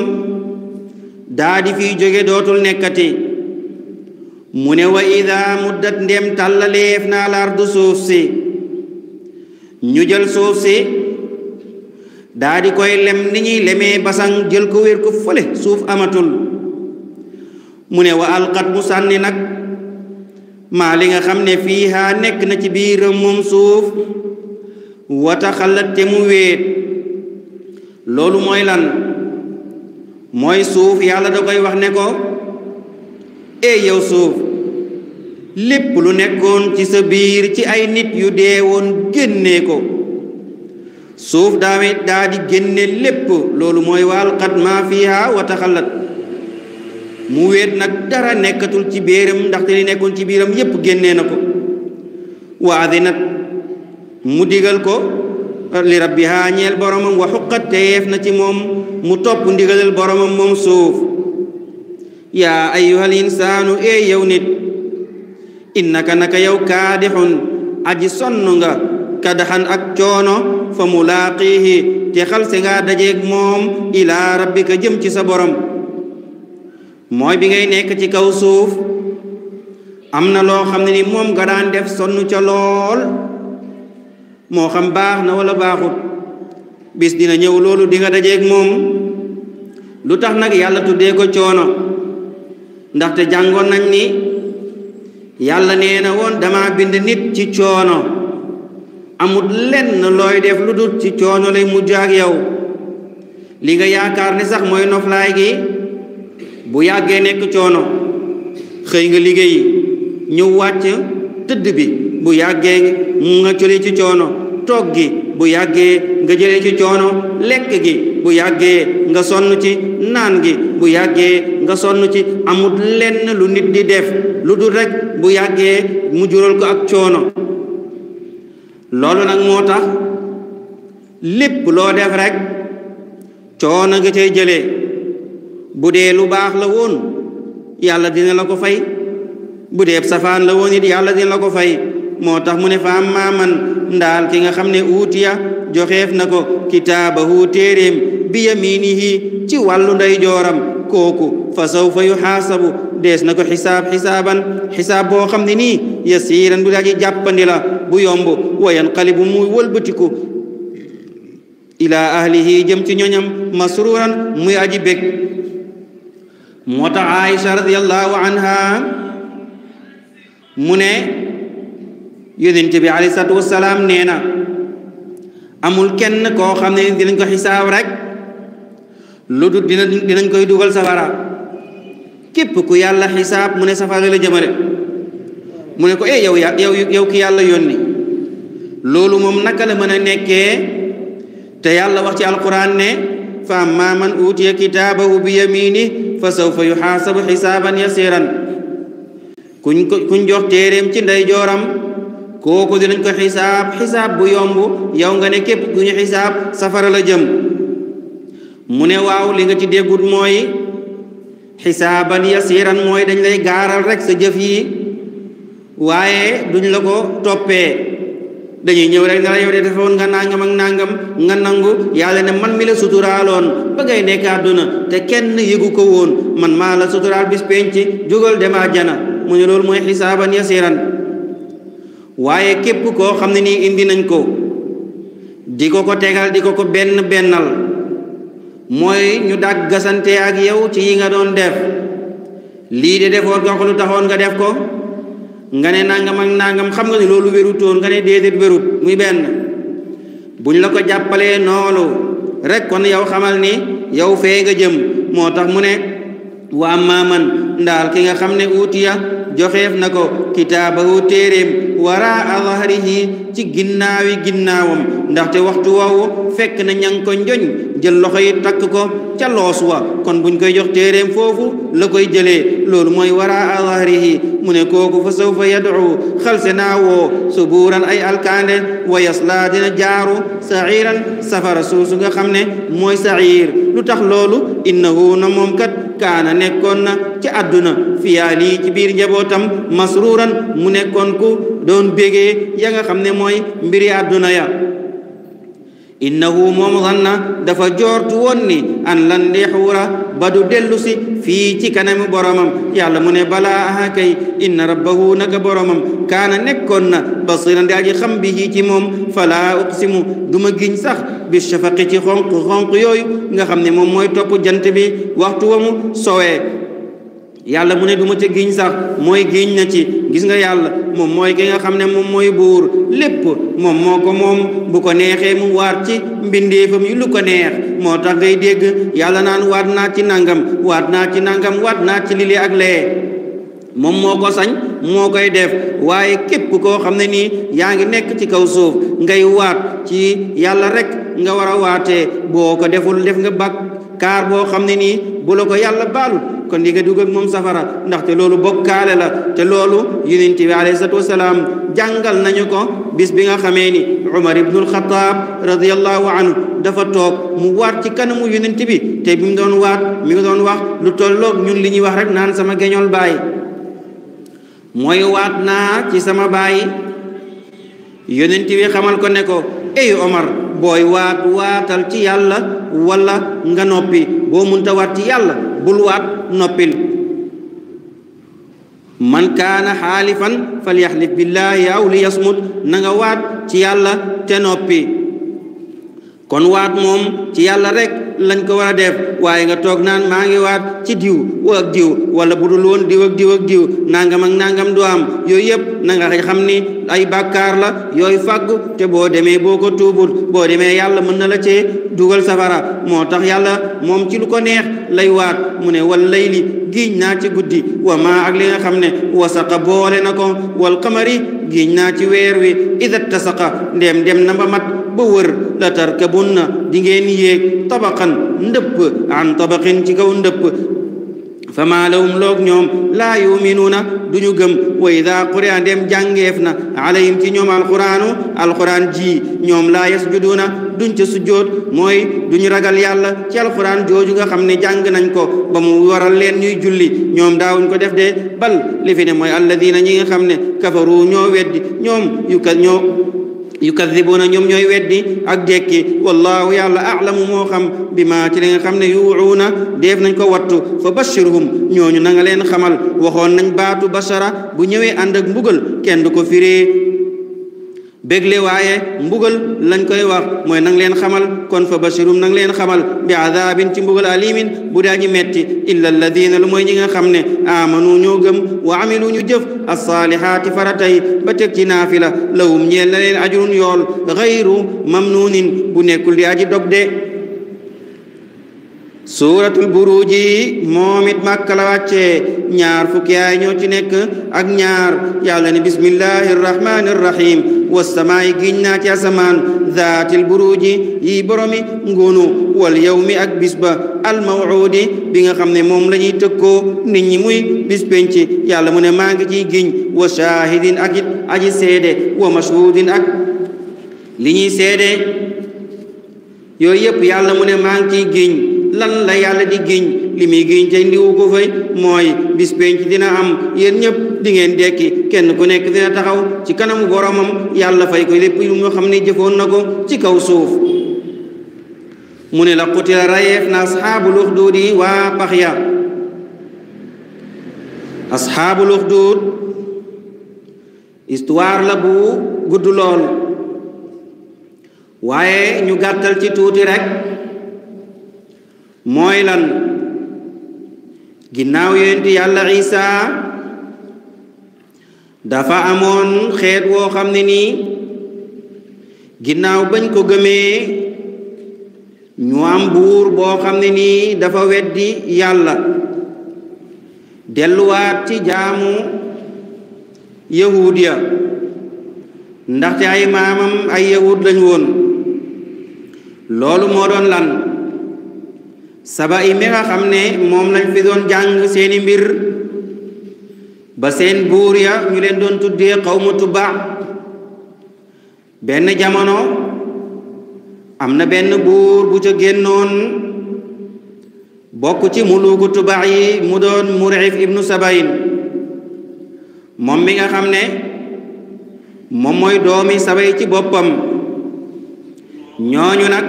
daa di jóge dootul nekkati mu ne wa mu muddat ndem tàllaleef naa lardu suuf si ñu jël suuf si daa koy lem ni ñuy lemee basang jël ko wér ko fële suuf amatul mu ne wa alxat mu sànni nag maa li nga xam ne fii haa nekk na ci biiram moom suuf wata xalat te mu wéet loolu mooy lan mooy suuf yàlla da koy wax ne ko ee yow suuf lépp lu nekkoon ci sa biir ci ay nit yu dee woon génnee ko suuf daawee daa génne lépp loolu mooy waal xat maa fiha wa mu wéet nag dara nekkatul ci biiram ndaxte li nekkoon ci biiram yépp génnee na ko waasinat mu digal ko li rabbiha ñeel boromam wa xuqat teyeef na ci moom mu topp ndigalal boromam moom suuf yaa ayyuhal insaanu ee yow nit innaka naka yow kaadixun aji sonn nga kadaxan ak coono fa mulaaqiihi te xalse ngaa dajeeg moom ilaa rabbika jëm ci sa borom mooy bi ngay nekk ci kaw suuf am na loo xam ne ni moom nga daan def sonn ca lool moo xam baax na wala baaxut bis dina ñëw loolu di nga moom lu tax nag yàlla tuddee ko coono ndaxte jàngoon nañ ni yàlla nee na woon dama bind nit ci coono amut lenn looy def lu dul ci coono lay mujj ak yow li nga yaakaar ni sax mooy noflaay gi bu yàggee nekk coono xëy nga liggéey ñëw wàcc tëdd bi bu yàggee nga jëlee ci coono toog gi bu yàggee nga jëlee ci coono lekk gi bu yàggee nga sonn ci naan gi bu yàggee nga sonn ci amul lenn lu nit di def lu dul rekk bu yàggee mu jural ko ak coono loolu nag moo tax lépp loo def rek coono nga cay jële bu dee lu baax la woon yàlla dina la ko fay bu dee safaan la woon it yàlla dina la ko fay moo tax mu ne fa amma man ndaal ki nga xam ne uutiya joxeef na ko kitaabahu téeréem bi yaminihi ci wàllu nday jooram kooku fa sawfa yuxaasabu dees na ko xisaab xisaaban xisaab boo xam bu la bu ila ahlihi jëm ci ñoñam masruran muy aji bég moo tax aïcha anha mu yonent bi alayhi salaatu wasalaam nee na amul kenn koo xam ne dinañ ko xisaab rek lu dul dinañ koy dugal safara képp ku yàlla xisaab mu ne safara la jëmale mu ne ko eh yow yow yow ki yàlla yónni loolu moom naka la mën a nekkee te yàlla wax ci alquran ne fa amma man uutiya kitaabahu bi yamini fa sawfa yuxaasabu xisaaban yasiran kuñ kuñ jox téeréem ci ndeyjooram kooku dinañ ko xisaab xisaab bu yomb yow nga ne képp ku ñu xisaab safara la jëm mu ne waaw li nga ci déggut mooy xisaaban yasiran mooy dañ lay gaaral rek sa jëf yi waaye duñ la ko toppee dañuy ñëw rek ne la yow de defoon nga nangam ak nàngam nga nangu yàlla ne man mi la suturaaloon ba ngay nekk àdduna te kenn yëgu ko woon man maa la suturaal bis penc jógal dem jana mu ne loolu mooy xisaaban yasiran waaye képp koo xam ne ni indi nañ ko di ko ko tegal di ko ko benn bennal mooy ñu dàgg gasante ak yow ci yi nga doon def lii de defoon nga ko lu taxoon nga def ko nga ne nangam ak nangam xam nga ne loolu wérutoon nga ne déedéet wérut muy benn buñ la ko jàppalee noolu rek kon yow xamal ni yow fee nga jëm moo tax mu ne waa maaman ndaal ki nga xam ne uutiya joxeef na ko kitaabahu téeréem waraa zahrihi ci ginnaawi ginnaawam ndaxte waxtu woowu fekk na ñang ko njoñ jël loxo yi takk ko ca loos wa kon buñ koy jox téeréem foofu la koy jëlee loolu mooy waraa zahrihi mu ne kooku fa sawfa yad'u xalse naa woo subuuran ay alkaande wa yaslaa dina jaaru sa'iiran safara suusu nga xam ne mooy sa'iir lu tax loolu innahu na moom kat kaana nekkoon na ci àdduna fiyaali ci biir njabootam masruuran mu nekkoon ku doon bégee ya nga xam ne mooy mbiri àdduna ya innahu moom zanna dafa joortu woon ni an lan lixuura ba du fii ci kanamu boromam yàlla mu ne balaa a kay inna rabbahu naka boromam kaana nekkoon na basiran di aji xam bi ci moom fala uqsimu duma giñ sax bi shafaqi ci xonq xonq yooyu nga xam ne moom mooy topp jant bi waxtu wa mu sowee yàlla mu ne duma ca giñ sax mooy giñ na ci gis nga yàlla moom mooy ki nga xam ne moom mooy buur lépp moom moo ko moom bu ko neexee mu waat ci mbindeefam yu lu ko neex moo tax ngay dégg yàlla naan waat naa ci nangam waat naa ci nangam waat naa ci lile ak lee moom moo ko sañ moo koy def waaye képp koo xam ne nii yaa ngi nekk ci kaw suuf ngay waat ci yàlla rek nga war a waatee boo ko deful def nga bakk bàkkaar boo xam ne nii bu la ko yàlla baalut kon di nga dugg moom safara ndaxte loolu bokkaale la te loolu yonent bi alayhi salaatu wasalaam jàngal nañu ko bis bi nga xamee ni Umar ibnul Xataab radiyallahu anhu dafa toog mu waat ci kanamu yonent bi te bi mu doon waat mi ngi doon wax lu tolloog ñun li ñuy wax rek naan sama geñol bàyyi mooy waat naa ci sama baay yonent bi xamal ko ne ko ey Omar booy waat waatal ci yàlla walla nga noppi boo ta waat ci yàlla bul waat noppil man kaana xaalifan falyaxlif billaahi aw liyasmut na nga waat ci yàlla te noppi kon waat moom ci yàlla rek lañ ko war a def waaye nga toog naan maa ngi waat ci diw ak diw wala bu dul woon diw ak diw ak diw nangam ak nangam du am yooyu yëpp na nga xam ni ay bàkkaar la yooyu fàggu te boo demee boo ko tuubut boo demee yàlla mën na la cee dugal safara moo tax yàlla moom ci lu ko neex lay waat mu ne wal layli giiñ naa ci guddi wa maa ak li nga xam ne wasaqa boole na ko wal qamari giiñ naa ci weer wi ida tasaqa ndem dem na ba mat ba wër la tarkabunna di ngeen yéeg tabaqan ndëpp an tabaqin ci kaw ndëpp fama lahum loog ñoom laa yuminuuna duñu gëm wa ida quri'a dem jàngeef na alayhim ci ñoom alquraanu alquraan ji ñoom laa yasjuduuna duñ ca sujjoot mooy ñu ragal yàlla ci alquraan jooju nga xam ne jàng nañ ko ba mu waral leen ñuy julli ñoom daawuñ ko def de bal li fi mooy alladina ñi nga xam ne kafaru ñoo weddi ñoom yu ka ñoo yukadibuuna ñoom ñooy weddi ak dekki wallahu a aalamu moo xam bi ma ci li nga xam ne yuuxuuna def nañ ko wattu fa bashirhum ñooñu na nga leen xamal waxoon nañ baatu basara bu ñëwee ànd ak mbugal ko firee bégle waaye mbugal lañ koy wax mooy nang leen xamal kon fa basirum nang leen xamal bi adabin ci mbugal alimin bu daaji metti illa alladina lu mooy ñi nga xam ne amanu ñoo gëm wa amilu ñu jëf alsalihaati faratay ba teg ci naafila lawum ñeel na leen ajrun yool gayru mamnunin bu nekkul di aji dog de suuratul buruuji moom it màkka la wàccee ñaar fukki ñoo ci nekk ak ñaar yàlla ne bismillahi irrahmani irrahim wasamaayi giñ naa ci asamaan daatil buruuji yi boromi ngunu wal yawmi ak bisba ba almawuudi bi nga xam ne moom la ñuy tëkkoo nit ñi muy bis penc yàlla mu ne maa ngi ciy giñ wa shaahidin ak it aji seede wa mashhuudin ak li seede yooyu yëpp yàlla mu ne maa ngi ciy giñ lan la yàlla di giñ li muy giñ te ndiwu ko fay mooy bis penc dina am yéen ñëpp di ngeen dekki kenn ku nekk dina taxaw ci kanamu boromam yàlla fay ko lépp lu nga xam ne jëfoon na ko ci kaw suuf mu ne la qutila rayeef na asxaabul uxduudi waa pax ya asxaabul uxduud histoire la bu gudd lool waaye ñu gàttal ci tuuti rek mooy lan ginnaaw yonent yàlla isa dafa amoon xeet woo xam ne nii ginnaaw bañ ko gëmee ñu am buur boo xam ne nii dafa weddi yàlla delluwaat ci jaamu yahudiya ndaxte ay maamam ay yahud lañ woon loolu moo doon lan saba yi mi nga xam ne moom lañ fi doon jàng seeni mbir ba seen buur ya ñu leen doon tuddee xaw ma tubba benn jamono am na benn buur bu ca génnoon bokk ci muluugu tubba yi mu doon murif ibnu sabayin moom mi nga xam ne moom mooy doomi sabay ci boppam ñooñu nag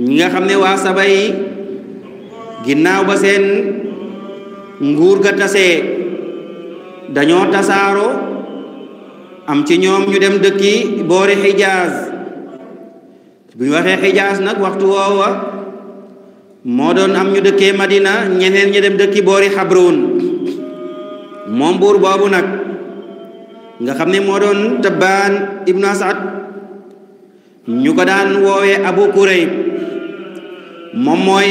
ñi nga xam ne waa saba yi ginnaaw ba seen nguur ga tase dañoo tasaaro am ci ñoom ñu dem dëkki boori xijaaz bu waxee xijaaz nag waxtu woowa moo doon am ñu dëkkee madina ñeneen ñu dem dëkki boori xabroon moom buur boobu nag nga xam ne moo doon tabbaan ibnu asad ñu ko daan woowee abu kurayb moom mooy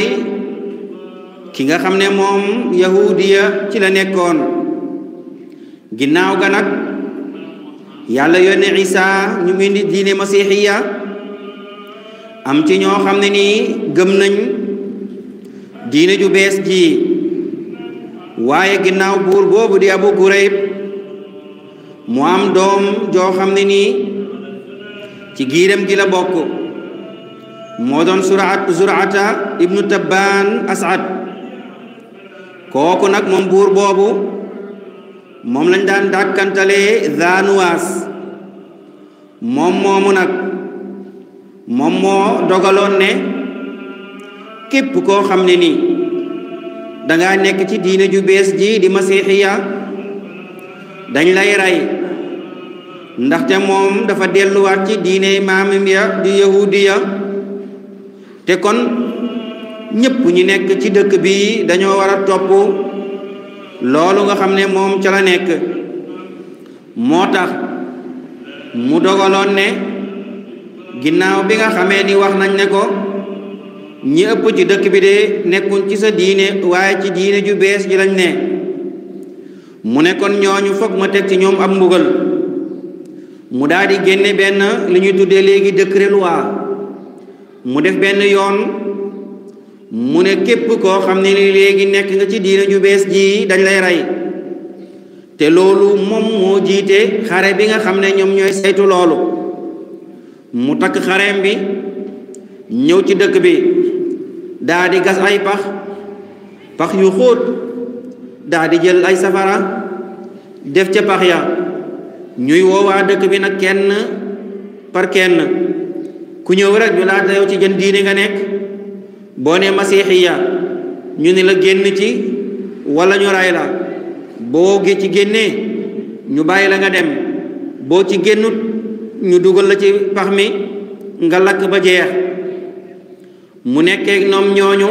ki nga xam ne moom yahudiya ci la nekkoon ginnaaw ga nag yàlla yónne isa ñu indi diine masixiya am ci ñoo xam ne nii gëm nañ diine ju bees ji waaye ginnaaw buur boobu di abu kurayb mu am doom joo xam ne nii ci giiram gi la bokk Modon surat suraat zuraata ibnu tabban asad kooku nag moom buur boobu moom lañ daan dàkkantalee zanuwaas moom moomu nag moom moo dogaloon ne képp koo xam ne nii danga nekk ci diine ju bees ji di masixiya dañ lay rey ndaxte moom dafa delluwaat ci diine maamam ya di yahudiya te kon ñëpp ñi nekk ci dëkk bi dañoo war a topp loolu nga xam ne moom ca la nekk moo tax mu dogaloon ne ginnaaw bi nga xamee ni wax nañ ne ko ñi ëpp ci dëkk bi de nekkuñ ci sa diine waaye ci diine ju bees ji lañ ne mu ne kon ñooñu foog ma teg ci ñoom ab mbugal mu daldi di génne benn li ñuy tuddee léegi décret loi mu def benn yoon mu ne képp koo xam ne ni léegi nekk nga ci diina ju bees ji dañ lay rey te loolu moom moo jiite xare bi nga xam ne ñoom ñooy saytu loolu mu takk xareem bi ñëw ci dëkk bi daldi gas ay pax pax yu xóot daldi jël ay safara def ca pax ya ñuy woowaa dëkk bi nag kenn par kenn ku ñëw rek ñu laaj la yow ci jën nga nekk boo ne masixiya ñu ni la génn ci walla ñu ray la boo ci génnee ñu bàyyi la nga dem boo ci génnut ñu dugal la ci pax mi nga lakk ba jeex mu nekkee ñoom ñooñu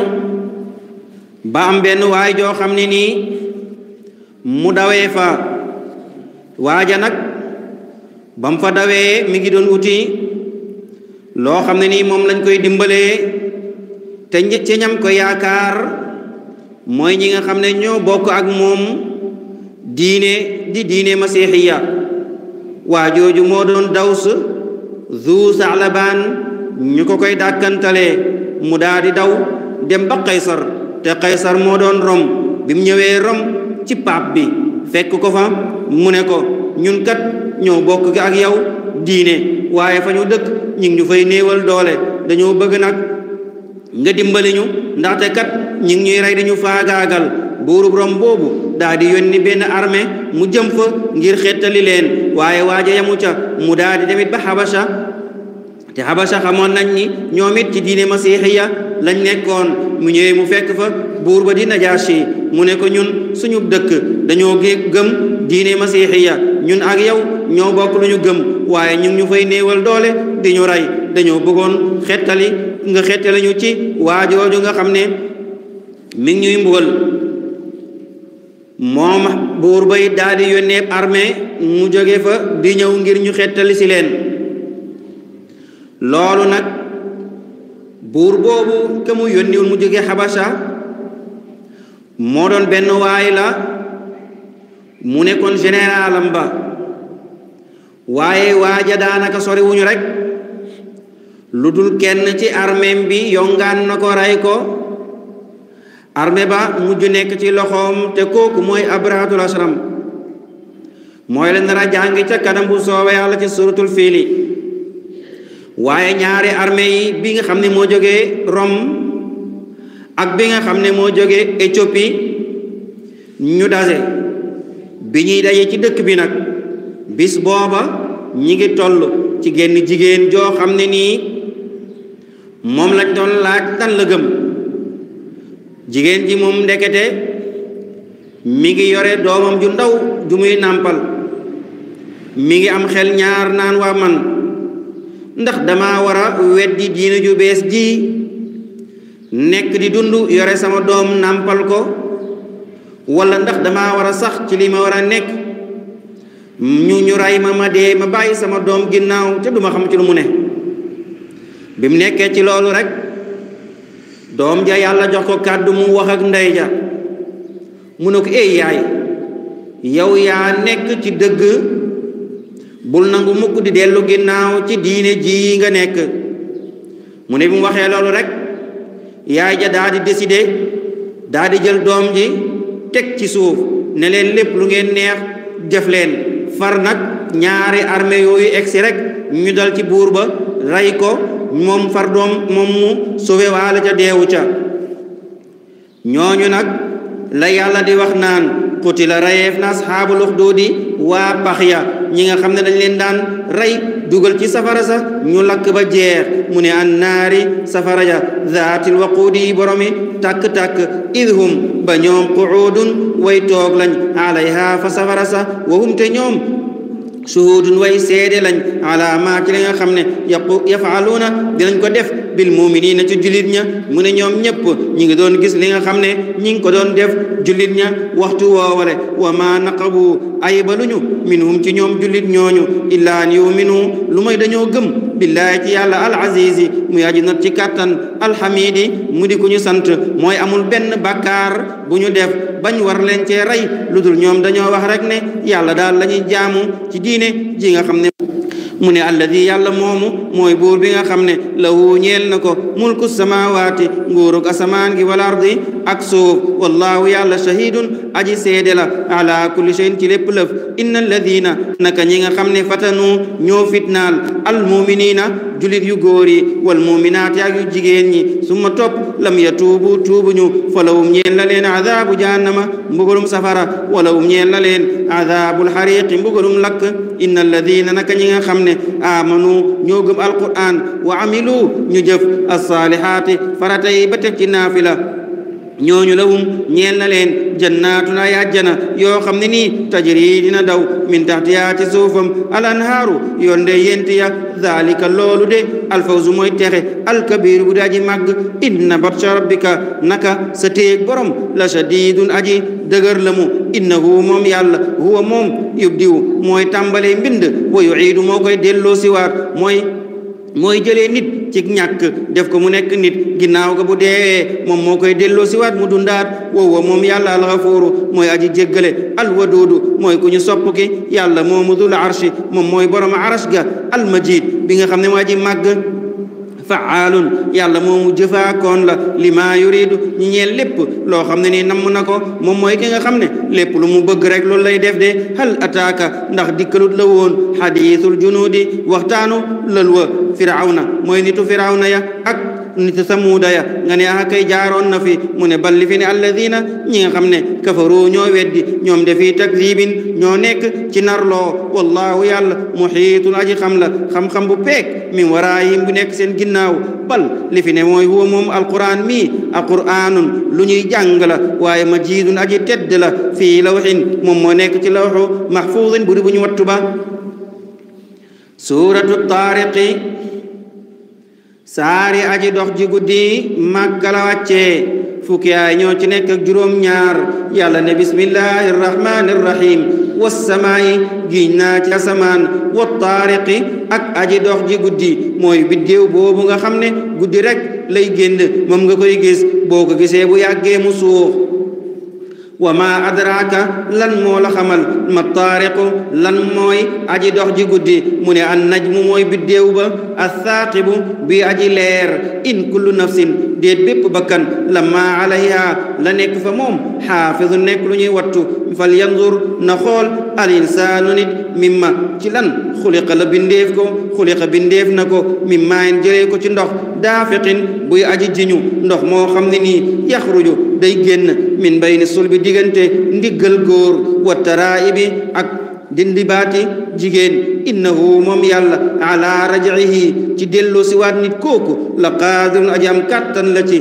ba am benn waay joo xam ne nii mu dawee fa waaja nag ba mu fa dawee mi ngi doon uti loo xam ne nii moom lañ koy dimbalee te ca ñam ko yaakaar mooy ñi nga xam ne ñoo bokk ak moom diine di diine masixiya waa jooju moo doon daws zu salabaan ñu ko koy dàkkantalee mu daa daw dem ba Qaysar te Qaysar moo doon Rom bi mu ñëwee Rom ci pape bi fekk ko fa mu ne ko ñun kat ñoo bokk ak yow diine waaye fa ñu dëkk ñi ngi ñu fay néewal doole dañoo bëgg nag nga dimbali ñu ndaxte kat ñi ngi ñuy rey di ñu faagaagal buurub rom boobu daa di yónni benn armée mu jëm fa ngir xetali leen waaye waaja yamu ca mu daa di demit ba xabasa te xabasa xamoon nañ ni ñoom it ci diine masiixiya lañ nekkoon mu ñëwee mu fekk fa buur ba di najaasi mu ne ko ñun suñu dëkk dañoo gëm diine masiixiya ñun ak yow ñoo bokk lu ñu gëm waaye ñu ngi fay néewal doole di ñu rey dañoo bëggoon xetali nga xettali ñu ci waa jooju nga xam ne mi ngi ñuy mbugal moom buur bay daal di yónnee armée mu jóge fa di ñëw ngir ñu xettali si leen loolu nag buur boobu ke yónniwul mu jóge xabasa moo doon benn waay la mu nekkoon généralam ba waaye waaja daanaka sori rek lu dul kenn ci armeem bi yongaan na ko rey ko arme ba mujj nekk ci loxoom te kooku mooy abrahatul asram mooy leen dara jàngi ca kanam bu soobee yàlla ci suratul fiili waaye ñaari arme yi bi nga xam ne moo jógee Rome ak bi nga xam ne moo jóge Éthiopie ñu dase bi ñuy ci dëkk bi nag bis booba ñi ngi toll ci génn jigéen joo xam ne nii moom lañ doon laaj tan gëm jigéen ji moom ndekete mi ngi yore doomam ju ndaw ju muy nàmpal mi ngi am xel ñaar naan waa man ndax dama war a weddi diine ju bees ji nekk di dund yore sama doom nàmpal ko wala ndax dama war sax ci li ma war nekk ñu ñu rey ma ma dee ma bàyyi sama doom ginnaaw te duma xam ci lu mu ne bi mu nekkee ci loolu rek doom ja yàlla jox ko kàddu mu wax ak ndey ja mu ne ko éy yaay yow yaa nekk ci dëgg bul nangu mukk di dellu ginnaaw ci diine ji nga nekk mu ne bi mu waxee loolu rek yaay ja daldi di daldi jël doom ji teg ci suuf ne leen lépp lu ngeen neex def leen far nag ñaari armée yooyu egsi rek ñu dal ci buur ba rey ko moom far doom moom mu sowe waale ca deewu ca ñooñu nag la yàlla di wax naan qutila rayeef na asxaabul uxduudi waa pax ya ñi nga xam ne dañ leen daan rey dugal ci safara sa ñu lakk ba jeex mu ne an naari safara ja zaatil waquudi boromi tàkk-tàkk idhum ba ñoom qucuudun way toog lañ alayha fa safara sa wahum te ñoom suhudun way seede lañ ala maa a nga xam ne yaqu yafaaluuna dinañ ko def bil muminina ci jullit ña mu ne ñoom ñëpp ñi ngi doon gis li nga xam ne ñi ngi ko doon def jullit ña waxtu woowale wa ma naqabu ayibaluñu minhum ci ñoom jullit ñooñu illa an yuminu lu may dañoo gëm billaahi ci yàlla al azizi muy aji not ci kàttan alhamidi mu di ku ñu sant mooy amul benn bàkkaar bu ñu def bañ war leen cee rey lu dul ñoom dañoo wax rek ne yàlla daal lañuy jaamu ci diine ji nga xam ne mu ne alladi yàlla moomu mooy buur bi nga xam ne lahu ñeel na ko mulku samawaati nguurug asamaan gi wal ardi ak suuf wallahu yàlla shahidun aji seede la ala kulli shay'in ci lépp lëf inna alladina naka ñi nga xam ne fatanu ñoo fitnaal almuminina julit yu góor yi wal muminaati ak yu jigéen ñi summa topp lam yatuubu tuubuñu falawum ñeel na leen adaabu jahannama mbugalum safara walawum ñeel na leen adaabul xariqi mbugalum lakk inna alladina naka ñi nga xam ne amanu ñoo gëm alquran wa amilu ñu jëf as saalihaati farata yi ba teg ci naafila ñooñu lahum ñeel na leen jannaatun ay àjjana yoo xam ne nii tajri dina daw min taxtiyaa ci suufam al anhaaru yoon de yent ya loolu de alfawzu mooy texe alkabiir bu daaji màgg inna batsha rabbika naka sa téeg borom la shadidun aji dëgër la mu innahu moom yàlla huwa moom yubdiwu mooy tàmbalee mbind wa yuiidu moo koy delloo siwaat mooy mooy jëlee nit ci ñàkk def ko mu nekk nit ginnaaw ga bu deewee moom moo koy delloo waat mu dundaat woowa moom yàlla alxafuuru mooy aji jéggale alwaduudu mooy ku ñu sopp ki yàlla moomu dul arshi moom mooy borom arash ga almajid bi nga xam ne moo aji màgg فعال يلا مو جفا كون لا لما يريد ني ليب لو خامني ني نام نكو موم موي كيغا خامني ليب لو مو بغ ريك لول لاي ديف دي هل اتاكا ناخ ديكلوت لا وون حديث الجنود وقتانو للو فرعون موي نيتو فرعون يا اك nit samuuda ya nga ne ah jaaroon na fi mu ne bal li fi ne alladina ñi nga xam ne kafaru ñoo weddi ñoom defi takdibin ñoo nekk ci narloo wallahu yàlla muxiitun aji xam la xam-xam bu peek min waraayim bu nekk seen ginnaaw bal li fi ne mooy huwa moom alquran mii alquranun lu ñuy jàng la waaye majiidun aji tedd la fii lawxin moom moo nekk ci lawxu maxfuudin bu di bu ñu wattu ba suuratu taariqi saari aji dox ji guddi màkka la wàccee fukki ay ñoo ci nekk ak juróom ñaar yàlla ne bismillahi irrahmani irrahim wassamaayi giñ naa ci asamaan wa taariqi ak aji dox ji guddi mooy biddéew boobu nga xam ne guddi rek lay génn moom nga koy gis boo ko gisee bu yàggee mu suux wa ma adraka lan moo la xamal ma taariqu lan mooy aji dox ji guddi mu ne an najmu mooy biddéew ba as saaqibu bi aji leer in kullu nafsin déet bépp bakkan la maa alayha la nekk fa moom xaafisu nekk lu ñuy wattu fal yanzur na xool al insaanu nit mimma ci lan xuliqa la bindeef ko xuliqa bindeef na ko mimmaayin jëlee ko ci ndox daafiqin buy aji jiñu ndox moo xam ne nii yaxruju day génn min bayni sulbi diggante ndiggal góor wa taraa'ibi ak dillibaati jigéen innahu moom yàlla ala raj'ihi ci delloo si waat nit kooku la qaadirun aji am kàttan la ci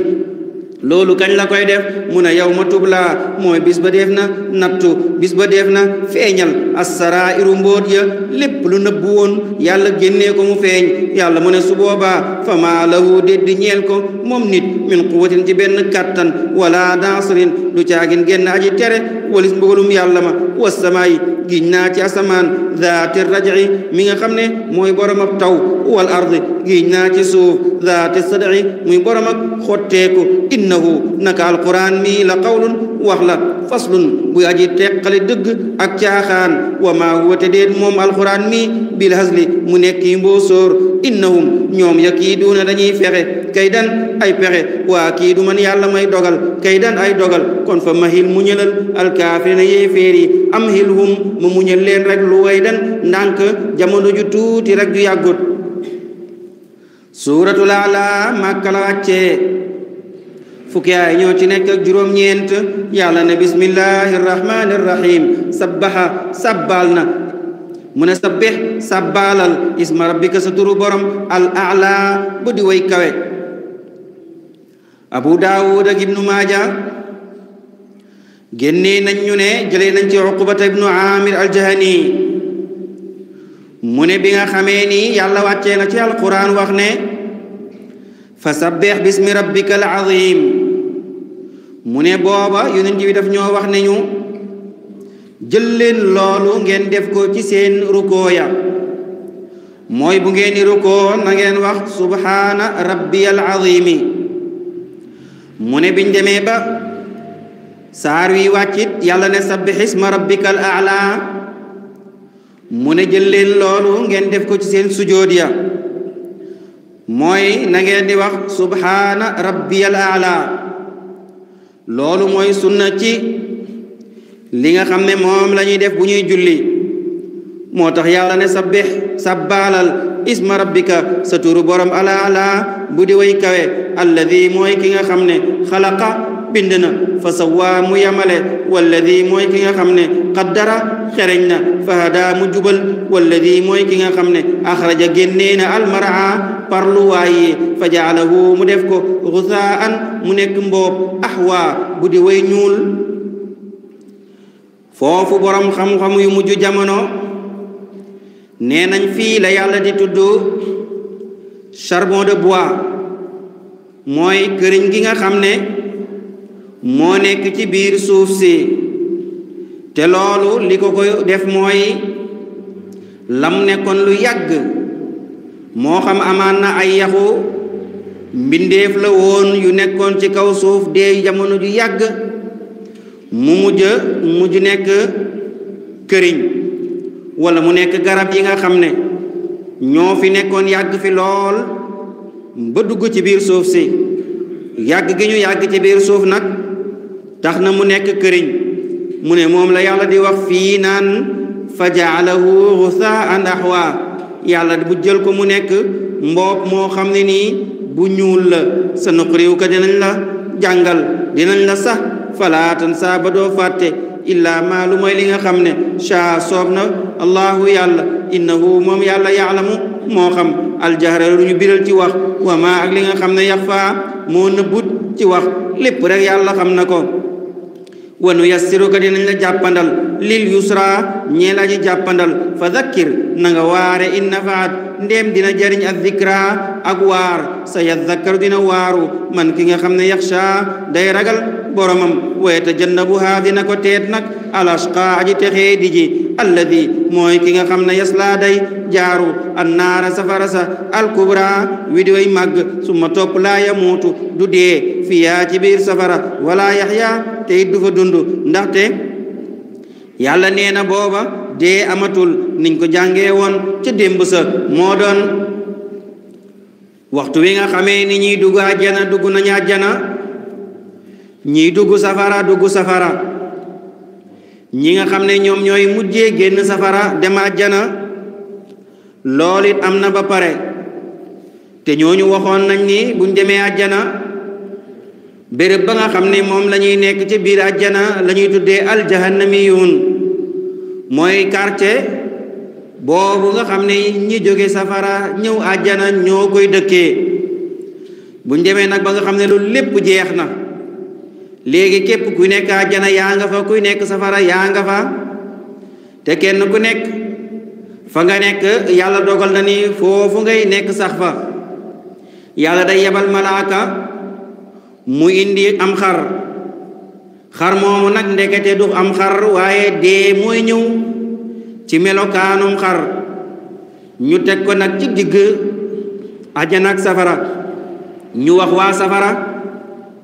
loolu kañ la koy def mu ne yow ma tublaa mooy bis ba def na nattu bis ba def na feeñal asaraa'iru mbóot ya lépp lu nëbb woon yàlla génnee ko mu feeñ yàlla mu ne su boobaa fama lahu déddi ñeel ko moom nit min quwatin ci benn kattan wala daasirin du caagin génn aji tere walis mbugalum yàlla ma wasamaay giñ naa ci asamaan zaati rajci mi nga xam ne mooy borom ak taw wal ardi giñ naa ci suuf zaati sadci muy borom ak xotteeku innahu naka alquran mii la qawlun wax la faslun buy aji teqali dëgg ak caaxaan wa maa huwa te déet moom alquran mii bil hasli mu nekk yi mboosóor innahum ñoom yakiiduuna dañuy fexe kay dan ay pexe waa kii du man yàlla may dogal kay dan ay dogal kon fa mahil mu ñëlal alkaafirina yéeféer yi amhilhum mu muñal leen rek lu way dan ndànk jamono ju tuuti rek ju yàggut suuratul ala màkka la wàccee fukki ay ñoo ci nekk ak juróom-ñeent yàlla ya ne bismillahi irrahmani irrahim sabbaha sabbaal na sabbih sabbaalal isma rabbika sa borom al ala bu way kawe abu daawud ak ibnu maaja génnee nañ ñu ne jëlee nañ ci uqubata ibnu amir aljahani mu ne bi nga xamee ni yàlla wàcce na ci alquran wax ne fa sabbeex bismi rabbika al azim mu ne booba yonent bi daf ñoo wax ne ñu jël leen loolu ngeen def ko ci seen rukoo mooy bu ngeen di rukoo ngeen wax subhaana rabbiyal azimi mu ne biñ demee ba saar wi wàccit yàlla ne sabbih isma rabbikal a'la mu ne jël leen loolu ngeen def ko seen sujood mooy nangeen ngeen di wax subhaana rabbiyal a'la loolu mooy sunna ci li nga xam ne moom lañuy def bu ñuy julli moo tax yàlla ne sabbih sabbaalal isma rabbika sa turu borom al a'la bu way kawe alladi mooy ki nga xam ne xalaqa bind na fa sawaa mu yamale walladi mooy ki nga xam ne qaddara xereñ na fa da mu jubal walladi mooy ki nga xam ne axraja génnee na almaraa parluwaayi fa jaalahu mu def ko xusaan mu nekk mboob axwaa bu di way ñuul foofu borom xam-xam yu mujj jamono nee nañ fii la yàlla di tudd charbon de bois mooy këriñ gi nga xam ne moo nekk ci biir suuf si te loolu li ko ko def mooy lam nekkoon lu yàgg moo xam amaan na ay yaxu mbindeef la woon yu nekkoon ci kaw suuf dee jamono ju yàgg mu mujj mujj nekk këriñ wala mu nekk garab gi nga xam ne ñoo fi nekkoon yàgg fi lool ba dugg ci biir suuf si yàgg gi ñu yàgg ci biir suuf nag tax na mu nekk këriñ mu ne moom la yàlla di wax fii naan fa jaalahu gusaan axwa yàlla bu jël ko mu nekk mboob moo xam ne nii bu ñuul la sa nuqriw ka dinañ la jàngal dinañ la sax falaatan saa ba doo fàtte illaa maa mooy li nga xam ne shaa soob na allahu yàlla innahu moom yàlla yaalamu moo xam aljahra lu ñu biral ci wax wa maa ak li nga xam ne yaxfaa moo nëbbut ci wax lépp rek yàlla xam na ko wanu wa nuyassiruka dinañ la jàppandal lil yusra ñeel aji jàppandal fa dhakkir na waare in nafaat ndéem dina jariñ ak zikra ak waar sa yadakkaru dina waaru man ki nga xam ne yaxsha day ragal boromam wa yatajannabuha dina ko teet nag al ashqa aji texee mooy ki nga xam ne yaslaa day jaaru annaara safara sa alkubra wi di way màgg suma topp laa yamuutu du dee fiyaa ci biir safara wala yaxya te it du fa dund ndaxte yàlla nee na booba dee amatul niñ ko jànge woon ca démb sa moo doon waxtu wi nga xamee ni ñuy dugg àjjana dugg nañu àjjana ñiy dugg safara dugg safara ñi nga xam ne ñoom ñooy mujjee génn safara dem àjjana lool it am na ba pare te ñooñu waxoon nañ ni buñ demee àjjana béréb ba nga xam ne moom la ñuy nekk ci biir àjjana la ñuy tuddee aljahannamiyuun mooy quartier boobu nga xam ne ñi jóge safara ñëw àjjana ñoo koy dëkkee buñ demee nag ba nga xam ne loolu lépp jeex na léegi képp ku nekk àjjana yaa nga fa kuy nekk safara yaa nga fa te kenn ku nekk fa nga nekk yàlla dogal na ni foofu ngay nekk sax fa yàlla day yebal malaaka mu indi am xar xar moomu nag ndekete du am xar waaye dee mooy ñëw ci melokaanum xar ñu teg ko nag ci digg ajana ak safara ñu wax waa safara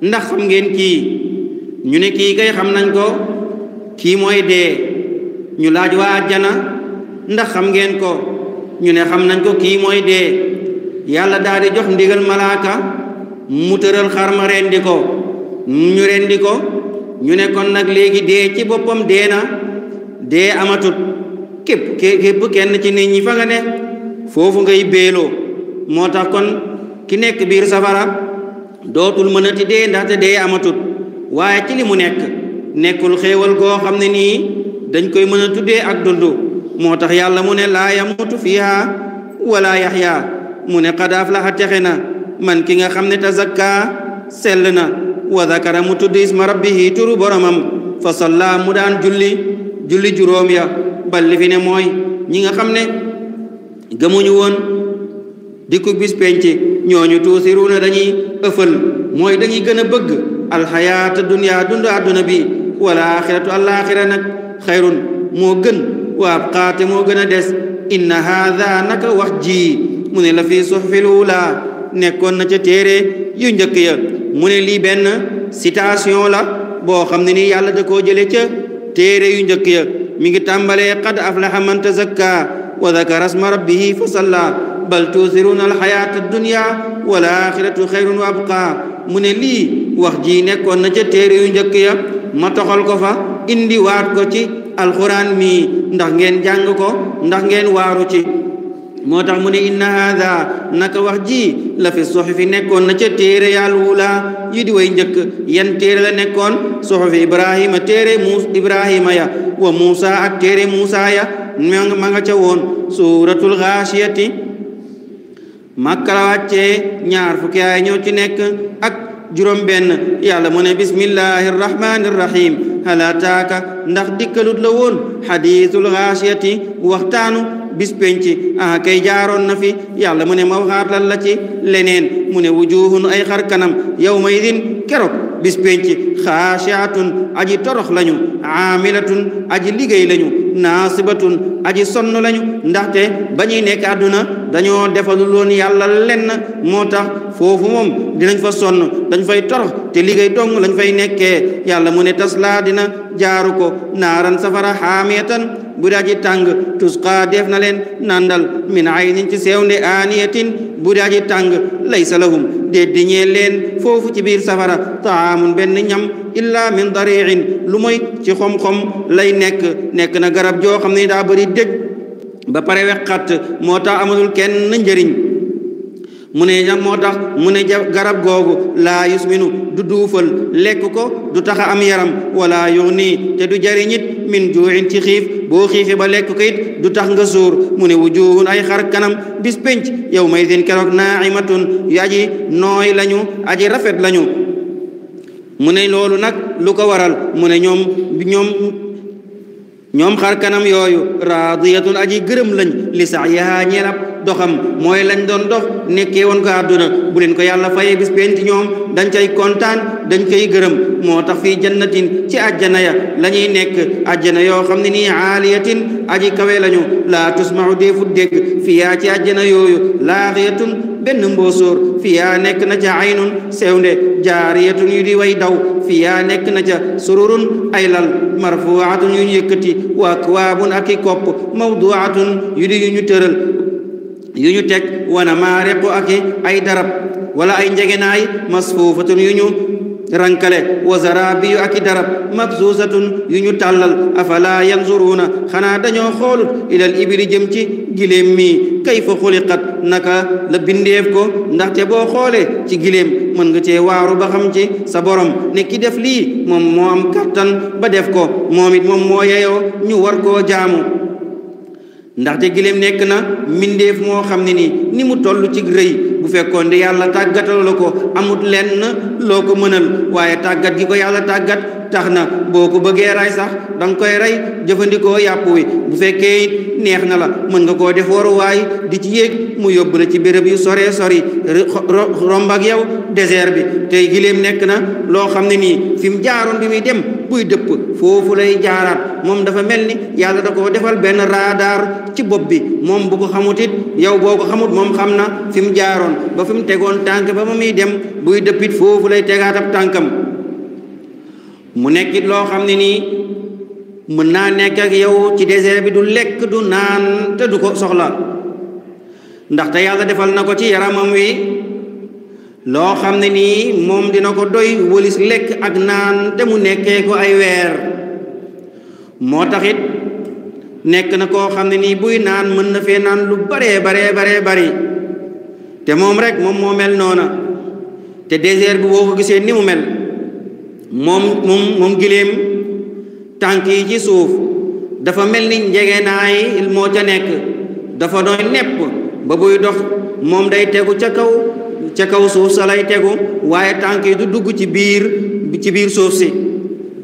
ndax xam ngeen kii ñu ne kii kay xam nañ ko kii mooy dee ñu laaj waa ajana ndax xam ngeen ko ñu ne xam nañ ko kii mooy dee yàlla daal di jox ndigal malaaka mu tëral xar ma rendi ko ñu rendi ko ñu ne kon nag léegi dee ci boppam dee na dee amatut képp képp kenn ci ne ñi fa ne foofu ngay béloo moo tax kon ki nekk biir safara dootul mënati dee ndaxte dee amatut waaye ci li mu nekk nekkul xéewal goo xam ne nii dañ koy mën a tuddee ak dundu moo tax yàlla mu ne laa yamutu fiiha wala yaxya mu ne qad aflaxa texe na man ki nga xam ne ka sell na wa zakara mu tudd isma rabbihi turu boromam fa salla mu daan julli julli juróom ya balli fi mooy ñi nga xam ne gëmuñu woon dikku bis penc ñooñu tuusiruuna dañuy ëfël mooy dañuy gën a bëgg alxayaata dunya dund àdduna bi wala axiratu alaxira nag xayrun moo gën wa abqaate moo gën a des inna haada naka wax ji mu ne la fi suxfil ula nekkoon na ca téere yu njëkk ya mu ne lii benn citation la boo xam ne nii yàlla da koo jële ca téere yu njëkk ya mi ngi tàmbalee qad aflaha man tazakka wa dakara asma rabbihi fa salla bal tuusiruna alxayaata addunya wal axiratu xayrun wa abqa mu ne lii wax jii nekkoon na ca téere yu njëkk ya ma toxal ko fa indi waat ko ci alxuraan mii ndax ngeen jàng ko ndax ngeen waaru ci moo tax mu ne inna haada naka wax ji la fi suxufi nekkoon na ca téere yàlla wula yi di way njëkk yan téere la nekkoon suxufi ibrahima téere muus ibrahima ya wa muusa ak téere muusa ya ma nga ca woon suuratul xaasiyati makka la wàccee ñaar fukki ay ñoo ci nekk ak juróom benn yàlla mu ne bismillahi irrahmani irrahim halaataaka ndax dikkalut la woon xadiisul xaasiyati waxtaanu bis penc ah, kay jaaroon na fi yàlla mu ne ma waxaat lan la ci leneen mu ne wujuhun ay xar kanam ma idin keroog bis penc xaashiatun aji torox lañu aamilatun aji liggéey lañu naasibatun aji sonn lañu ndaxte ba ñuy nekk àdduna dañoo defalu loon yàlla lenn moo tax foofu moom dinañ fa sonn dañ fay torox te liggéey dong lañ fay nekke yàlla mu ne taslaa dina jaaru ko naaran safara xaamiyatan bu daaji tàng tusqaa def na leen nandal ay aynin ci sewnde aaniyatin bu daaji tàng laysa lahum déet di ñee leen foofu ci safara taamun benn ñam illaa min dariin lu mooy ci xom-xom lay nekk nekk na garab joo xam ne daa bëri dég ba pare wexxat moo tax amatul kenn njëriñ mu ne moo tax mu ne garab googu laa yusminu du duufal lekk ko du taxa am yaram wala yugni te du jariñit min juuin ci xiif boo xiifee ba lekk ko it du tax nga suur mu ne wujuhun ay xar kanam dispenc pénc yow may din keroog naa'imatun yu aji nooy lañu aji rafet lañu mu ne loolu nag lu ko waral mu ne ñoom ñoom ñoom xar kanam yooyu radiyatul aji gërëm lañ li sax yaa ñeel doxam mooy lañ doon dox nekkee woon ko àdduna bu leen ko yàlla fayee bis bent ñoom dañ cay kontaan dañ koy gërëm moo tax fii jannatin ci àjjana ya la ñuy nekk àjjana yoo xam ne nii aaliyatin aji kawe lañu laa tusmahu deefut dégg fiyaa ci àjjana yooyu laaxiyatun benn mboosóor fiyaa nekk na ca aynun sewnde jaariyatun yu di way daw fiyaa nekk na ca sururun ay lal marfuatun yu ñu yëkkati wa akwaabun ak i kopp mawduatun yu di yu ñu tëral yu ñu teg wana maariqu ak i ay darab wala ay njegenaay masfuufatun yu ñu rankale wa zarabiyu ak i darab mabsuusatun yu ñu tàllal afala na xanaa dañoo xoolut ilal ibili jëm ci giléem mi kayfa xuliqat naka la bindeef ko ndaxte boo xoolee ci giléem mën nga cee waaru ba xam ci sa borom ne ki def lii moom moo am kàttan ba def ko moom it moom moo yeyoo ñu war koo jaamu ndaxte giléem nekk na mbindeef moo xam ne nii ni mu toll ci rëy bu fekkoon de yàlla tàggatal la ko amut lenn loo ko mënal waaye tàggat gi ko yàlla tàggat tax na boo ko bëggee rey sax dang nga koy rey jëfandikoo yàpp wi bu fekkee neex na la mën nga koo def waruwaay di ci yéeg mu yóbbu la ci béréb yu soree sori romb ak yow désert bi tey giléem nekk na loo xam ne nii fi mu jaaroon bi muy dem buy dëpp foofu lay jaaraat moom dafa mel ni yàlla da koo defal benn raadaar ci bopp bi moom bu ko xamut it yow boo ko xamut moom xam na fi mu jaaroon ba fi mu tegoon tànk ba mu muy dem buy dëppit foofu lay tegaat ab tànkam mu nekkit loo xam ne nii mën naa nekk ak yow ci désert bi du lekk du naan te du ko soxla ndaxte yàlla defal na ko ci yaramam wi loo xam ne nii moom dina ko doy wëlis lekk ak naan te mu nekkee ko ay weer moo taxit nekk na koo xam ne nii buy naan mën na fee naan lu baree baree baree bari te moom rek moom moo mel noona te désert bi boo ko gisee ni mu mel moom moom moom giléem tànk yi ci suuf dafa mel ni njege njegeenaay moo ca nekk dafa doy nepp ba buy dox moom day tegu ca kaw ca kaw suuf sa lay tegu waaye tànk yi du dugg ci biir ci biir suuf si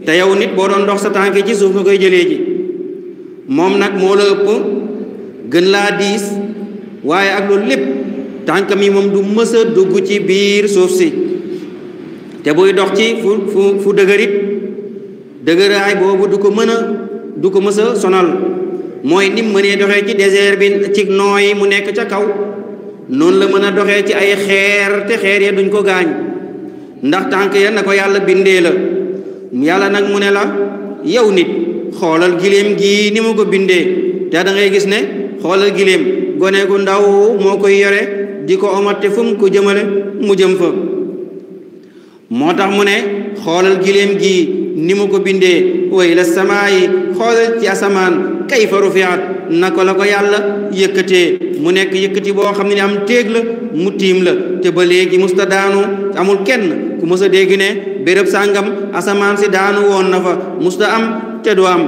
te yow nit boo doon dox sa tànk yi ci suuf nga koy jëlee ji moom nag moo la ëpp gën laa diis waaye ak loolu lépp tànk mi moom du mës a dugg ci biir suuf si te buy dox ci fu fu fu dëgërit dëgëraay boobu du ko mën a du ko mës a sonal mooy nim mënee doxee ci désert bi ci nooy mu nekk ca kaw noonu la mën a doxee ci ay xeer te xeer ya duñ ko gaañ ndax tànk ya na ko yàlla bindee la yàlla nag mu ne la yow nit xoolal giléem gii ni mu ko bindee te da ngay gis ne xoolal giléem gone gu ndaw moo koy yore di ko omat te fu ko jëmale mu jëm fa moo tax mu ne xoolal giléem gi ni mu ko bindee wa ila samaayi xoolal ci asamaan kayfa rufiat naka la ko yàlla yëkkatee mu nekk yëkkati boo xam ne am téeg la mu tiim la te ba léegi musta daanu amul kenn ku mës dégg ne béréb sàngam asamaan si daanu woon na fa musta am te am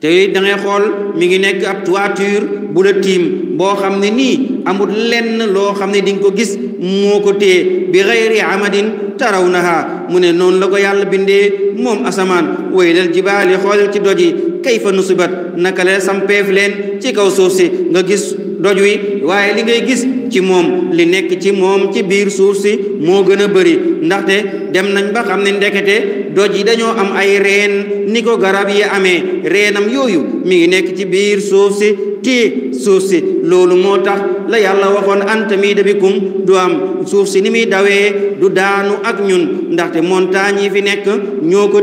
te da ngay xool mu ngi nekk ab toiture bu la tiim boo xam ne nii amul lenn loo xam ne di nga ko gis moo ko téye bi xayri amadin tarawnaha mu ne noonu la ko yàlla bindee moom asamaan waylal jibaali xoolal ci doj yi kayfa nusibat naka la sampeef leen ci kaw suuf si nga gis doj wi waaye li ngay gis ci moom li nekk ci moom ci biir suuf si moo gën a bëri ndaxte dem nañ ba xam ne ndekete doj yi dañoo am ay reen ni ko garab yi amee reenam yooyu mi ngi nekk ci biir suuf si téye suuf si loolu moo tax la yàlla waxoon antamida bikum du am suuf si ni muy dawee du daanu ak ñun ndaxte montagne yi fi nekk ñoo ko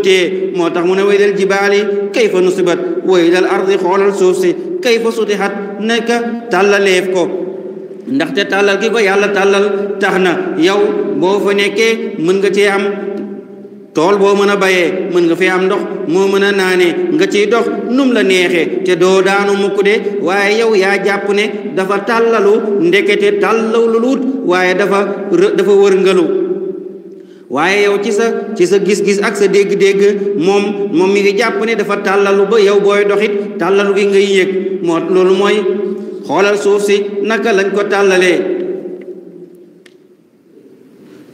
moo tax mu ne waydal jibaali kayfa nusibat waydal ardi xoolal suuf si kayfa sutihat naka tàllaleef ko ndaxte tàllal ki ko yàlla tàllal tax na yow boo fa nekkee mën nga cee am tool boo mën a bayee mën nga fee am ndox moo mën a naanee nga ciy dox num la neexee te doo daanu mukk de waaye yow yaa jàpp ne dafa tàllalu ndekete tàllalu luut waaye dafa dafa wërngalu waaye yow ci sa ci sa gis-gis ak sa dégg-dégg moom moom mi ngi jàpp ne dafa tàllalu ba yow booy doxit tàllalu gi ngay yëg moo loolu mooy xoolal suuf si naka lañ ko tàllalee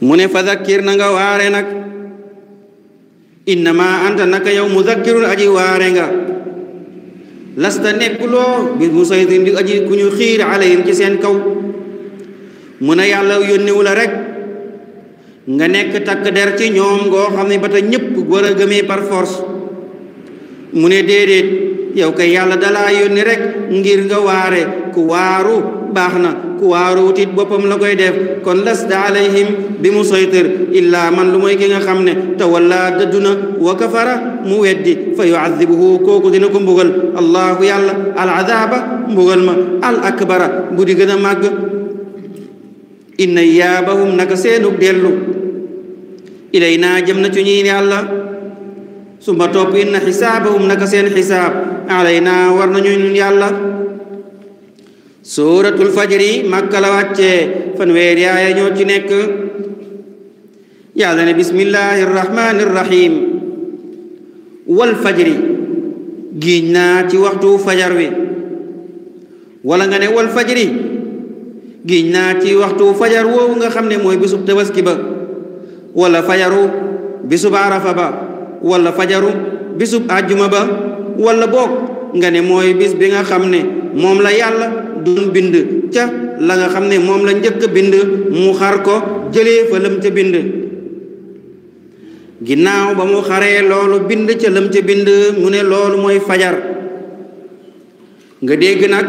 mu ne fa zakkir na waare nag innama anta naka yow mudakkirun aji waare nga lasta nekkuloo bi musaytir di aji ku ñu xiir alayhim ci seen kaw mun a yàlla yónniwu la rek nga nekk takk der ci ñoom ngoo xam ne ba te ñépp war a gëmee par force mu ne déedéet yow kay yàlla dalaa yónni rek ngir nga waare ku waaru baax na ku waaruwut it boppam la koy def kon lasta alayhim bi mu soytir illaa man lu mooy ki nga xam ne tawallaa dëdduna wa kafara mu weddi fa yuazibuhu kooku dina ko mbugal allahu yàlla al azaaba mbugal ma al akbara bu di gën a màgg inna yaabahum naka seenug dellu ilay naa jëm na ci ñiin yàlla suma topp inna xisaabahum naka seen xisaab alay naa war nañu ñun yàlla suuratul fajri makka la wàccee ñoo ci nekk yàlla ne bismillahi rrahmani rrahim wal fajri giiñ naa ci waxtu fajar wi wala nga ne wal fajri giiñ naa ci waxtu fajar woowu nga xam ne mooy bisub tabaski ba wala fajaru bisub ba wala fajaru bisub àjjuma ba wala boog nga ne mooy bis bi nga xam ne moom la yàlla doon bind ca la nga xam ne moom la njëkk bind mu xar ko jële fa lam ca bind ginnaaw ba mu xaree loolu bind ca lam ca bind mu ne loolu mooy fajar nga dégg nag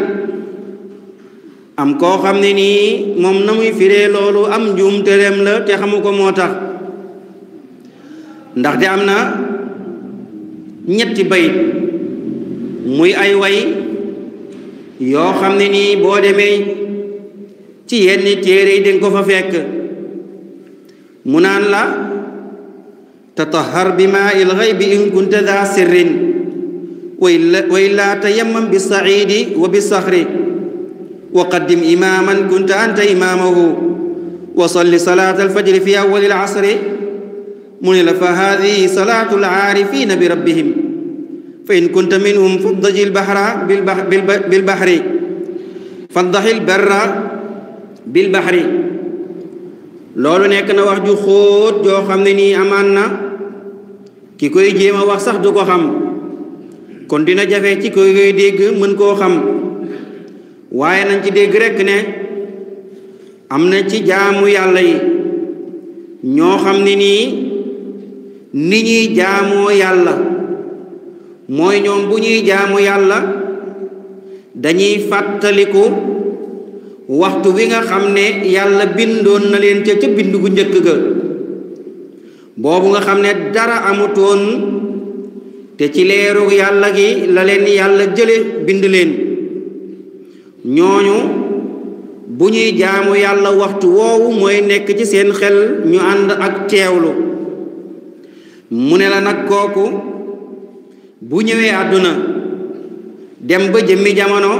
am koo xam ne nii moom na muy firee loolu am njuum tereem la te xamu ko moo tax ndaxte am na ñetti bayit muy ay way yoo xam ne nii boo demee ci yenn téere yi danga ko fa fekk mu naan la tatahar bi maa il xaybi in kunta daa sirrin wa illaa tayammam bi saciidi wa bi saxri wa qaddim imaaman kunta anta imaamahu wa salli salaat alfajri fi awali alcasri mu ne la fa haadihi salaatu alcaarifiina bi rabbihim fa in kunta minhum faddaji lbahra bilbahri faddaxil barra bilbahri loolu nekk na wax ju xóot joo xam ne nii amaan na ki koy jéem a wax sax du ko xam kon dina jafe ci koy koy dégg mën koo xam waaye nañ ci dégg rekk ne am na ci jaamu yàlla yi ñoo xam ni nii ni ñuy jaamoo yàlla mooy ñoom bu ñuy jaamu yàlla dañuy fàttaliku waxtu wi nga xam ne yàlla bindoon na leen ca ca bind gu njëkk ga boobu nga xam ne dara amutoon te ci leeru yàlla gi la leen yàlla jële bind leen ñooñu bu ñuy jaamu yàlla waxtu woowu mooy nekk ci seen xel ñu ànd ak teewlu mu ne la nag kooku bu ñëwee àdduna dem ba jëmmi jamono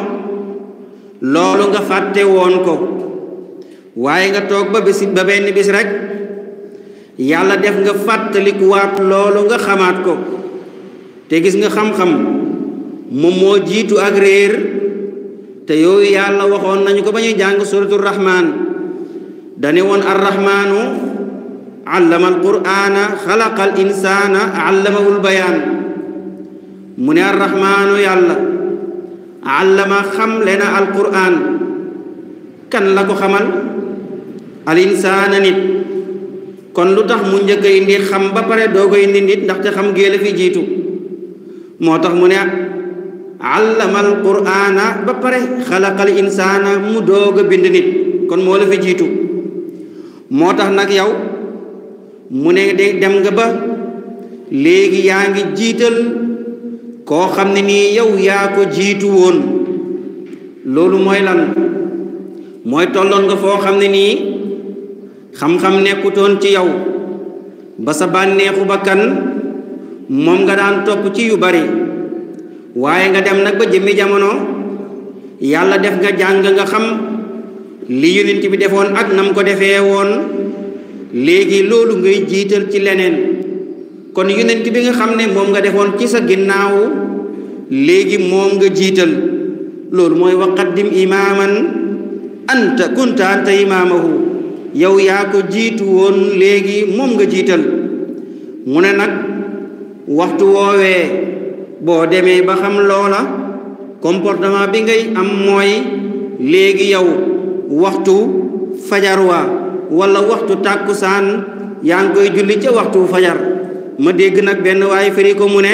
loolu nga fàtte woon ko waaye nga toog ba bis ba benn bis rek yàlla def nga fàttalikuwaat loolu nga xamaat ko te gis nga xam-xam moom moo jiitu ak réer te yooyu yàlla waxoon nañu ko ba ñuy jàng suratul rahman dane woon arrahmaanu allama alqur'ana xalaqa insaana allamahul bayaan mu ne arrahmaanu yàlla allama xamle na alquraan kan la ko xamal al insaana nit kon lu tax mu njëkk a indi xam ba pare doo ko indi nit ndaxte xam géela fi jiitu moo tax mu ne allama alquraana ba pare xalaqal insaana mu doog bind nit kon moo la fi jiitu moo tax nag yow mu ne de dem nga ba léegi yaa ngi jiital koo xam ne nii yow yaa ko jiitu woon loolu mooy lan mooy tolloon nga foo xam ne nii xam-xam nekkutoon ci yow ba sa bànneexu bakkan moom nga daan topp ci yu bari waaye nga dem nag ba jëmmi jamono yàlla def nga jàng nga xam li yonent bi defoon ak nam ko defee woon léegi loolu ngay jiital ci leneen kon yonent bi nga xam ne moom nga defoon ci sa ginnaaw léegi moom nga jiital loolu mooy dim imaaman anta kunta anta imaamahu yow yaa ko jiitu woon léegi moom nga jiital mu ne nag waxtu woowee boo demee ba xam loola comportement bi ngay am mooy léegi yow waxtu fajar wa wala waxtu tàkkusaan yaa ngi koy julli ca waxtu fajar ma dégg nag benn waay firi ko mu ne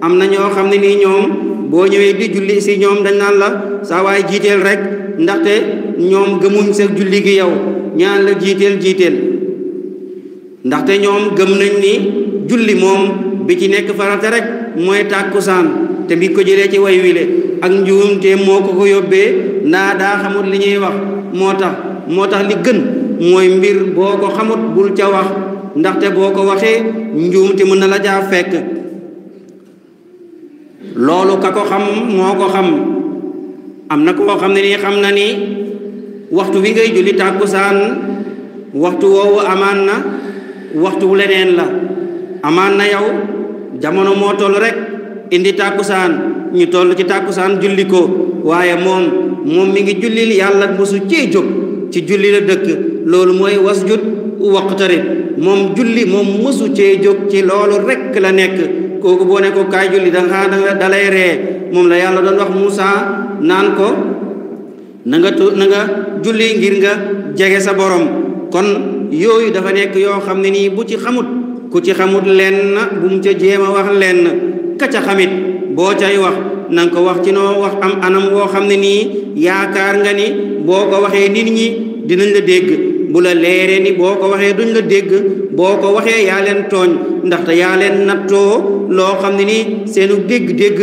am na ñoo xam ne nii ñoom boo ñëwee di julli si ñoom dañ naan la saa waay jiiteel rek ndaxte ñoom gëmuñ sa julli gi yow ñaan la jiiteel jiiteel ndaxte ñoom gëm nañ ni julli moom bi ci nekk farata rek mooy tàkkusaan te bi ko jëlee ci way wile ak njuumte moo ko ko yóbbee ndaa daa xamut li ñuy wax moo tax moo tax li gën mooy mbir boo ko xamut bul ca wax ndaxte boo ko waxee njuumte mën na la jaa fekk loolu ka ko xam moo ko xam am na koo xam ne nii xam na ni waxtu wi ngay julli tàkkusaan waxtu woowu amaan na waxtu leneen la amaan na yow jamono moo toll rek indi tàkkusaan ñu toll ci tàkkusaan julli ko waaye moom moom mi ngi jullil yàlla mosu cee jóg ci julli la dëkk loolu mooy was wasjud waqtarib moom julli moom mësu cee jóg ci loolu rekk la nekk kooku boo ne ko kaay julli danga danga dalay ree moom la yàlla doon wax Muusa naan ko na nga tu na julli ngir nga jege sa borom kon yooyu dafa nekk yoo xam ne nii bu ci xamut ku ci xamut lenn bu mu ca jéem a wax lenn ka ca xamit boo cay wax na ko wax ci noo wax am anam woo xam ne nii yaakaar nga ni boo ko waxee nit ñi dinañ la dégg bu la leeree ni boo ko waxee duñ la dégg boo ko waxee yaa leen tooñ ndaxte yaa leen nattoo loo xam ne ni seenu dégg-dégg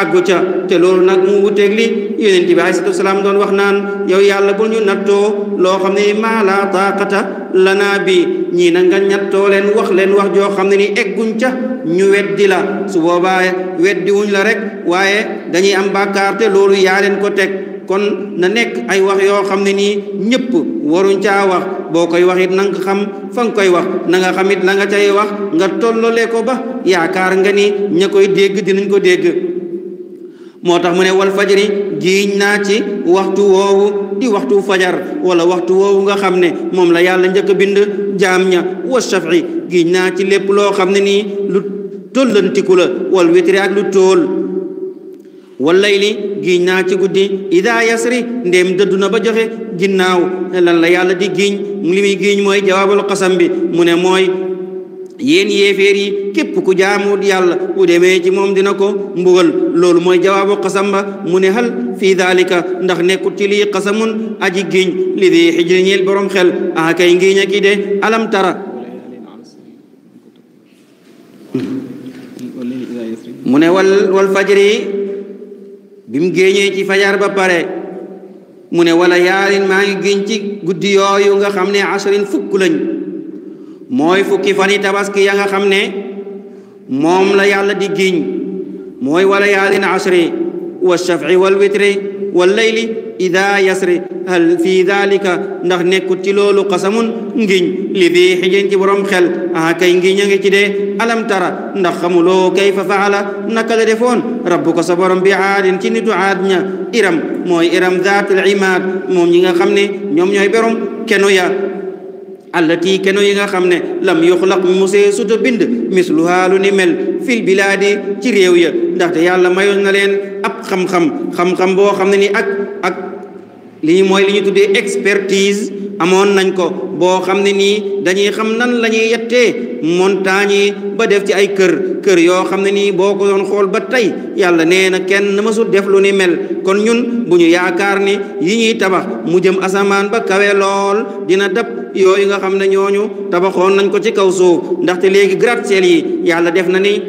àggu ca te loolu nag mu wuteeg li yonent wax naan yow yàlla bul ñu nattoo loo xam ne ni maa laa taaqata lanaa bi ñii na nga ñattoo leen wax leen wax joo xam ne ni egguñ ca ñu weddi la su boobaa weddi wuñ la rek waaye dañuy am bàkkaar te loolu yaa leen ko teg kon na nekk ay wax yoo xam ne nii ñëpp waruñ ca wax boo koy waxit it na nga xam fa nga koy wax na nga it la nga cay wax nga tollole ko ba yaakaar nga ni ña koy dégg dinañ ko dégg moo tax mu ne wal fajari giiñ naa ci waxtu woowu di waxtu fajar wala waxtu woowu nga xam ne moom la yàlla njëkk a bind jaam ña wa shafi giiñ naa ci lépp loo xam ne nii lu tollantiku la wal witri ak lu tool wallayli giiñ naa ci guddi ida yasri ndéem dëddu na ba joxe ginnaaw lan la yàlla di giiñ li muy giiñ mooy jawaabul xasam bi mu ne mooy yéen yéeféer yi képp ku jaamu yàlla bu demee ci moom dina ko mbugal loolu mooy jawaabu xasam mu ne hal fii daalika ndax nekkut ci lii xasamun aji giiñ li di borom xel ah kay ngiiñ a kii de alam tara mu ne wal wal fajri bi mu génnee ci fajar ba pare mu ne wala yaalin maa ngi génn ci guddi yooyu nga xam ne asrin fukk lañ mooy fukki fani tabaski ya nga xam ne moom la yàlla di génn mooy wala yaalin asri والشفع والوتر والليل إذا يسر هل في ذلك نحن كتلول قسم نجين لذي حجين تبرم خل أهكا نجين يجده ألم ترى نخملو كيف فعل نكال رفون ربك صبر بعاد تني عادنا إرم موي إرم ذات العماد مو نيغا خمني نيوم نيوي برم كنويا allati keno yi nga xam ne lam yuxlaq musee suta bind misluhaa lu ni mel fil bilaadi ci réew ya ndaxte yàlla mayoon na leen ab xam-xam xam-xam boo xam ne ni ak ak lii mooy li ñu tuddee expertise amoon nañ ko boo xam ne nii dañuy xam nan la ñuy yettee montagne yi ba def ci ay kër kër yoo xam ne nii boo ko doon xool ba tey yàlla nee na kenn mësul def ni mel kon ñun bu ñu yaakaar ni yi ñuy tabax mu jëm asamaan ba kawe lool dina dab yooyu nga xam ne ñooñu tabaxoon nañ ko ci kaw suuf ndaxte léegi gratte yi yàlla def na ni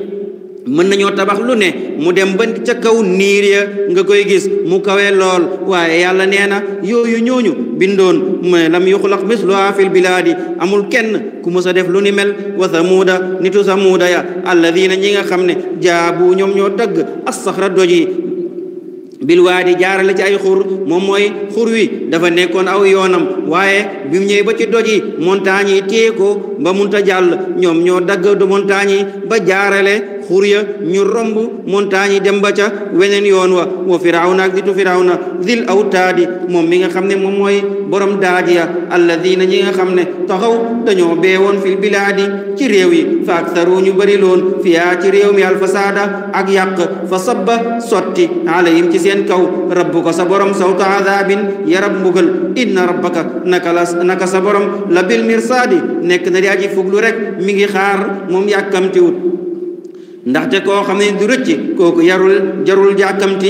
mën nañoo tabax lu ne mu dem ba ca kaw niir ya nga koy gis mu kawee lool waaye yàlla nee na yooyu ñooñu bindoon ma lam yuxlaq misluha fil di amul kenn ku mës a def lu ni mel wa samuuda nitu samuuda ya na ñi nga xam ne jaabu ñoom ñoo dagg assaxra doj yi bilwaa di jaarale ci ay xur moom mooy xur wi dafa nekkoon aw yoonam waaye bi mu ñëwee ba ci doj yi montagne yi téye ko ba munta jàll ñoom ñoo dagg du montagne yi ba jaarale xur ya ñu romb montagne yi dem ba ca weneen yoon wa wa firawna ak ditu firawna dil awtaadi moom mi nga xam ne moom mooy borom daadi ya alladina ñi nga xam ne taxaw dañoo beewoon fil bilaadi ci réew yi fa aktaru ñu bari loon fiyaa ci réew mi alfasaada ak yàq fa sabba sotti alayhim ci seen kaw rabbuka sa borom sawta adaabin yarab mbugal inna rabbaka naka la naka sa borom la bil mirsaadi nekk na di aji fuglu rek mi ngi xaar moom yàkkamtiwut ndaxte koo xam ne du rëcc kooku yarul jarul jàkkamti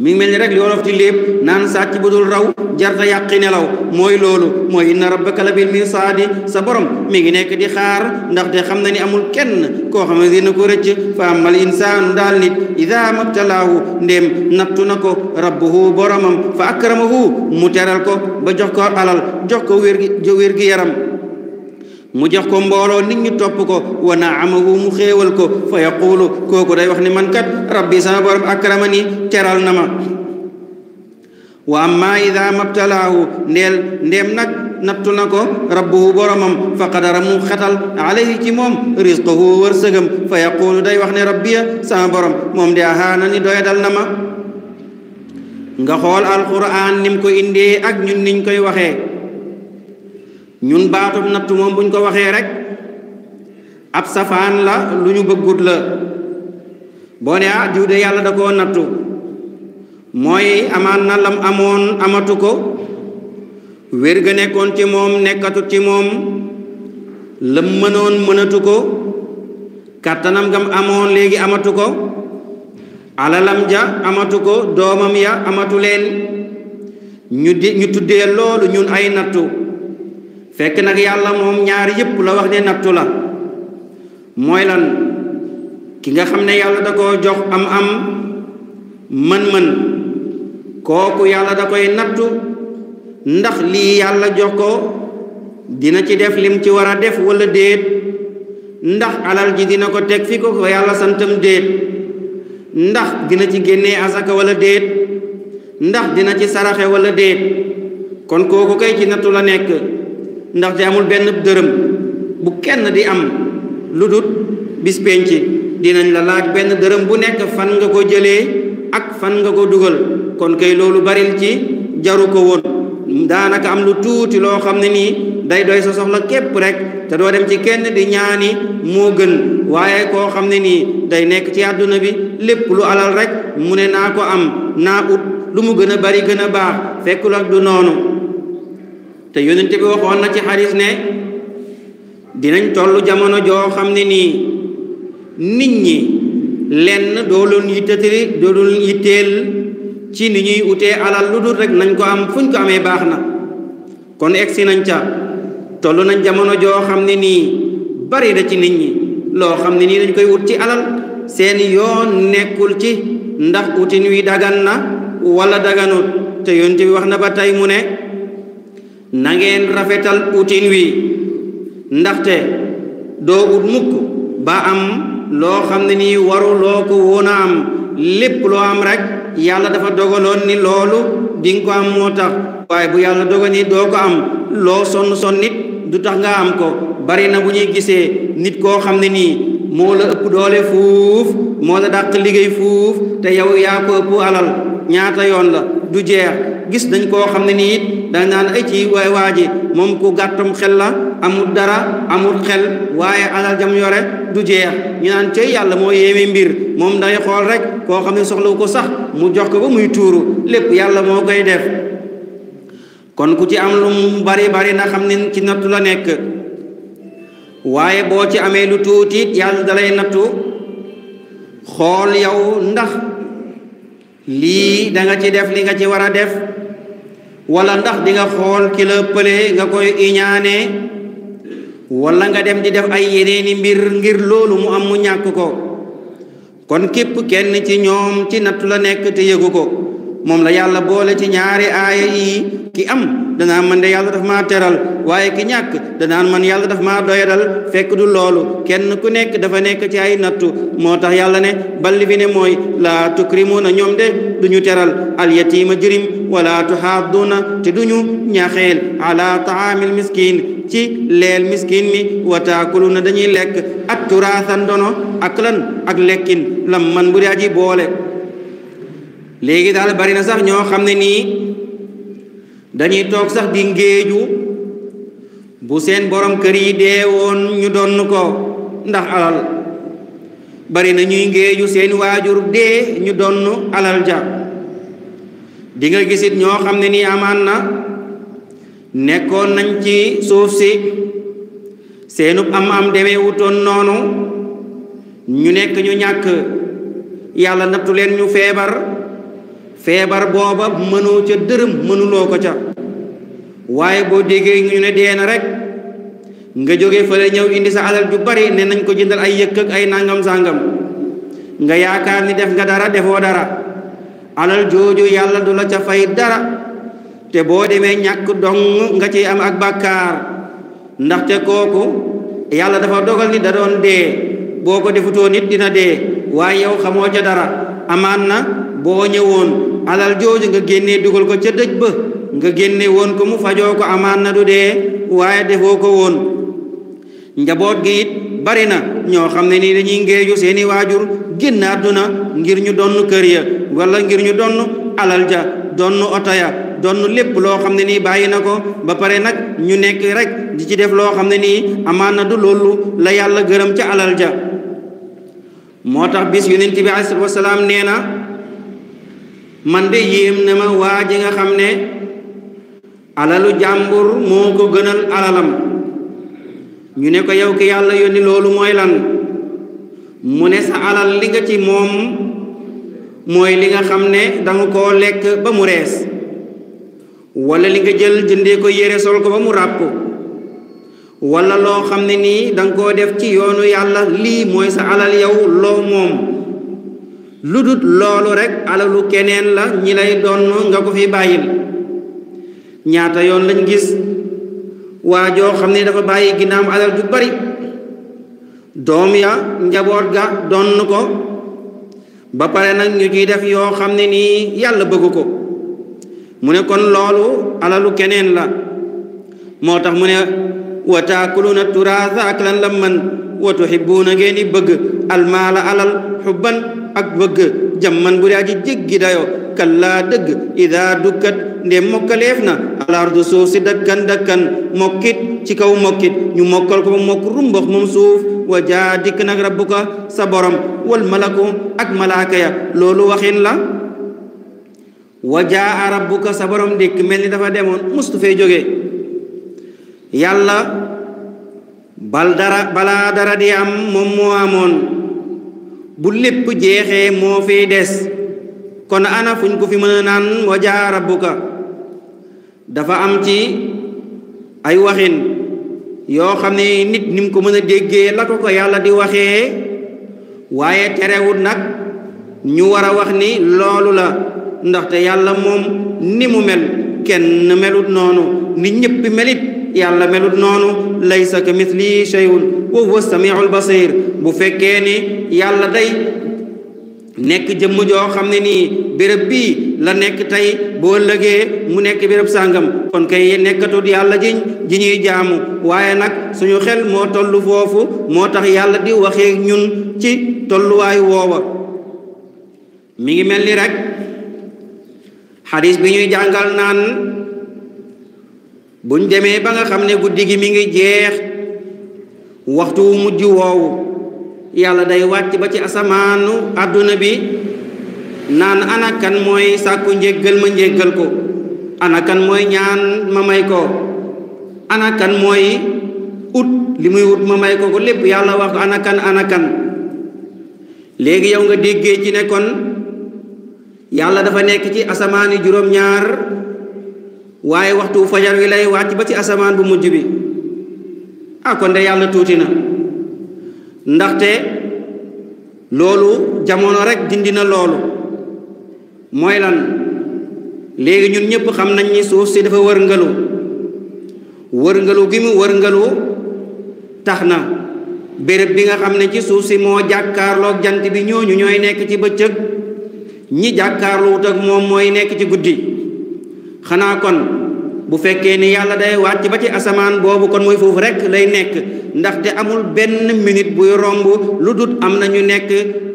mi ngi mel ni rek li wolof di léeb naan sàcc bu dul raw jarta yàqi nelaw mooy loolu mooy inna rabbaka labil misaadi sa borom mi ngi nekk di xaar ndaxte xam na ni amul kenn koo xam ne dina ko rëcc fa amal insaanu daal nit ida mabtalaahu ndéem nattu na ko rabbuhu boromam fa akramahu mu teral ko ba jox ko alal jox ko wér gi wér gi yaram mu jox ko mbooloo niñu ñu topp ko wa naamahu mu xéewal ko fa yaquulu kooku day wax ne man kat rabbi sama borom akramani teral na ma wa amma ida mabtalaahu ndeel ndéem nag nattu na ko rabbuhu boromam fa qadara mu xatal alayhi ci moom risquhu wërsëgam fa yaquulu day wax ne rabbiya sama borom moom de ahaana ni doyadal na ma nga xool alquran nim ko indee ak ñu niñ koy waxee ñun baatub nattu moom buñ ko waxee rek ab safaan la lu ñu bëggut la boo ne ah, yàlla da koo nattu mooy amaan na lam amoon amatu ko wér ga nekkoon ci moom nekkatut ci moom lam mënoon mënatu ko kàttanam gam amoon léegi amatu ko alalam ja amatu ko doomam ya amatu leen ñu di ñu tuddee loolu ñun ay nattu fekk nag yàlla moom ñaar yépp la wax ne nattu la mooy lan ki nga xam ne yàlla da koo jox am-am mën-mën kooku yàlla da koy nattu ndax lii yàlla jox ko dina ci def lim ci war a def walla déet ndax alal ji dina ko teg fi ko ko yàlla santam déet ndax dina ci génne asaka wala déet ndax dina ci saraxe wala déet kon kooku kay ci nattu la nekk ndaxte amul benn dërëm bu kenn di am lu dut bis penc dinañ la laaj benn dërëm bu nekk fan nga ko jëlee ak fan nga ko dugal kon kay loolu baril ci jaru ko woon daanaka am lu tuuti loo xam ne nii day doy sa soxla képp rek te doo dem ci kenn di ñaani moo gën waaye koo xam ne nii day nekk ci àdduna bi lépp lu alal rekk mu ne naa ko am naa ut lu mu gën a bari gën a baax fekkul ak du noonu te yónnente bi waxoon na ci xadis ne dinañ toll jamono joo xam ne nii nit ñi lenn doo loon yittatiri doo loon yitteel ci ni ñuy utee alal lu dul rek nañ ko am fuñ ko amee baax na kon egsi nañ ca toll nañ jamono joo xam ne nii bari da ci nit ñi loo xam ne nii dañ koy wut ci alal seen yoon nekkul ci ndax utin wi dagan na wala daganul te yónnente bi wax na ba tey mu ne na ngeen rafetal utin wi ndaxte doo ut mukk ba am loo xam ne nii waru ko woon a am lépp loo am rek yàlla dafa dogaloon ni loolu ding ko am moo tax waaye bu yàlla dogal ni doo ko am loo sonn sonn nit du tax nga am ko bari na bu ñuy gisee nit koo xam ne nii moo la ëpp doole fuuf moo la dàq liggéey fuuf te yow yaa ko ëpp alal ñaata yoon la du jeex gis dañ koo xam ne nii it naan ay ci waay waa ji moom ku gàttum xel la amul dara amul xel waaye alal jam yore du jeex ñu naan cey yàlla moo yéeme mbir moom day xool rek koo xam ne soxlawu ko sax mu jox ko ba muy tuuru lépp yàlla moo koy def kon ku ci am lu mu bari bari na xam ne ci nattu la nekk waaye boo ci amee lu tuuti yàlla dalay nattu xool yow ndax li da nga ci def li nga ci wara def wala ndax di nga xol ki la pele nga koy iñane wala nga dem di def ay yeneen mbir ngir loolu mu am mu ñàkk ko kon képp kenn ci ñoom ci natt la te yëgu moom la yàlla boole ci ñaari aaya yi ki am danaan man de yàlla daf ma teral waaye ki ñàkk danaan man yàlla daf ma doyadal fekk du loolu kenn ku nekk dafa nekk ci ay nattu moo tax yàlla ne balli fi ne mooy laa na ñoom de du ñu teral al yatiima jërim wala tuhaadduuna te du ñu ñaxeel ala taamil miskin ci leel miskin mi wa taakuluuna dañuy lekk at turaathan dono ak lan ak lekkin lam man bu di aji boole léegi daal bari na sax ñoo xam ne nii dañuy toog sax di ngéeju bu seen borom kër yi dee woon ñu donn ko ndax alal bari na ñuy ngéeju seen waajur dee ñu donn alal ja di gisit ñoo xam ne nii amaan na nekkoon nañ ci suuf si seenub am am demee wutoon noonu ñu nekk ñu ñàkk yàlla nattu leen ñu feebar feebar boba mënoo ca dërëm mënuloo ko ca waaye boo déggee ñu ne dee rek nga jóge fële ñëw indi sa alal ju bari ne nañ ko jëndal ay yëkk ak ay nangam sangam nga yaakaar ni def nga dara defoo dara alal jooju yàlla du ca fay dara te bo demee ñàkk dong nga am ak bàkkaar ndaxte kooku yàlla dafa dogal ni da doon dee boo di defutoo nit dina dee waaye yow xamoo ca dara alal jooju nga génne dugal ko ca dëj ba nga génne woon ko mu fajoo ko amaan na du dee waaye defoo ko woon njaboot gi it bari na ñoo xam ne nii dañuy ngeeju seeni waajur génn àdduna ngir ñu donn kër ya wala ngir ñu donn alal ja donn oto ya donn lépp loo xam ne nii bàyyi na ko ba pare nag ñu nekk rekk di ci def loo xam ne nii amaan na du loolu la yàlla gërëm ca alal ja moo tax bis yonent bi alayhi salaam nee na man de yéem na ma waa ji nga xam ne alalu jàmbur moo ko gënal alalam ñu ne ko yow ki yàlla yónni loolu mooy lan mu ne sa alal li nga ci moom mooy li nga xam ne danga ko lekk ba mu rees wala li nga jël jëndee ko yére sol ko ba mu ràpp wala loo xam ne nii danga koo def ci yoonu yàlla lii mooy sa alal yow loo moom lu dut loolu rek alalu keneen la ñi lay donn nga ko fi bàyyil ñaata yoon lañ gis waa joo xam ne dafa bàyyi ginaam alal ju bari doom ya njaboot ga donn ko ba pare nag ñu ciy def yoo xam ne nii yàlla bëgg ko mu ne kon loolu alalu keneen la moo tax mu ne wa taakuluuna turaasa aklan lamman wa tuhibbuuna ngeen di bëgg almaala alal xubban ak bëgg jaman bu daa ji jéggi dayoo kallaa dëgg idaa dukkat ndem mokkaleef na alardu suuf si dakkan dakkan mokkit ci kaw mokkit ñu mokkal ko ba mokk rumbax moom suuf wa jaa dikk nag rabbuka sa borom wal malaaka loolu waxin la wa jaa sa borom dikk mel ni dafa demoon mustu fee jógee yàlla bal dara balaa dara di am moom moo amoon bu lépp jeexee moo fiy des kon ana fuñ ko fi mën a naan wa jaa rabbuka dafa am ci ay waxin yoo xam ne nit ni mu ko mën a déggee la ko ko yàlla di waxee waaye terewul nag ñu war a wax ni loolu la ndaxte yàlla moom ni mu mel kenn melut noonu ni ñëpp melit yàlla melut noonu laysa ka mithlihi shay'un wa huwa samiul basir bu fekkee ni yàlla day nekk jëmm joo xam ne nii béréb bii la nekk tey boo ëllëgee mu nekk béréb sàngam kon kay nekkatut yàlla jiñ ji ñuy jaamu waaye nag suñu xel moo toll foofu moo tax yàlla di waxee ñun ci tolluwaay woowa mi ngi mel ni rek xadis bi ñuy jàngal naan buñ demee ba nga xam ne guddi gi mi ngi jeex waxtu wu mujj woowu yàlla day wàcc ba ci bi anakan moy sàkku njéggal ma njéggal ko anakan mooy ñaan ma may ko anakan moy ut li muy ut ma may ko ko lépp wax anakan anakan legi yow nga jinekon ci ne kon yàlla dafa nekk ci ñaar waaye waxtu fajar wi lay wàcc ba ci asamaan bu mujj bi ah kon de yàlla tuuti na ndaxte moylan, jamono rek dindi na loolu mooy lan léegi ñun ñëpp xam nañ ni suuf si dafa wërngalu wërngalu gi mu wërngalu tax na béréb bi nga xam ne ci suuf si moo jàkkaarloog jant bi nekk ci ñi ak nekk ci xanaa kon bu fekkee ni yàlla day wàcc ba ci asamaan boobu kon mooy foofu rek lay nekk ndax ndaxte amul benn minute buy romb lu dut am na ñu nekk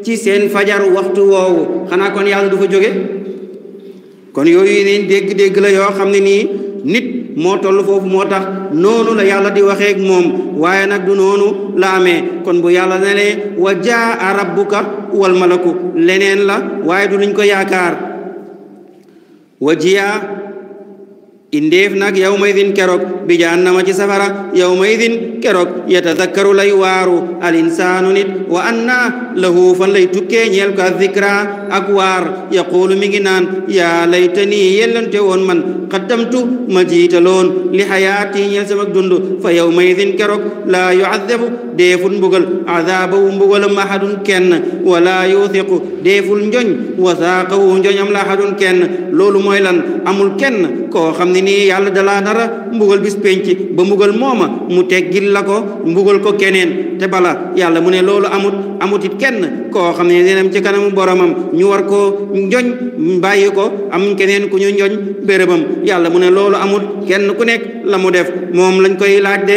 ci seen fajar waxtu woowu xanaa kon yàlla du fa jóge kon yooyu ne dégg-dégg la yoo xam ne nii nit moo toll foofu moo tax noonu la yàlla di waxee moom waaye nag du noonu la amee kon bu yàlla ne lee wa jaa rabbuka wal malaku leneen la waaye du luñ ko yaakaar wa indéef nag yawma idin keroog bi jahannama ci safara yawma idin keroog yatadakkaru lay waaru al insaanu nit wa anna lahu fan lay tukkee ñeel ko azikra ak waar yaquulu mi ngi naan yaa laytanii yellante woon man qaddamtu ma jiitaloon li xayaati ñeel sama dund fa yawma idin keroog laa yuadabu deeful mbugal adaabawu mbugalam ahadun kenn wala yuuthiqu deeful njoñ wasaaqawu njoñam la ahadun kenn loolu mooy lan amul kenn koo xam ne nii yàlla dalaa nara mbugal bis penc ba mbugal mooma mu teggil la ko mbugal ko keneen te bala yàlla mu ne loolu amut amut kenn koo xam ne deenam ci kanamu boromam ñu war ko njoñ bàyyi ko am keneen ku ñu njoñ bérébam yàlla mu ne loolu amut kenn ku nekk la mu def moom lañ koy laaj de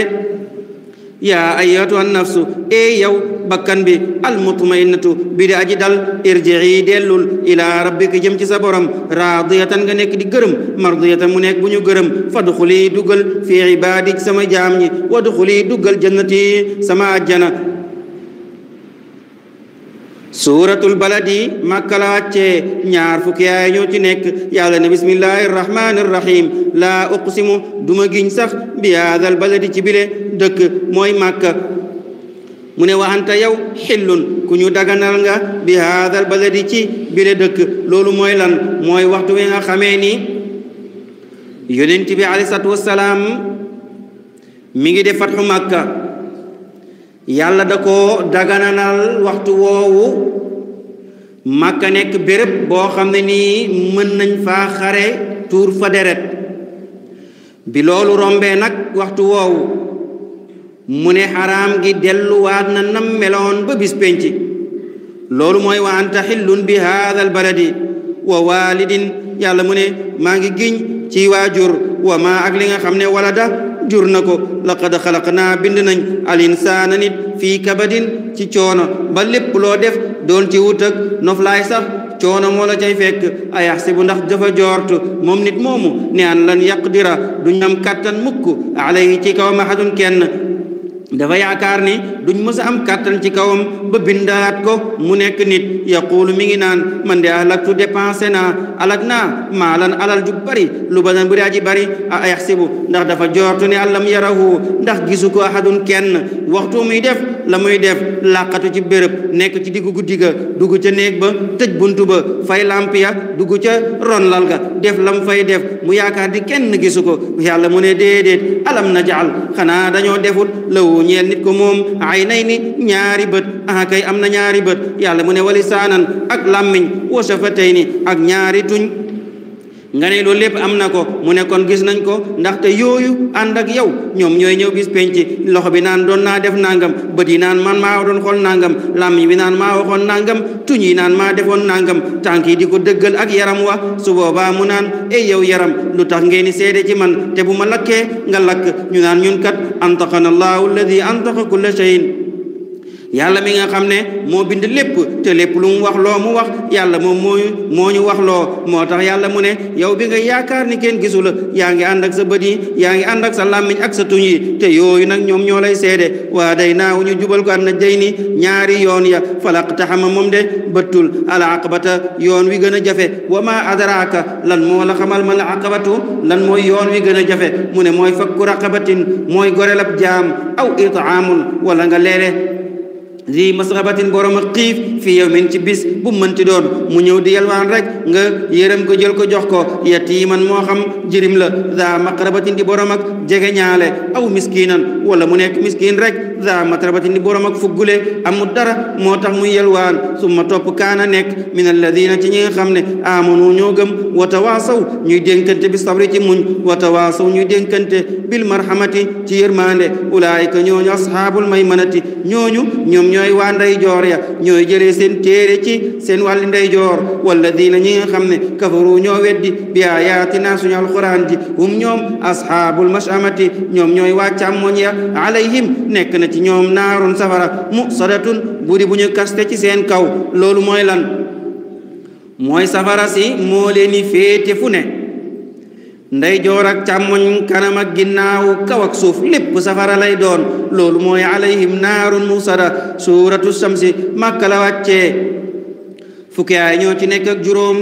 yaa ayyatuha nafsu ee yow bakkan bi almutmainnatu bi di aji dal irjii dellul ilaa rabbiki jëm ci sa borom raadiyatan nga nekk di gërëm mardiyatan mu nekk bu ñu gërëm fadxuli duggal fi ibaadi sama jaam ñi wadxuli duggal jannati sama ajjana suuratul baladi makka la ñaar fukki yaay ñoo ci nekk yàlla na bismillahi irrahmani irrahim laa uqsimu duma giñ sax bi haadal baladi ci bile dëkk mooy makka mu ne wa anta yow xillun ku ñu daganal nga bi haadal baladi ci bile dëkk loolu mooy lan mooy waxtu wi nga xamee ni yonent bi alayhi salaatu wassalaam mi ngi def fatxu makka yàlla da ko dagananal waxtu woowu màkka nekk béréb boo xam ne nii mën nañ faa xare tuur fa deret bi loolu rombee nag waxtu woowu mu ne xaraam gi delluwaat na nam meloon ba bis loolu mooy wa anta xillun bi haada al wa waalidin yàlla mu ne maa ngi giñ ci waajur wa maa ak nga xam ne walada jur na ko laqad xalaqnaa bind nañ al insaana nit fii kabadin ci coono ba lépp loo def doon ci wut ak noflaay sax coono moo la cay fekk ayaxsibu ndax jafa joortu moom nit moomu ne an lan yaqdira du ñam kàttan mukk alayhi ci kaw mahadun kenn dafa yaakaar ni duñ mës am kàttan ci kawam ba bindaat ko mu nekk nit yaquulu mi ngi naan man de alaktu dépensé naa alak naa maalan alal ju bari lu badan bu daa ji bari a yaxsibu ndax dafa joortu ne àllam yarahu ndax gisu ko ahadun kenn waxtu muy def la muy def làqatu ci béréb nekk ci diggu ga dugg ca néeg ba tëj buntu ba fay lamp ya dugg ca ron lal ga def lam fay def mu yaakaar di kenn gisu ko yàlla mu ne déedéet alam najal xanaa dañoo deful lawu lahu nit ko moom ay nay ni ñaari bët aha am na ñaari bët yàlla mu ne walisaanan ak làmmiñ wa shafatayni ak ñaari tuñ nga ne loolu lépp am na ko mu nekkoon gis nañ ko ndaxte yooyu ànd ak yow ñoom ñooy ñëw gis penc loxo bi naan doon naa def nangam bët yi naan man maa doon xool nangam làmmiñ bi naan maa waxoon nangam tuñ yi naan maa defoon nangam tànk yi di ko dëggal ak yaram wa su boobaa mu naan ey yow yaram lu tax ngeen di seede ci man te bu ma lakkee nga lakk ñu naan ñun kat na allahu alladi antaqa kulla shayin yàlla mi nga xam ne moo bind lépp te lépp lu mu wax loo mu wax yàlla moom moo moo ñu wax loo moo tax yàlla mu ne yow bi nga yaakaar ni kenn gisula yaa ngi ànd ak sa bët yi yaa ngi ànd sa làmmiñ ak sa tuñ yi te yooyu nag ñoom ñoo lay seede waa day naaw ñu jubal ko am na day ni ñaari yoon ya falaqtaxama moom de bëttul al aqabata yoon wi gën a jafe wa ma adraka lan moo la xamal ma la aqabatu lan mooy yoon wi gën a jafe mu ne mooy fakku raqabatin mooy gorelab jaam aw itaamun wala nga leele lii masrabatin borom a xiif fii yawmin ci bis bu ci doon mu ñëw di yalwaan rek nga yërëm ko jël ko jox ko yatiiman moo xam jërim la daa maqrabatin di borom ak jege ñaale aw miskinan wala mu nekk miskin rek za matrabatin di borom ak fuggule amul dara moo tax muy yelwaan summa topp kaana nekk min alladina ci ñi nga xam ne amanu ñoo gëm wa tawaasaw ñuy dénkante bi sabri ci muñ wa tawaasaw ñuy dénkante bil marhamati ci yërmande ulaayika ñooñu ashaabul maymanati ñooñu ñoom ñooy waa nday joor ya ñooy jëlee seen téere ci seen wàlli nday joor walladina ñi nga xam ne kafaru ñoo weddi bi ayatina suñu alquran ji hum ñoom ashaabul mashamati ñoom ñooy waa càmmoñ na ci ñoom naarun safara mu sadatun buri bu ñu kaste ci seen kaw loolu mooy lan mooy safara si moo leeni féete fu ne ndey joor ak càmmoñ kanam ak ginnaaw kaw ak suuf lépp safara lay doon loolu mooy alayhim naarun musada suuratu samsi màkka la wàccee fukki ay ñoo ci nekk ak juróom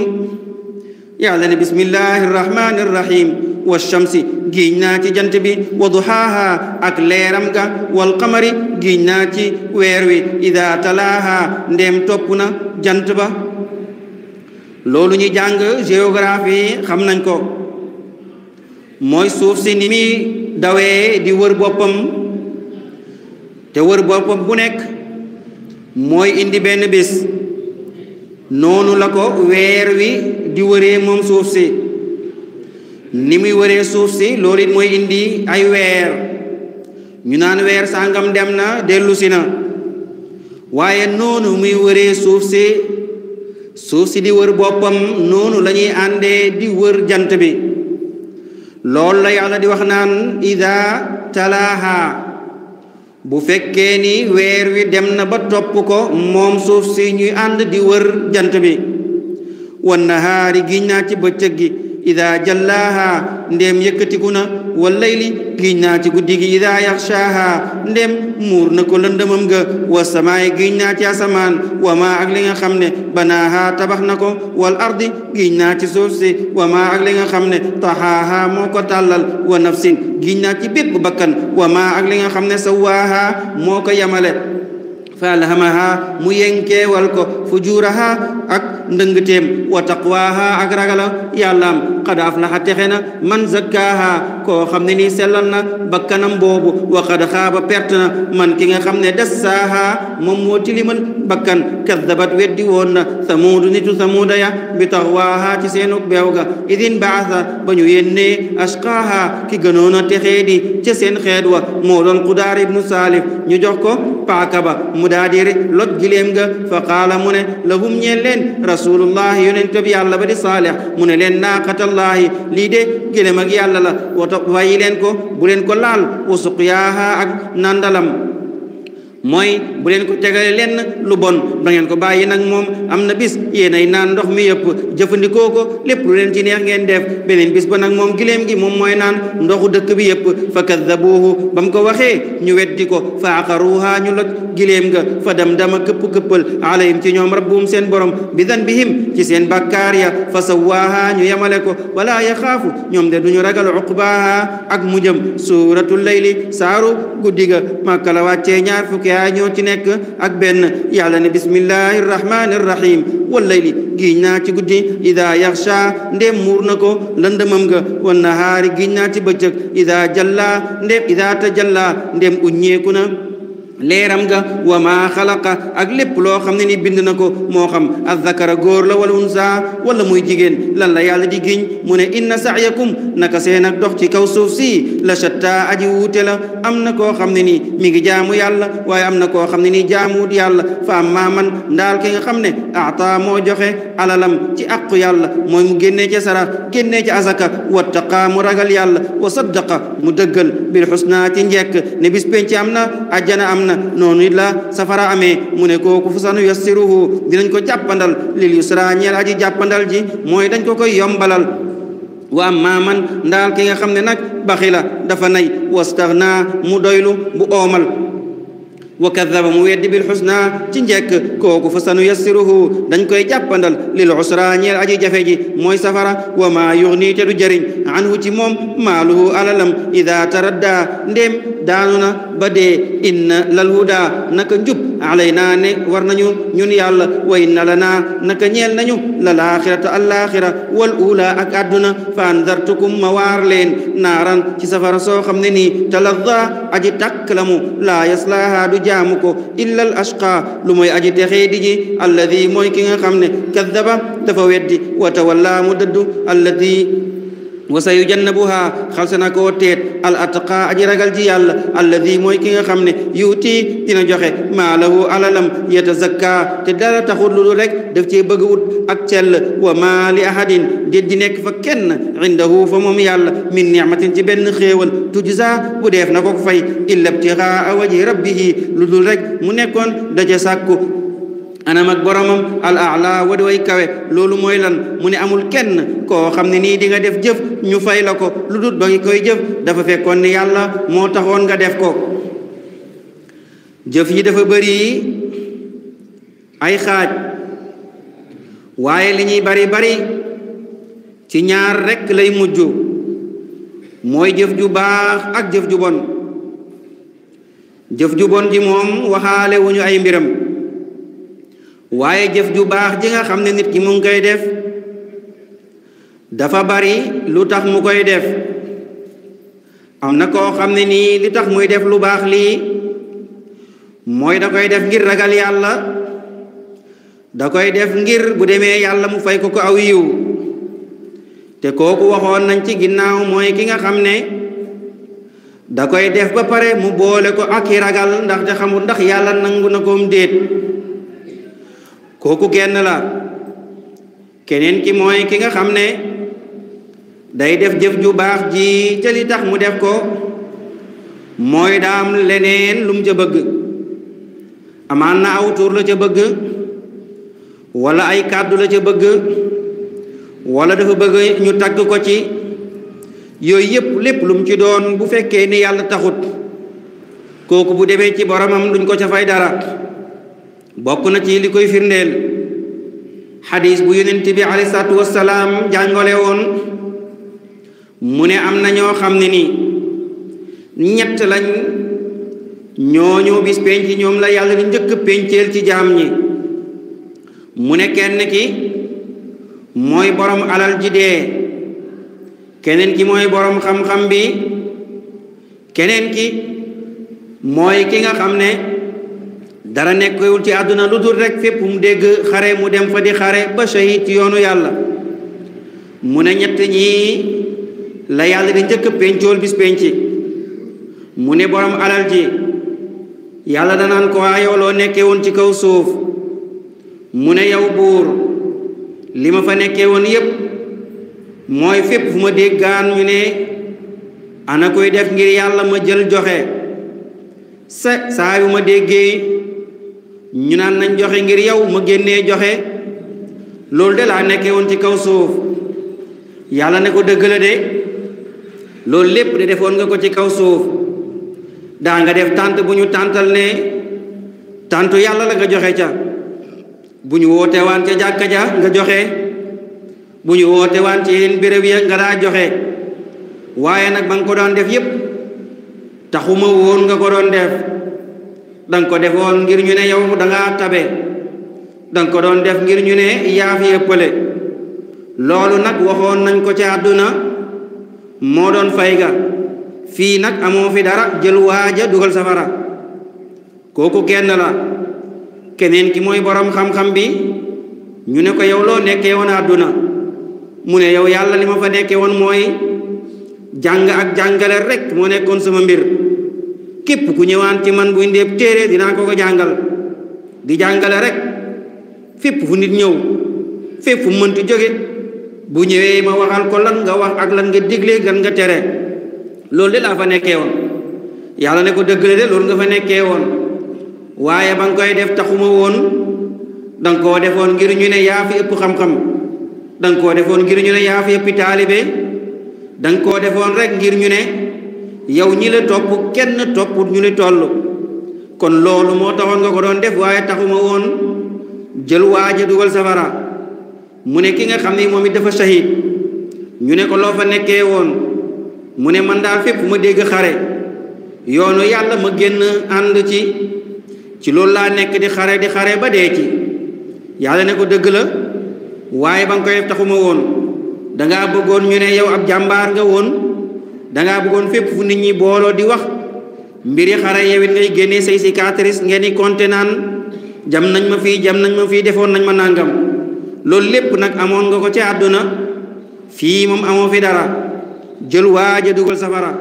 yàlla ne wa shamsi giiñ naa ci jant bi wa duhaaha ak leeram ga wal qamari naa ci weer wi ida talaaha ndéem topp na jant ba loolu ñi jàng géographie xam nañ ko mooy suuf si ni dawee di wër boppam te wër boppam bu nekk mooy indi benn bis noonu la ko weer wi di wëree moom suuf si ni muy wëree suuf si loolu it mooy indi ay weer ñu naan weer sàngam dem na dellusi na waaye noonu muy wëree suuf si suuf si di wër boppam noonu lañuy ñuy àndee di wër jant bi loolu la yàlla di wax naan ida talaaha bu fekkee ni weer wi dem na ba topp ko moom suuf si ñuy ànd di wër jant bi wan nahaari giñ naa ci bëccëg gi إذا جلاها ندم يكتكنا والليل جيناتي قديك إذا يخشاها ندم مور كلن دممغ والسماء جيناتي أسمان وما عقلنا خمنا بناها تبخنكم والأرض جيناتي سوسي وما عقلنا خمنا طحاها موكو تلال ونفسين جيناتي بيك بكن وما عقلنا خمنا سواها موكو يملك فألهمها مينكي والكو فجورها أك ndëngteem wa taqwaha ak ragala yàllaam qad aflaha texe na man zakkaha koo xam ne nii sellal na bakkanam boobu wa qad xaaba perte na man ki nga xam ne dassaaha moom moo tilimal bakkan kaddabat weddi woon na samuudu nitu samuuda ya bi taxwaaha ci beew ga idin baasa ba ñu yennee asqaaha ki gënoon a texee di ca seen xeet wa moo doon xudaar ibnu saalif ñu jox ko paaka ba mu gileem ga fa qaala mu ne lahum ñeen leen rasulullahi yonent bi yàlla ba di mu ne leen naaqatallaahi lii de gëlëm ak yàlla la wato wayi leen ko bu leen ko laal wa suqyaaha ak nandalam mooy bu leen ko tegale lenn lu bon da ngeen ko bàyyi nag moom am na bis yéen ay naan ndox mi yëpp jëfandikoo ko lépp lu leen ci neex ngeen def beneen bis ba nag moom giléem gi moom mooy naan ndoxu dëkk bi yëpp fa kaddabuuhu ba mu ko waxee ñu weddi ko fa aqaruuhaa ñu loj giléem ga fa dam dama këpp-këppal alayhim ci ñoom rabbuhum seen borom bi danbihim ci seen bàkkaar ya fa sawaahaa ñu yemale ko wala yaxaafu ñoom de duñu ragal uqbaahaa ak mujëm suuratul layli saaru guddiga màkka la aaya ñoo ci nekk ak benn yàlla ne bismillahi irrahmani irrahim wallayli giiñ naa ci guddi ida yaxsha ndéem muur na ko lëndëmam nga wan nahaari giiñ naa ci bëccëg ida jalla ndéem ida tajalla ndéem uññeeku na leeram ga wa maa xalaqa ak lépp loo xam ne ni bind na ko moo xam azzakara góor la wala unsa wala muy jigéen lan la yàlla di giñ mu ne inna sa'yakum naka seen ak dox ci kaw suuf si la shatta aji wuute la am na koo xam ne nii mi ngi jaamu yàlla waaye am na koo xam ne nii jaamuwut yàlla fa ammaa man ndaal ki nga xam ne ata moo joxe alalam ci aqu yàlla mooy mu génnee ca sarax génnee ca azaka wattaqa mu ragal yàlla wa saddaqa mu dëggal bil ci njekk ne bis penc am na ajjana am aljanna noonu it la safara amee mu ne kooku fu sanu dinañ ko jàppandal lil yusra ñeel aji jàppandal ji mooy dañ ko koy yombalal wa amma man ndaal ki nga xam ne nag baxila dafa nay wastaxna mu doylu bu oomal وكذب مويد بالحسنى تنجك كوك فسن يسره دنكو يجبن للعسران يلعجي جفجي موي سفر وما يغني تدجرين عنه تموم ماله ألم إذا تردى ديم دانونا بدي إن للهدى نك جب علينا ورنا نيو نيال وإن لنا نك نيال نيو للآخرة الآخرة والأولى أكادنا فأنذرتكم موارلين نارا كسفر سوخم نني تلظى أجي تكلم لا يصلاها دجا jaamu illa al ashqa lu aji texee di ji alladi mooy ki nga xamne kadhaba dafa weddi wa tawalla mudaddu alladhi wa sayujannabuha xal sana koo teet al atqa aji ragal ji yàlla alladi mooy ki nga xam ne yuuti dina joxe maalahu alalam yatazakka te dara taxul lu rek daf cee bëgg wut ak cell wa maa li ahadin déet di nekk fa kenn indahu fa moom yàlla min nicmatin ci benn xéewal tujza bu deef na ko fay illa ibtigaa waji rabbihi lu dul rek mu nekkoon daja sàkku anam ak boromam al ala wa di way kawe loolu mooy lan mu ne amul kenn koo xam ne nii dinga def jëf ñu fay la ko lu dut ba koy jëf dafa fekkoon ni yàlla moo taxoon nga def ko jëf yi dafa bari ay xaaj waaye li ñuy bari bari ci ñaar rekk lay mujj mooy jëf ju baax ak jëf ju bon jëf ju bon ji moom waxaale wu ñu ay mbiram waaye jëf ju baax ji nga xam ne nit ki mu ngi koy def dafa bari lu tax mu koy def am na koo xam ne nii li tax muy def lu baax lii mooy da koy def ngir ragal yàlla da koy def ngir bu demee yàlla mu fay ko ko aw yiw te kooku waxoon nañ ci ginnaaw mooy ki nga xam ne da koy def ba pare mu boole ko ak i ragal ndax te xamul ndax yàlla nangu na koom déet kooku genn la keneen ki mooy ki nga xam ne day def jëf ju baax ji ca tax mu def ko mooy daam leneen lum mu ca bëgg amaan na aw tur la ca bëgg wala ay kàddu la ca bëgg wala dafa bëgg ñu tagg ko ci yooyu yépp lépp lu mu ci doon bu fekkee ni yàlla taxut kooku bu demee ci boromam duñ ko ca fay dara bokk na ci li koy firndeel xadis bu yonent bi alayhi salaatu wasalaam jàngale woon mu ne am na ñoo xam ne nii ñett lañ ñooñu bis penc ñoom la yàlla di njëkk penceel ci jaam ñi mu ne kenn ki mooy borom alal ji dee keneen ki mooy borom xam-xam bi keneen ki mooy ki nga xam ne dara nekkewul ci àdduna lu dul rek fépp mu dégg xare mu dem fa di xare ba shahid ci yoonu yàlla mu ne ñett ñii la yàlla di njëkk pencool bis penc mu ne borom alal ji yàlla danaan ko waa yow loo nekkee woon ci kaw suuf mu ne yow buur li ma fa nekkee woon yépp mooy fépp fu ma déggaan ñu ne ana koy def ngir yàlla ma jël joxe sa saa yu ma déggee ñu naan nañ joxe ngir yow ma génne joxe loolu de laa nekkee woon ci kaw suuf yàlla ne ko dëgg de loolu lépp de defoon nga ko ci kaw suuf daa nga def tànt bu ñu tàntal ne tàntu yàlla la nga joxe ca bu ñu woote waan ca jàkka ja nga joxe bu ñu woote waan ci yeneen béréb nga daa joxe waaye nag ba ko daan def yépp taxuma woon nga ko doon def Dang nga ko defoon ngir ñu ne yow da ngaa tabe dang nga ko doon def ngir ñu ne yaa fi ëppale loolu nag waxoon nañ ko ci àdduna moo doon fay ga fii nag amoo fi dara jël waaja dugal safara kooku kenn la keneen ki mooy borom xam-xam bi ñu ne ko yow loo nekkee woon àdduna mu ne yow yàlla li ma fa nekkee woon mooy jàng ak jàngale rek moo nekkoon sama mbir képp ku ñëwaan ci man buy ndéeb téere dinaa ko ko jàngal di jàngale rek fépp fu nit ñëw fépp fu mënti jóge bu ñëwee ma waxal ko lan nga wax ak lan nga digle gan nga tere loolu de laa fa nekkee woon yàlla ne ko dëggale de loolu nga fa nekkee woon waaye ba nga koy def taxuma woon danga koo defoon ngir ñu ne yaa fi ëpp xam-xam danga koo defoon ngir ñu ne yaa fi ëpp taalibe danga koo defoon rek ngir ñu ne yow ñi la topp kenn topput ñu li toll kon loolu moo taxoon nga ko doon def waaye taxuma woon jël waaja dugal safara mu ne ki nga xam ne moom it dafa shahid ñu ne ko loo fa nekkee woon mu ne man daal fépp ma dégg xare yoonu yàlla ma génn ànd ci ci loolu laa nekk di xare di xare ba dee ci yàlla ne ko dëgg la waaye ba nga koy taxuma woon danga bëggoon ñu ne yow ab jàmbaar nga woon dangaa bëggoon fépp fu nit ñi booloo di wax mbiri xare yewit ngay génnee say cicatrice ngeen di compter naan jam nañ ma fii jam nañ ma fii defoon nañ ma nàngam loolu lépp nag amoon nga ko ci àdduna fii moom amoon fi dara jël waaja dugal safara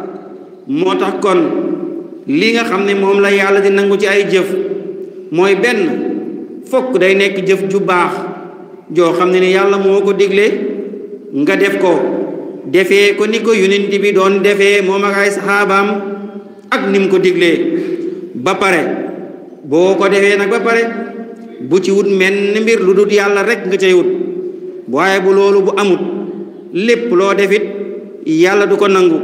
moo tax kon li nga xam ne moom la yàlla di nangu ci ay jëf mooy benn fokk day nekk jëf ju baax joo xam ne ni yàlla moo ko digle nga def ko defee ko ni ko yonent doon defee moom ak ay saxaabaam ak ni mu ko diglee ba pare boo ko defee nag ba pare bu ci wut menn mbir lu dul yàlla rek nga cay wut waaye bu loolu bu amut lépp loo defit yàlla du ko nangu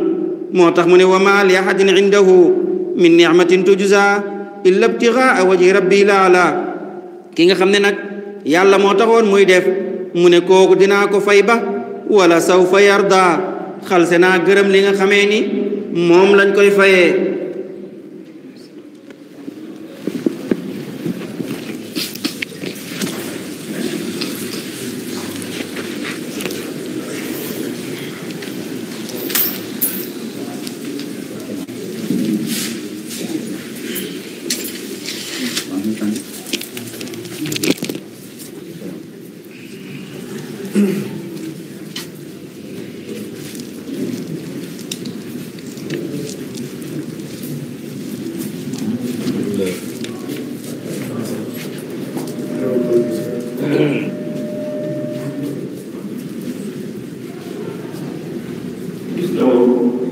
moo tax mu ne wa maa li ahadin indahu min nicmatin tujza illa ibtigaa wajhi rabbi laala ki nga xam ne nag yàlla moo taxoon muy def mu ne kooku dinaa ko fay ba wala sawfa yarda xal xalsé naa gërëm li nga xamee ni moom lañ koy faye No.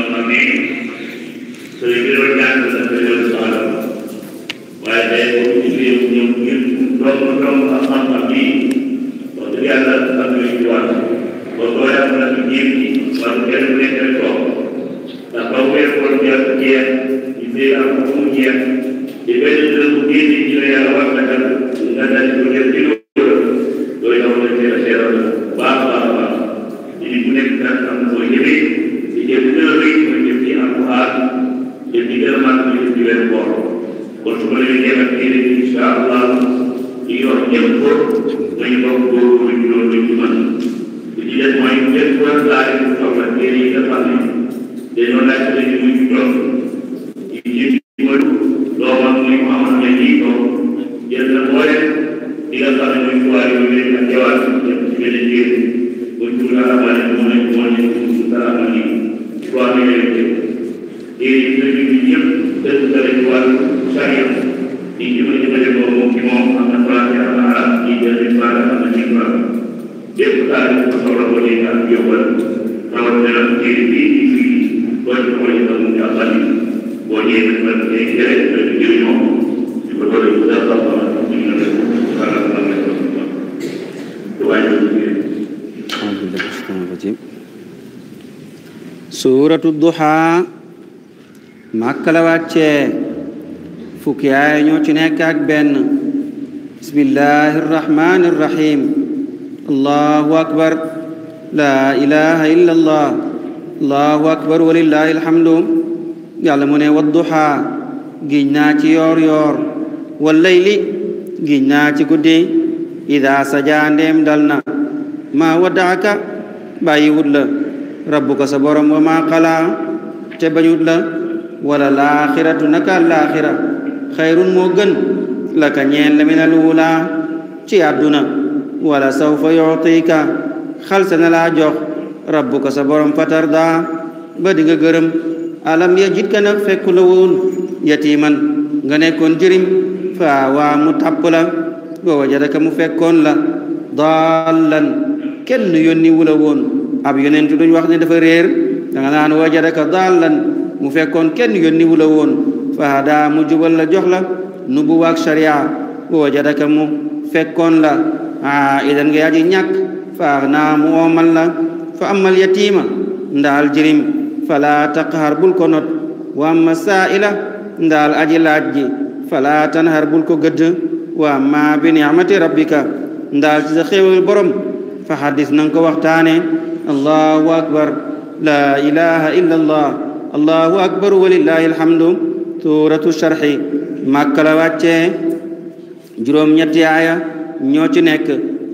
kalawaat cee fukki aaya ñoo ci nekk ak benn bismillahi irrahmani irrahim allahu akbar laa ilaha illa allah allahu akbar walillahi alhamdu yàlla mu ne wadduhaa giñ naa ci yoor yoor wallayli giñ naa ci guddi ida sajaa ndeem dal na maa waddaaka bàyyiwut la rabbuka sa borom wa maa xalaa te bañut la ولا الآخرة نك الآخرة خير موجن لك نيل من الأولى تي عبدنا ولا سوف يعطيك خلصنا لا جوخ ربك صبرا فترضى بدك غرم ألم يجدك نفك لون يتيما غنيكون جريم فاوى متقلا ووجدك مفكون لا ضالا كن يوني ولوون وون اب يونين تدون واخني دا فا رير دا نان وجدك ضالا mu fekkoon kenn yónni wu la woon fa hadaa mu jubal la jox la nubuwa ak sharia wa wajadaka mu fekkoon la a idan nga yaji ñàkk fa aghnaa mu oomal la fa amal yatiima ndaal jirim fala taqhar bul ko not wa amma saa'ila ndaal aji laaj ji fala tanhar bul ko gëdd wa amma bi ni'mati rabbika ndaal ci sa xéewal borom fa xaddis nang ko waxtaane allahu akbar la ilaha illa allah الله أكبر ولله الحمد سورة الشرح مكة لواتي جروم نيتي آية نيوتي نيك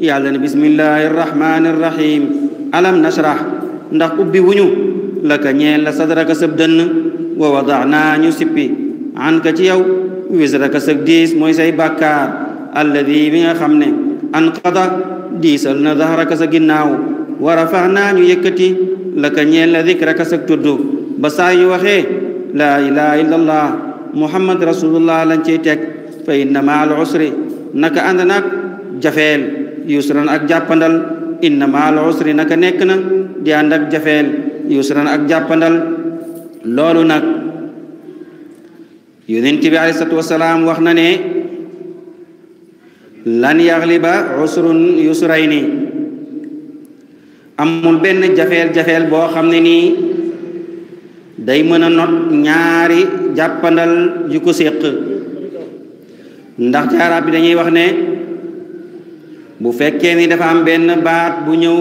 يعلن بسم الله الرحمن الرحيم ألم نشرح ndax ubbi wuñu la ka ñeel la sadraka sab dënn wa wadaana ñu sippi an ka ci yow wisraka sag diis mooy say bàkkaar alladi bi nga xam ne an qada diisal na dahraka sa ginnaaw wa rafaxnaa ñu yëkkati la ka ñeel la dikraka sag tudd ba saa yu waxee laa ilaha muhammad rasulullah lañ ciy teg fa inna ma al usri naka ànd nag jafeel yusran ak jàppandal inna ma al usri naka nekk na di ànd ak jafeel yusran ak jàppandal loolu nag yonent bi alayhi salaatu wax na ne lan yaxliba usrun yusrayni amul benn jafeel jafeel boo xam ne day mën a not ñaari jàppandal yu ko séq ndax ci bi dañuy wax ne bu fekkee ni dafa am benn baat bu ñëw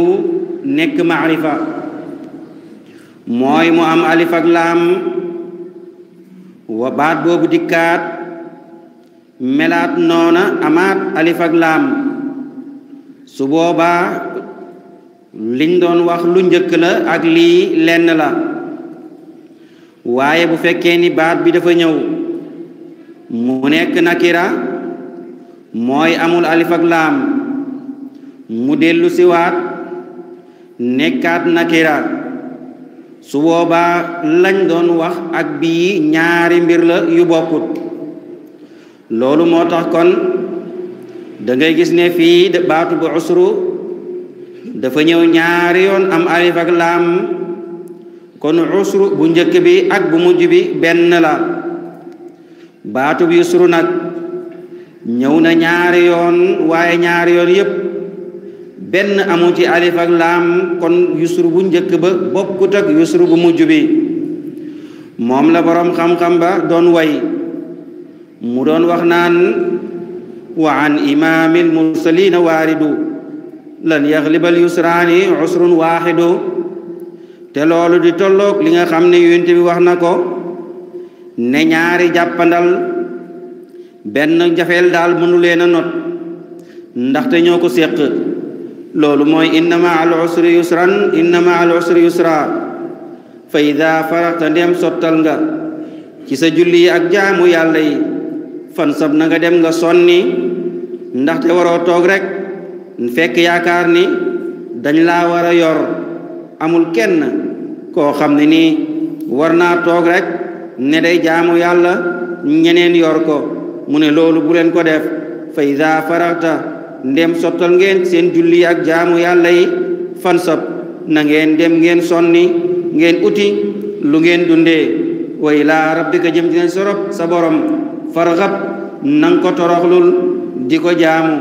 nekk maarifa mooy mu am alif ak laam wa baat boobu dikkaat melaat noona amaat alif ak laam su boobaa liñ doon wax lu njëkk la ak lii lenn la waaye bu fekkee ni baat bi dafa ñëw mu nekk nakira mooy amul alif ak laam mu dellu siwaat nekkaat nakira su boobaa lañ doon wax ak bii ñaari mbir la yu bokkut loolu moo tax kon da ngay gis ne fii baatu bu usru dafa ñëw ñaari yoon am alif ak laam kon usru bu njëkk bi ak bu mujj bi benn la baatub yusru nag ñëw na ñaari waaye ñaari yoon yépp benn amu ci alif ak laam kon yusru bu njëkk ba bokkut ak yusru bu mujj bi moom la boroom xam-xam ba doon way mu doon wax naan wa an imaamil mursaliina waaridu lan yaxlibal yusraani usrun waaxidu te loolu di tolloog li nga xam ne yonent bi wax na ko ne ñaari jàppandal benn jafeel daal mënu leen a not ndaxte ñoo ko séq loolu mooy inna ma al usri yusran inna ma al usri yusra fa ida faraxta ndem sottal nga ci sa julli yi ak jaamu yàlla yi fan sab na nga dem nga sonni ndaxte waroo toog rek fekk yaakaar ni dañ la war a yor amul kenn koo xam ne warna war naa toog rek ne day jaamu yàlla ñeneen yor ko mu ne loolu bu leen ko def fa ida faraxta ndem sottal ngeen seen julli ak jaamu yi fan sab na ngeen dem ngeen sonni ngeen uti lu ngeen dundee wa ilaa rabbika jëm dina sorob sa borom nang ko toroxlul di ko jaamu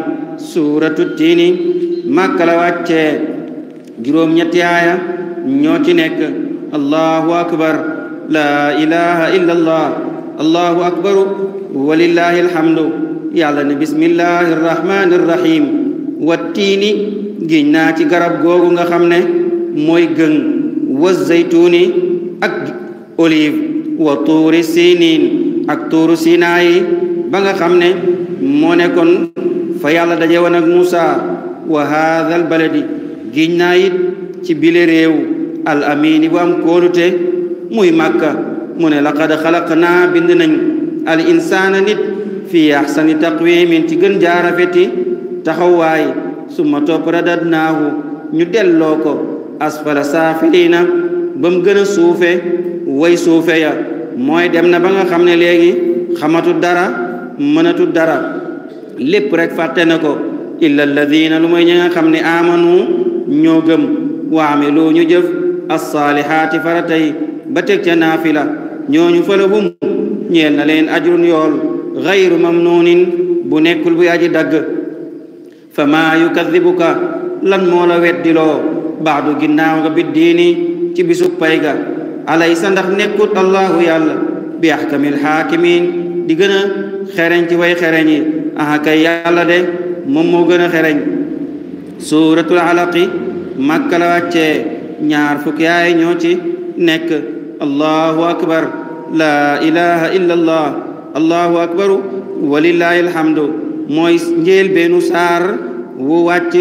suratu tini màkka la wàccee ñetti ñoo ci nekk الله أكبر لا إله إلا الله الله أكبر ولله الحمد يعلن بسم الله الرحمن الرحيم والتين جناتي غرب غوغو nga xamne moy gën wa zaytuni ak olive wa turi sinin ak turu sinayi ba nga xamne mo nekkon fa yalla dajé won ak Musa wa hadha al baladi gignayit ci bile rew al amini bu am kóolute muy màkka mu ne laqad xalaqnaa bind nañ al insaana nit fii axsani taqwimin ci gën jaarafeti taxawaay summa topp radadnaahu ñu delloo ko asfala na ba mu gën a suufe way suufe ya mooy dem na ba nga xam ne léegi xamatu dara mënatu dara lépp rek fàtte na ko illa alladina lu mooy ñi xam ne amanu ñoo gëm waamilu ñu jëf alsaalihaati farata yi ba teg ca naafila ñooñu fële hum ñeel na leen ajrun yool xayru mamnuunin bu nekkul bu aji dagg fa maa yukadibuka lan moo weddiloo baadu ginnaaw nga biddiini ci bisub pay ga alaysa ndax nekkut allahu yàlla bi axkamil xaakimiin di gën a xereñ ci way xereñ yi kay yàlla de moom moo gën a xereñ suuratul alaqi makka la wàccee ñaar fukki aay ñoo ci nekk allahu akbar la ilaha illa allah allahu akbaru walillahi alhamdu moy ñeel beenu sar wu wàcc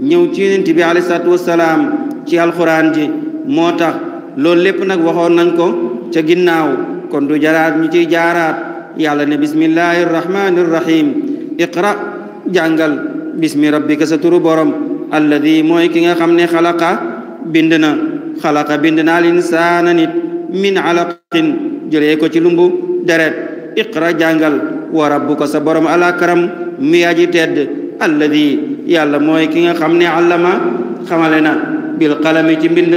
ñëw ci yonent bi alayhi salatu wassalam ci alquran ji motax lol lépp nak waxoon nañ ko ci ginnaw kon du jaraat ñu ci jaraat yàlla ne bismillahir rahmanir rahim iqra jàngal bismi rabbika saturu borom alladhi moy ki nga xamne khalaqa bind na xalaqa bind na al insaana nit min alaqin jëlee ko ci lumbu deret iqra jàngal wa rabbuka sa borom alakram mi aji tedd alladi yàlla mooy ki nga xam ne allama xamale na bil qalami ci mbind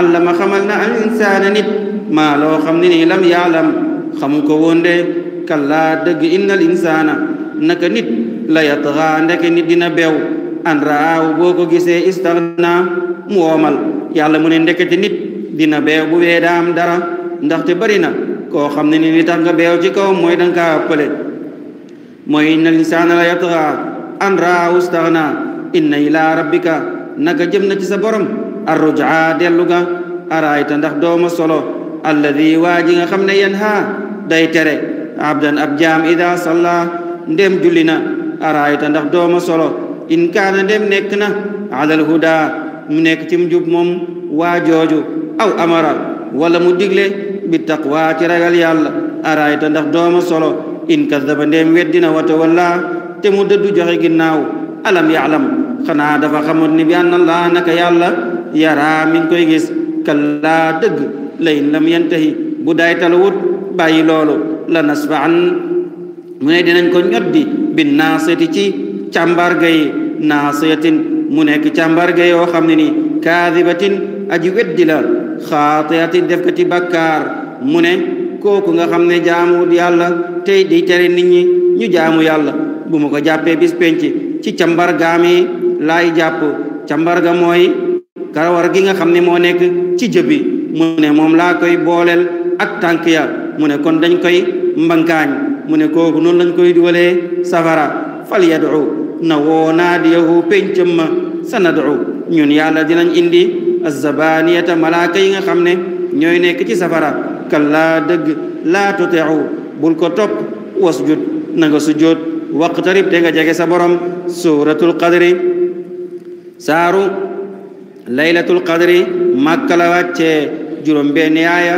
allama xamal na al insaana nit maa loo xam ne nii lam yaalam xamu ko woon de kallaa dëgg inna al insaana naka nit la yatgaa ndeke nit dina beew an raaw boo istana gisee ya mu woomal yàlla mu ne ndekete nit dina beew bu weedaam dara ndaxte bari na koo xam ne ni li tax nga beew ci kaw mooy danga kaa ëppale mooy inna lisaana la yatga an raaw istaxna inna ila rabbika naka jëm na ci sa borom arrujaa dellu ga araayta ndax dooma solo alladi waa nga xam ne yan day tere abdan ab jaam ida salla ndem julli na araayta ndax dooma solo in kaana dem nekk na alal huda mu nekk ci mu jub moom waa jooju aw amara wala mu digle bi taqwa ci ragal yàlla araayta ndax dooma solo in kadaba ndeem weddina wa tawalla te mu dëddu joxe ginnaaw alam yaalam xanaa dafa xamut ni bi anna laa naka yàlla yaraa mi ngi koy gis kallaa dëgg layin lam yantahi bu daytala wut bàyyi loolu la nasfaan mu ne dinañ ko ñoddi bi naasati ci càmbargay naasiyatin mu nekk càmbarga yoo xam ne ni kaadibatin aji weddi la xaatiyatin defkati bàkkaar mu ne kooku nga xam ne jaamu yàlla tey di tere nit ñi ñu jaamu yàlla bu ma ko jàppee bis penc ci càmbargaam yi laay jàpp càmbarga mooy karawar gi nga xam ne moo nekk ci jëbi mu ne moom laa koy booleel ak tànk ya mu ne kon dañ koy mbankaañ mu ne kooku noonu lañ koy duwalee safara fal yadu na woo naadiyahu péncam ma sa nad'u ñun yàlla dinañ indi azzabaaniyata malaaka yi nga xam ne ñooy nekk ci safara kallaa dëgg laa tuteexu bul ko topp wasjud na nga sujjóot waqtarib nga jege sa borom suuratul qadri saaru laylatul qadri màkka la wàccee juróom benn aaya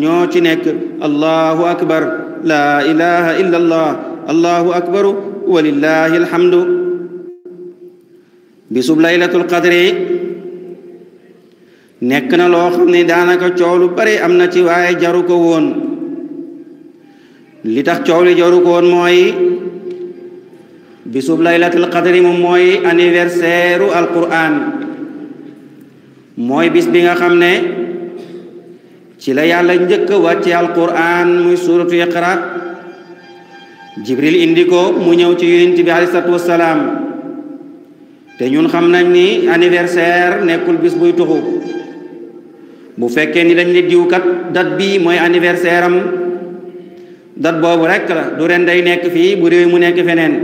ñoo ci nekk allahu akbar laa ilaha illa allah allahu akbaru walillahi alhamdu bisub laylatul qadri nekk na loo xam ne daanaka coow lu bare am na ci waaye jaru ko woon li tax coow li jaru ko woon mooy bisub laylatul qadri moom mooy anniversaire u mooy bis bi nga xam ne ci la yàlla njëkk wàcce alquran muy suratu iqra jibril indi ko mu ñëw ci yonent bi alayhi salaatu wassalaam te ñun xam nañ ni anniversaire nekkul bis buy tuxu bu fekkee ni dañ ne diwkat date bii mooy anniversaire dat boobu rekk la du ren day nekk fii bu réew mu nekk feneen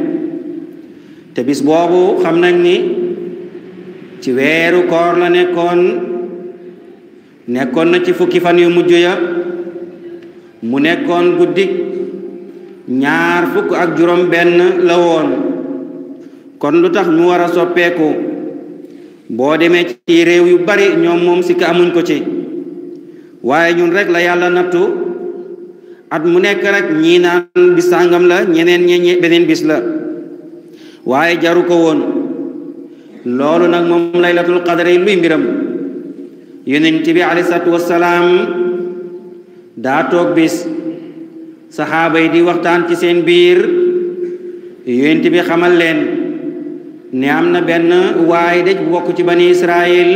te bis boobu xam nañ ni ci weeru koor la nekkoon nekkoon na ci fukki fan yu mujj ya mu nekkoon guddik ñaar fukk ak juróom benn la woon kon lu tax mu war a soppeeku boo demee ci réew yu bari ñoom moom sikk amuñ ko ci waaye ñun rek la yàlla nattu at mu nekk rek ñii naan bis la ñeneen ñe beneen bis la waaye jaru ko woon loolu nag moom laylatul qadar yi luy mbiram yonent bi alayhi salaatu daa toog bis saxaaba yi di waxtaan ci seen biir yonent bi xamal leen ne am na benn waay de bokk ci bani Israël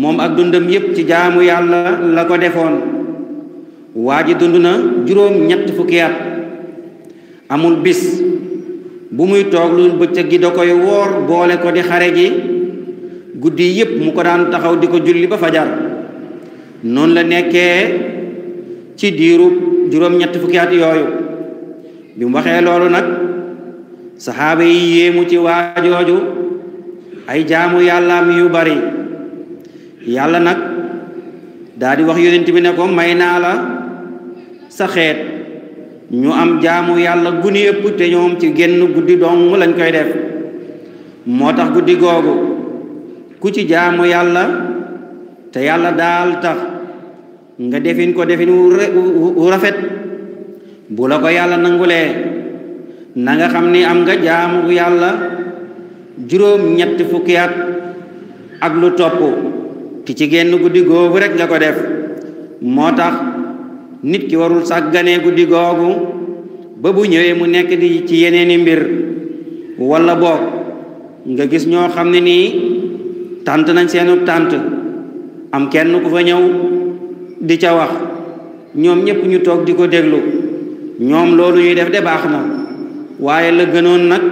moom ak dundam yépp ci jaamu yàlla la ko defoon waa ji dund na juróom ñett fukki at amul bis bu muy toog lu bëccëg gi da koy woor boole ko di xare gi guddi yépp mu ko daan taxaw di ko julli ba fajar noonu la nekkee ci diirub juróom-ñett fukki at yooyu bi mu waxee loolu nag saxaaba yi yéemu ci waajooju ay jaamu yàllaam yu bari yàlla nag daa wax yonent bi ne ko may naa la sa ñu am jaamu yàlla guni yëpp te ñoom ci génn guddi dong lañ koy def moo tax guddi googu ku ci jaamu yàlla te yàlla daal tax nga defin ko defin wu rafet bu la ko yàlla nangulee na nga xam ni am nga jaamu bu yàlla juróom ñetti fukki ak lu topp ki ci genn guddi googu rek nga ko def moo tax nit ki warul sàgganee guddi googu ba bu ñëwee mu nekk di ci yeneeni mbir wala boog nga gis ñoo xam ne nii tànt nañ seenu tànt am kenn ku fa ñëw di ca wax ñoom ñépp ñu toog di ko déglu ñoom loolu ñuy def de baax na waaye la gënoon nag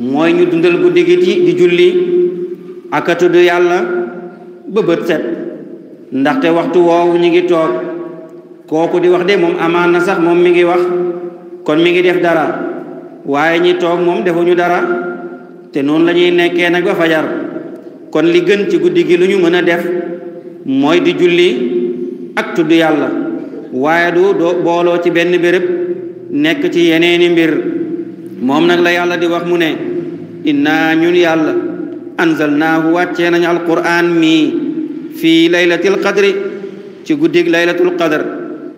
mooy ñu dundal guddi gi ci di julli ak a tudd yàlla bëbët set ndaxte waxtu woowu ñu ngi toog kooku di wax de moom amaan na sax moom mi ngi wax kon mi ngi def dara waaye ñi toog moom defuñu dara te noonu lañuy ñuy nekkee nag ba fajar kon li gën ci guddi gi lu ñu mën a def mooy di julli ak tudd yàlla waaye du booloo ci benn béréb nekk ci yeneeni mbir moom nag la yàlla di wax mu ne inna ñun yàlla anzalnaahu wàccee nañu alquran mii fii laylatil qadri ci guddig laylatul qadr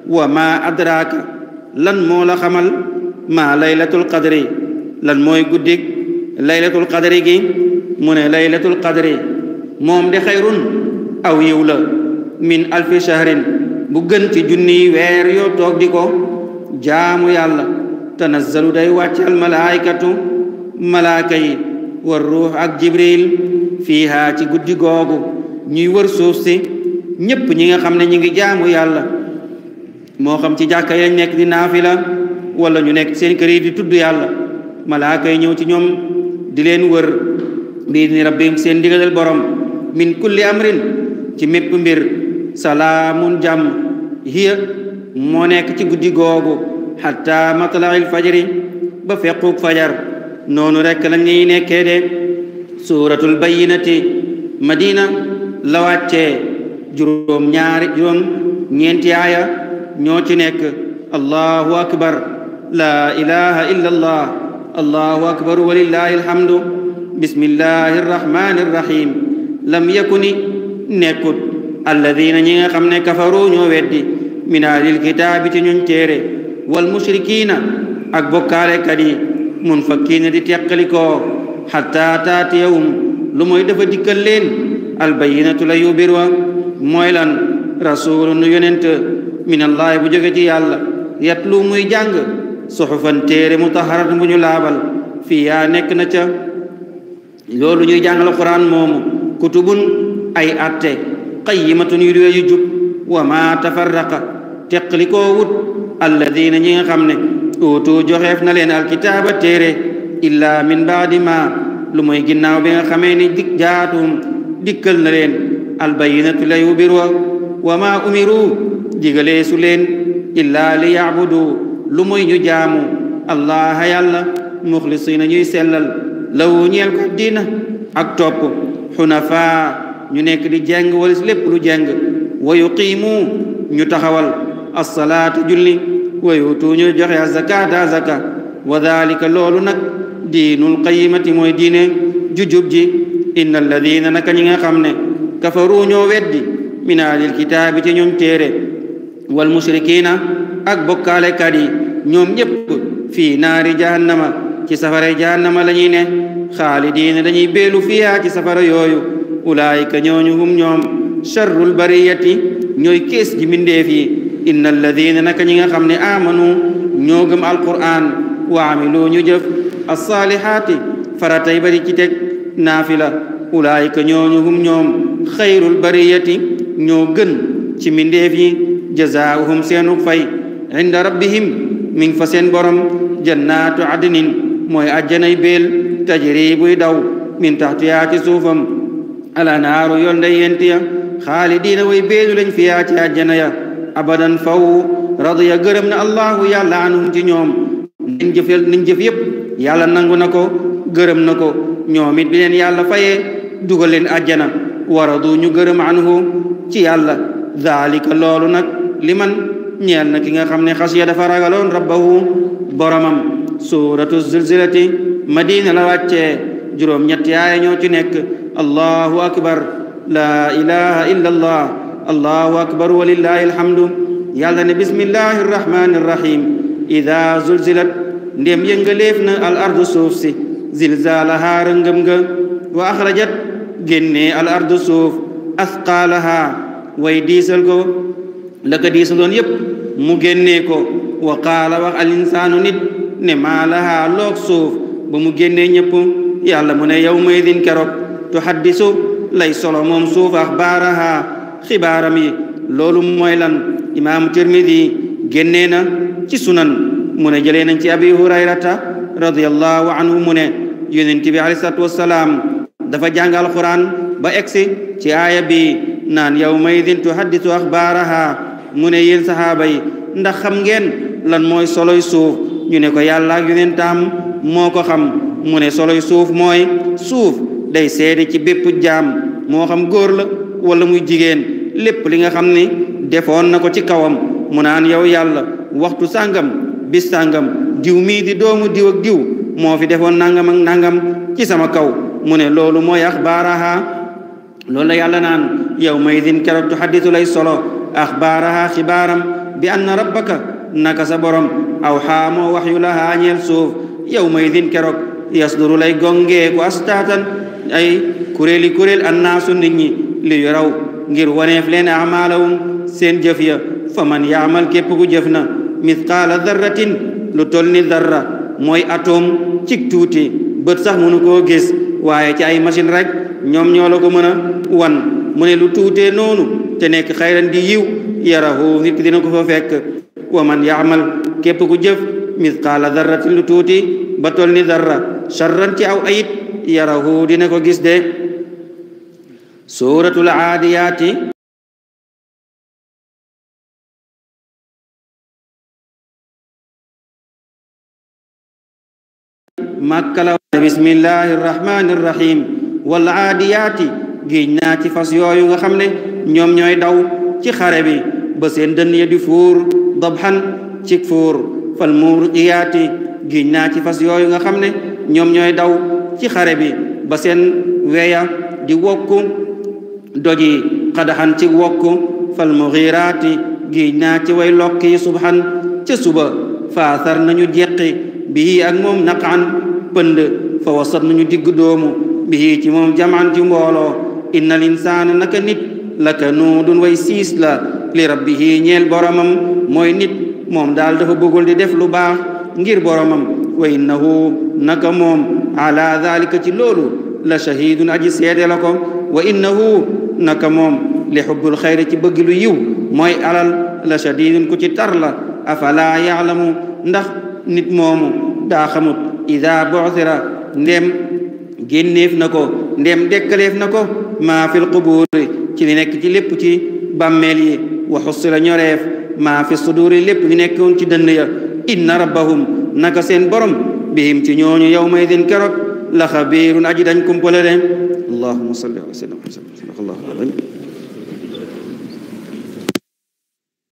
wa maa adraaka lan moo la xamal maa laylatul qadri lan mooy guddig laylatul qadri gi mu ne laylatul qadri moom de xayrun aw yiw min alfi shahrin bu gën ci junniy weer yoo toog di ko jaamu yàlla tanazzalu day wàccal malaayikatu malaaka yi war ruux ak jibril fiiha ci guddi googu ñuy wër suuf si ñépp ñi nga xam ne ñi ngi jaamu yàlla moo xam ci jàkka yañ nekk di naafila wala ñu nekk seen kër di tudd yàlla malaaka yi ñëw ci ñoom di leen wër bi idni rabbihim seen ndigalal borom min kulli amrin ci mépp mbir salaamun jàmm hiya moo nekk ci guddi googu xatta matla'il fajri ba fequk fajar noonu rek la ñuy nekkee de suuratul bayyinati madina la wàccee juróom ñaari juróom ñeenti ñoo ci nekk allahu akbar laa ilaha illa allah allahu akbar walillahi alhamdu bismillahi arrahmani arrahim lam yakuni nekkut alladina ñi nga xam ne kafaru ñoo weddi min ahlil kitaabi ci ñun téere wal mushrikiina ak bokkaalekat yi mun fakkiina di teqalikoo xataa taatiyahum lu mooy dafa dikkal leen albayinatu la yubir wa mooy lan rasulun yonent min allahi bu jóge ci yàlla lu muy jàng suxufan téere mutaharat bu laabal fii yaa nekk na ca loolu ñuy jàngal quran moomu kutubun ay atte qayimatun yu yooyu jub wa ma tafarraqa teqli koo wut alladina ñi nga xam ne utu joxeef na leen alkitaaba téere illaa min baadi ma lu mooy ginnaaw bi nga xamee ni dikkal na leen albayinatu layu bir wa wa ma umiru digaleesu leen illaa li yaabudu lu mooy jaamu allah yàlla muxlisina ñuy sellal lawu ñeel ko diina ak xunafaa ñu nekk di jàng walis lépp lu jàng wa yuqiimu ñu taxawal assalaata julli wa yuutu ñu joxe azakaata azaka wa dalika loolu nag diinul qayimati mooy diine jujub ji inna alladina naka ñi nga xam ne kafaru ñoo weddi min ahlil kitaabi ci ñoom téere wal mushrikina ak bokkaalekat yi ñoom ñépp fii naari jahannama ci safara jahannama la ñuy ne xaalidiina dañuy beelu fiyaa ci safara yooyu ulaayika ñooñu hum ñoom charrul bariyati ñooy kees ji mbindéef yi inna alladina naka ñi nga xam ne aamanu ñoo gëm alquran wa amilu ñu jëf alsaalihaati faratay bari ci teg naafila ulaayika ñooñu hum ñoom xayrul bariyati ñoo gën ci mbindéef yi jazaahum seenu fay inda rabbihim mi ngi fa seen borom jannaatu adnin mooy ajjanay béel tajri daw min taxtiyaa suufam alanaaru yolnde yenti ya xaalidiina way beedu lañ fiyaa ci àjjana ya abadan faw radiya gërëm na allahu yàlla anhum ci ñoom niñ jëf yëpp yàlla nangu na ko gërëm na ko ñoomit it bi leen yàlla fayee dugal leen àjjana waradu ñu gërëm anhu ci yàlla daalika loolu nag li man ñeel ki nga xam ne xas dafa ragaloon rabbahu boromam suuratu zilzilati madina la wàccee juróom ñett ñoo ci nekk الله أكبر لا إله إلا الله الله أكبر ولله الحمد يالنا بسم الله الرحمن الرحيم إذا زلزلت ndem yëngaleefna al ardu suuf si zilzaalaha rëngëm-nga wa axrajat génnee al ardu suuf asqaalaha way diisal ko la ko diisaloon yépp mu génnee ko wa qaala wax al insaanu nit ne maa lahaa loog suuf ba mu génnee ñëpp yàlla mu ne yow maydin keroog tuhaddisu lay solo moom suuf axbaaraha xibaaram yi loolu mooy lan imaamu tirmidi génnee na ci sunan mu ne jëlee nañ ci abi hurayrata radiallahu anhu mu ne yonent bi alayhi salaatu wassalaam dafa jàng alquran ba egsi ci aaya bi naan yawma idin tuhaddisu axbaaraha mu ne yéen sahaaba yi ndax xam ngeen lan mooy soloy suuf ñu ne ko yàlla ak yonentam moo ko xam mu ne soloy suuf mooy suuf day seede ci jam jaam moo xam góor la wala muy jigéen lépp li nga xam ni defoon na ko ci kawam mu yow waxtu bis sàngam diw mii di doomu diw ak diw moo fi defoon nangam ak nangam ci sama kaw mu ne loolu la yow may din keroog tu lay solo akhbaraha kibaram bi anna rabbaka naka sa borom aw xaamoo waxyu lahaa ñeel suuf yow may din keroog yasduru lay gongee ko ay kuréeli kuréel annaasu nit ñi li raw ngir waneef leen amaalawum seen jëf ya fa man yaamal képp ku jëf na mithqaala darratin lu tol ni darra mooy atoom cig tuuti bët sax mënu koo gis waaye ci ay machine rek ñoom ñoo la ko mën a wan mu ne lu tuutee noonu te nekk xayran di yiw yarahu nit ki dina ko fa fekk wa man yaamal képp ku jëf mithqaala darratin lu tuuti ba tol ni darra charran aw ayib yarahu dina ko gis de suuratul aadiyaati màkkala bismillahi irrahmani irrahim wal aadiyaati géej naa ci fas yooyu nga xam ne ñoom ñooy daw ci xare bi ba seen dënn ya di fuur dabxan ci fuur fal muriyaati géej naa fas yooyu nga xam ne ñoom ñooy daw ci xare bi ba seen weya di wokku doji xadaxan ci wokk fal mughiraati géej naa ci way lokk yi ca suba faasar nañu jeqi bii ak moom naqan pënd fa wasat nañu digg doomu bii ci moom jamaan ci mbooloo innal insaana naka nit laka nuudun way siis la li rabbihi ñeel boromam mooy nit moom daal dafa bëggul di def lu baax ngir boromam wa innahu نك على ذلك تي لولو لا شهيد اجي سيدي لكم وانه نك لحب الخير تي يو موي علال لا شديد كو تي تارلا افلا يعلم ندخ نيت موم دا خمت اذا بعثر نيم جنيف نكو نيم دكليف نكو ما في القبور تي نيك تي ليب تي باميل يي وحصل نيوريف ما في الصدور ليب نيكون تي دنيا ان ربهم نك سين بروم بهم تنيون يومئذ كرب لخبير أجدن كم بلدين اللهم صل وسلم وسلم الله عليه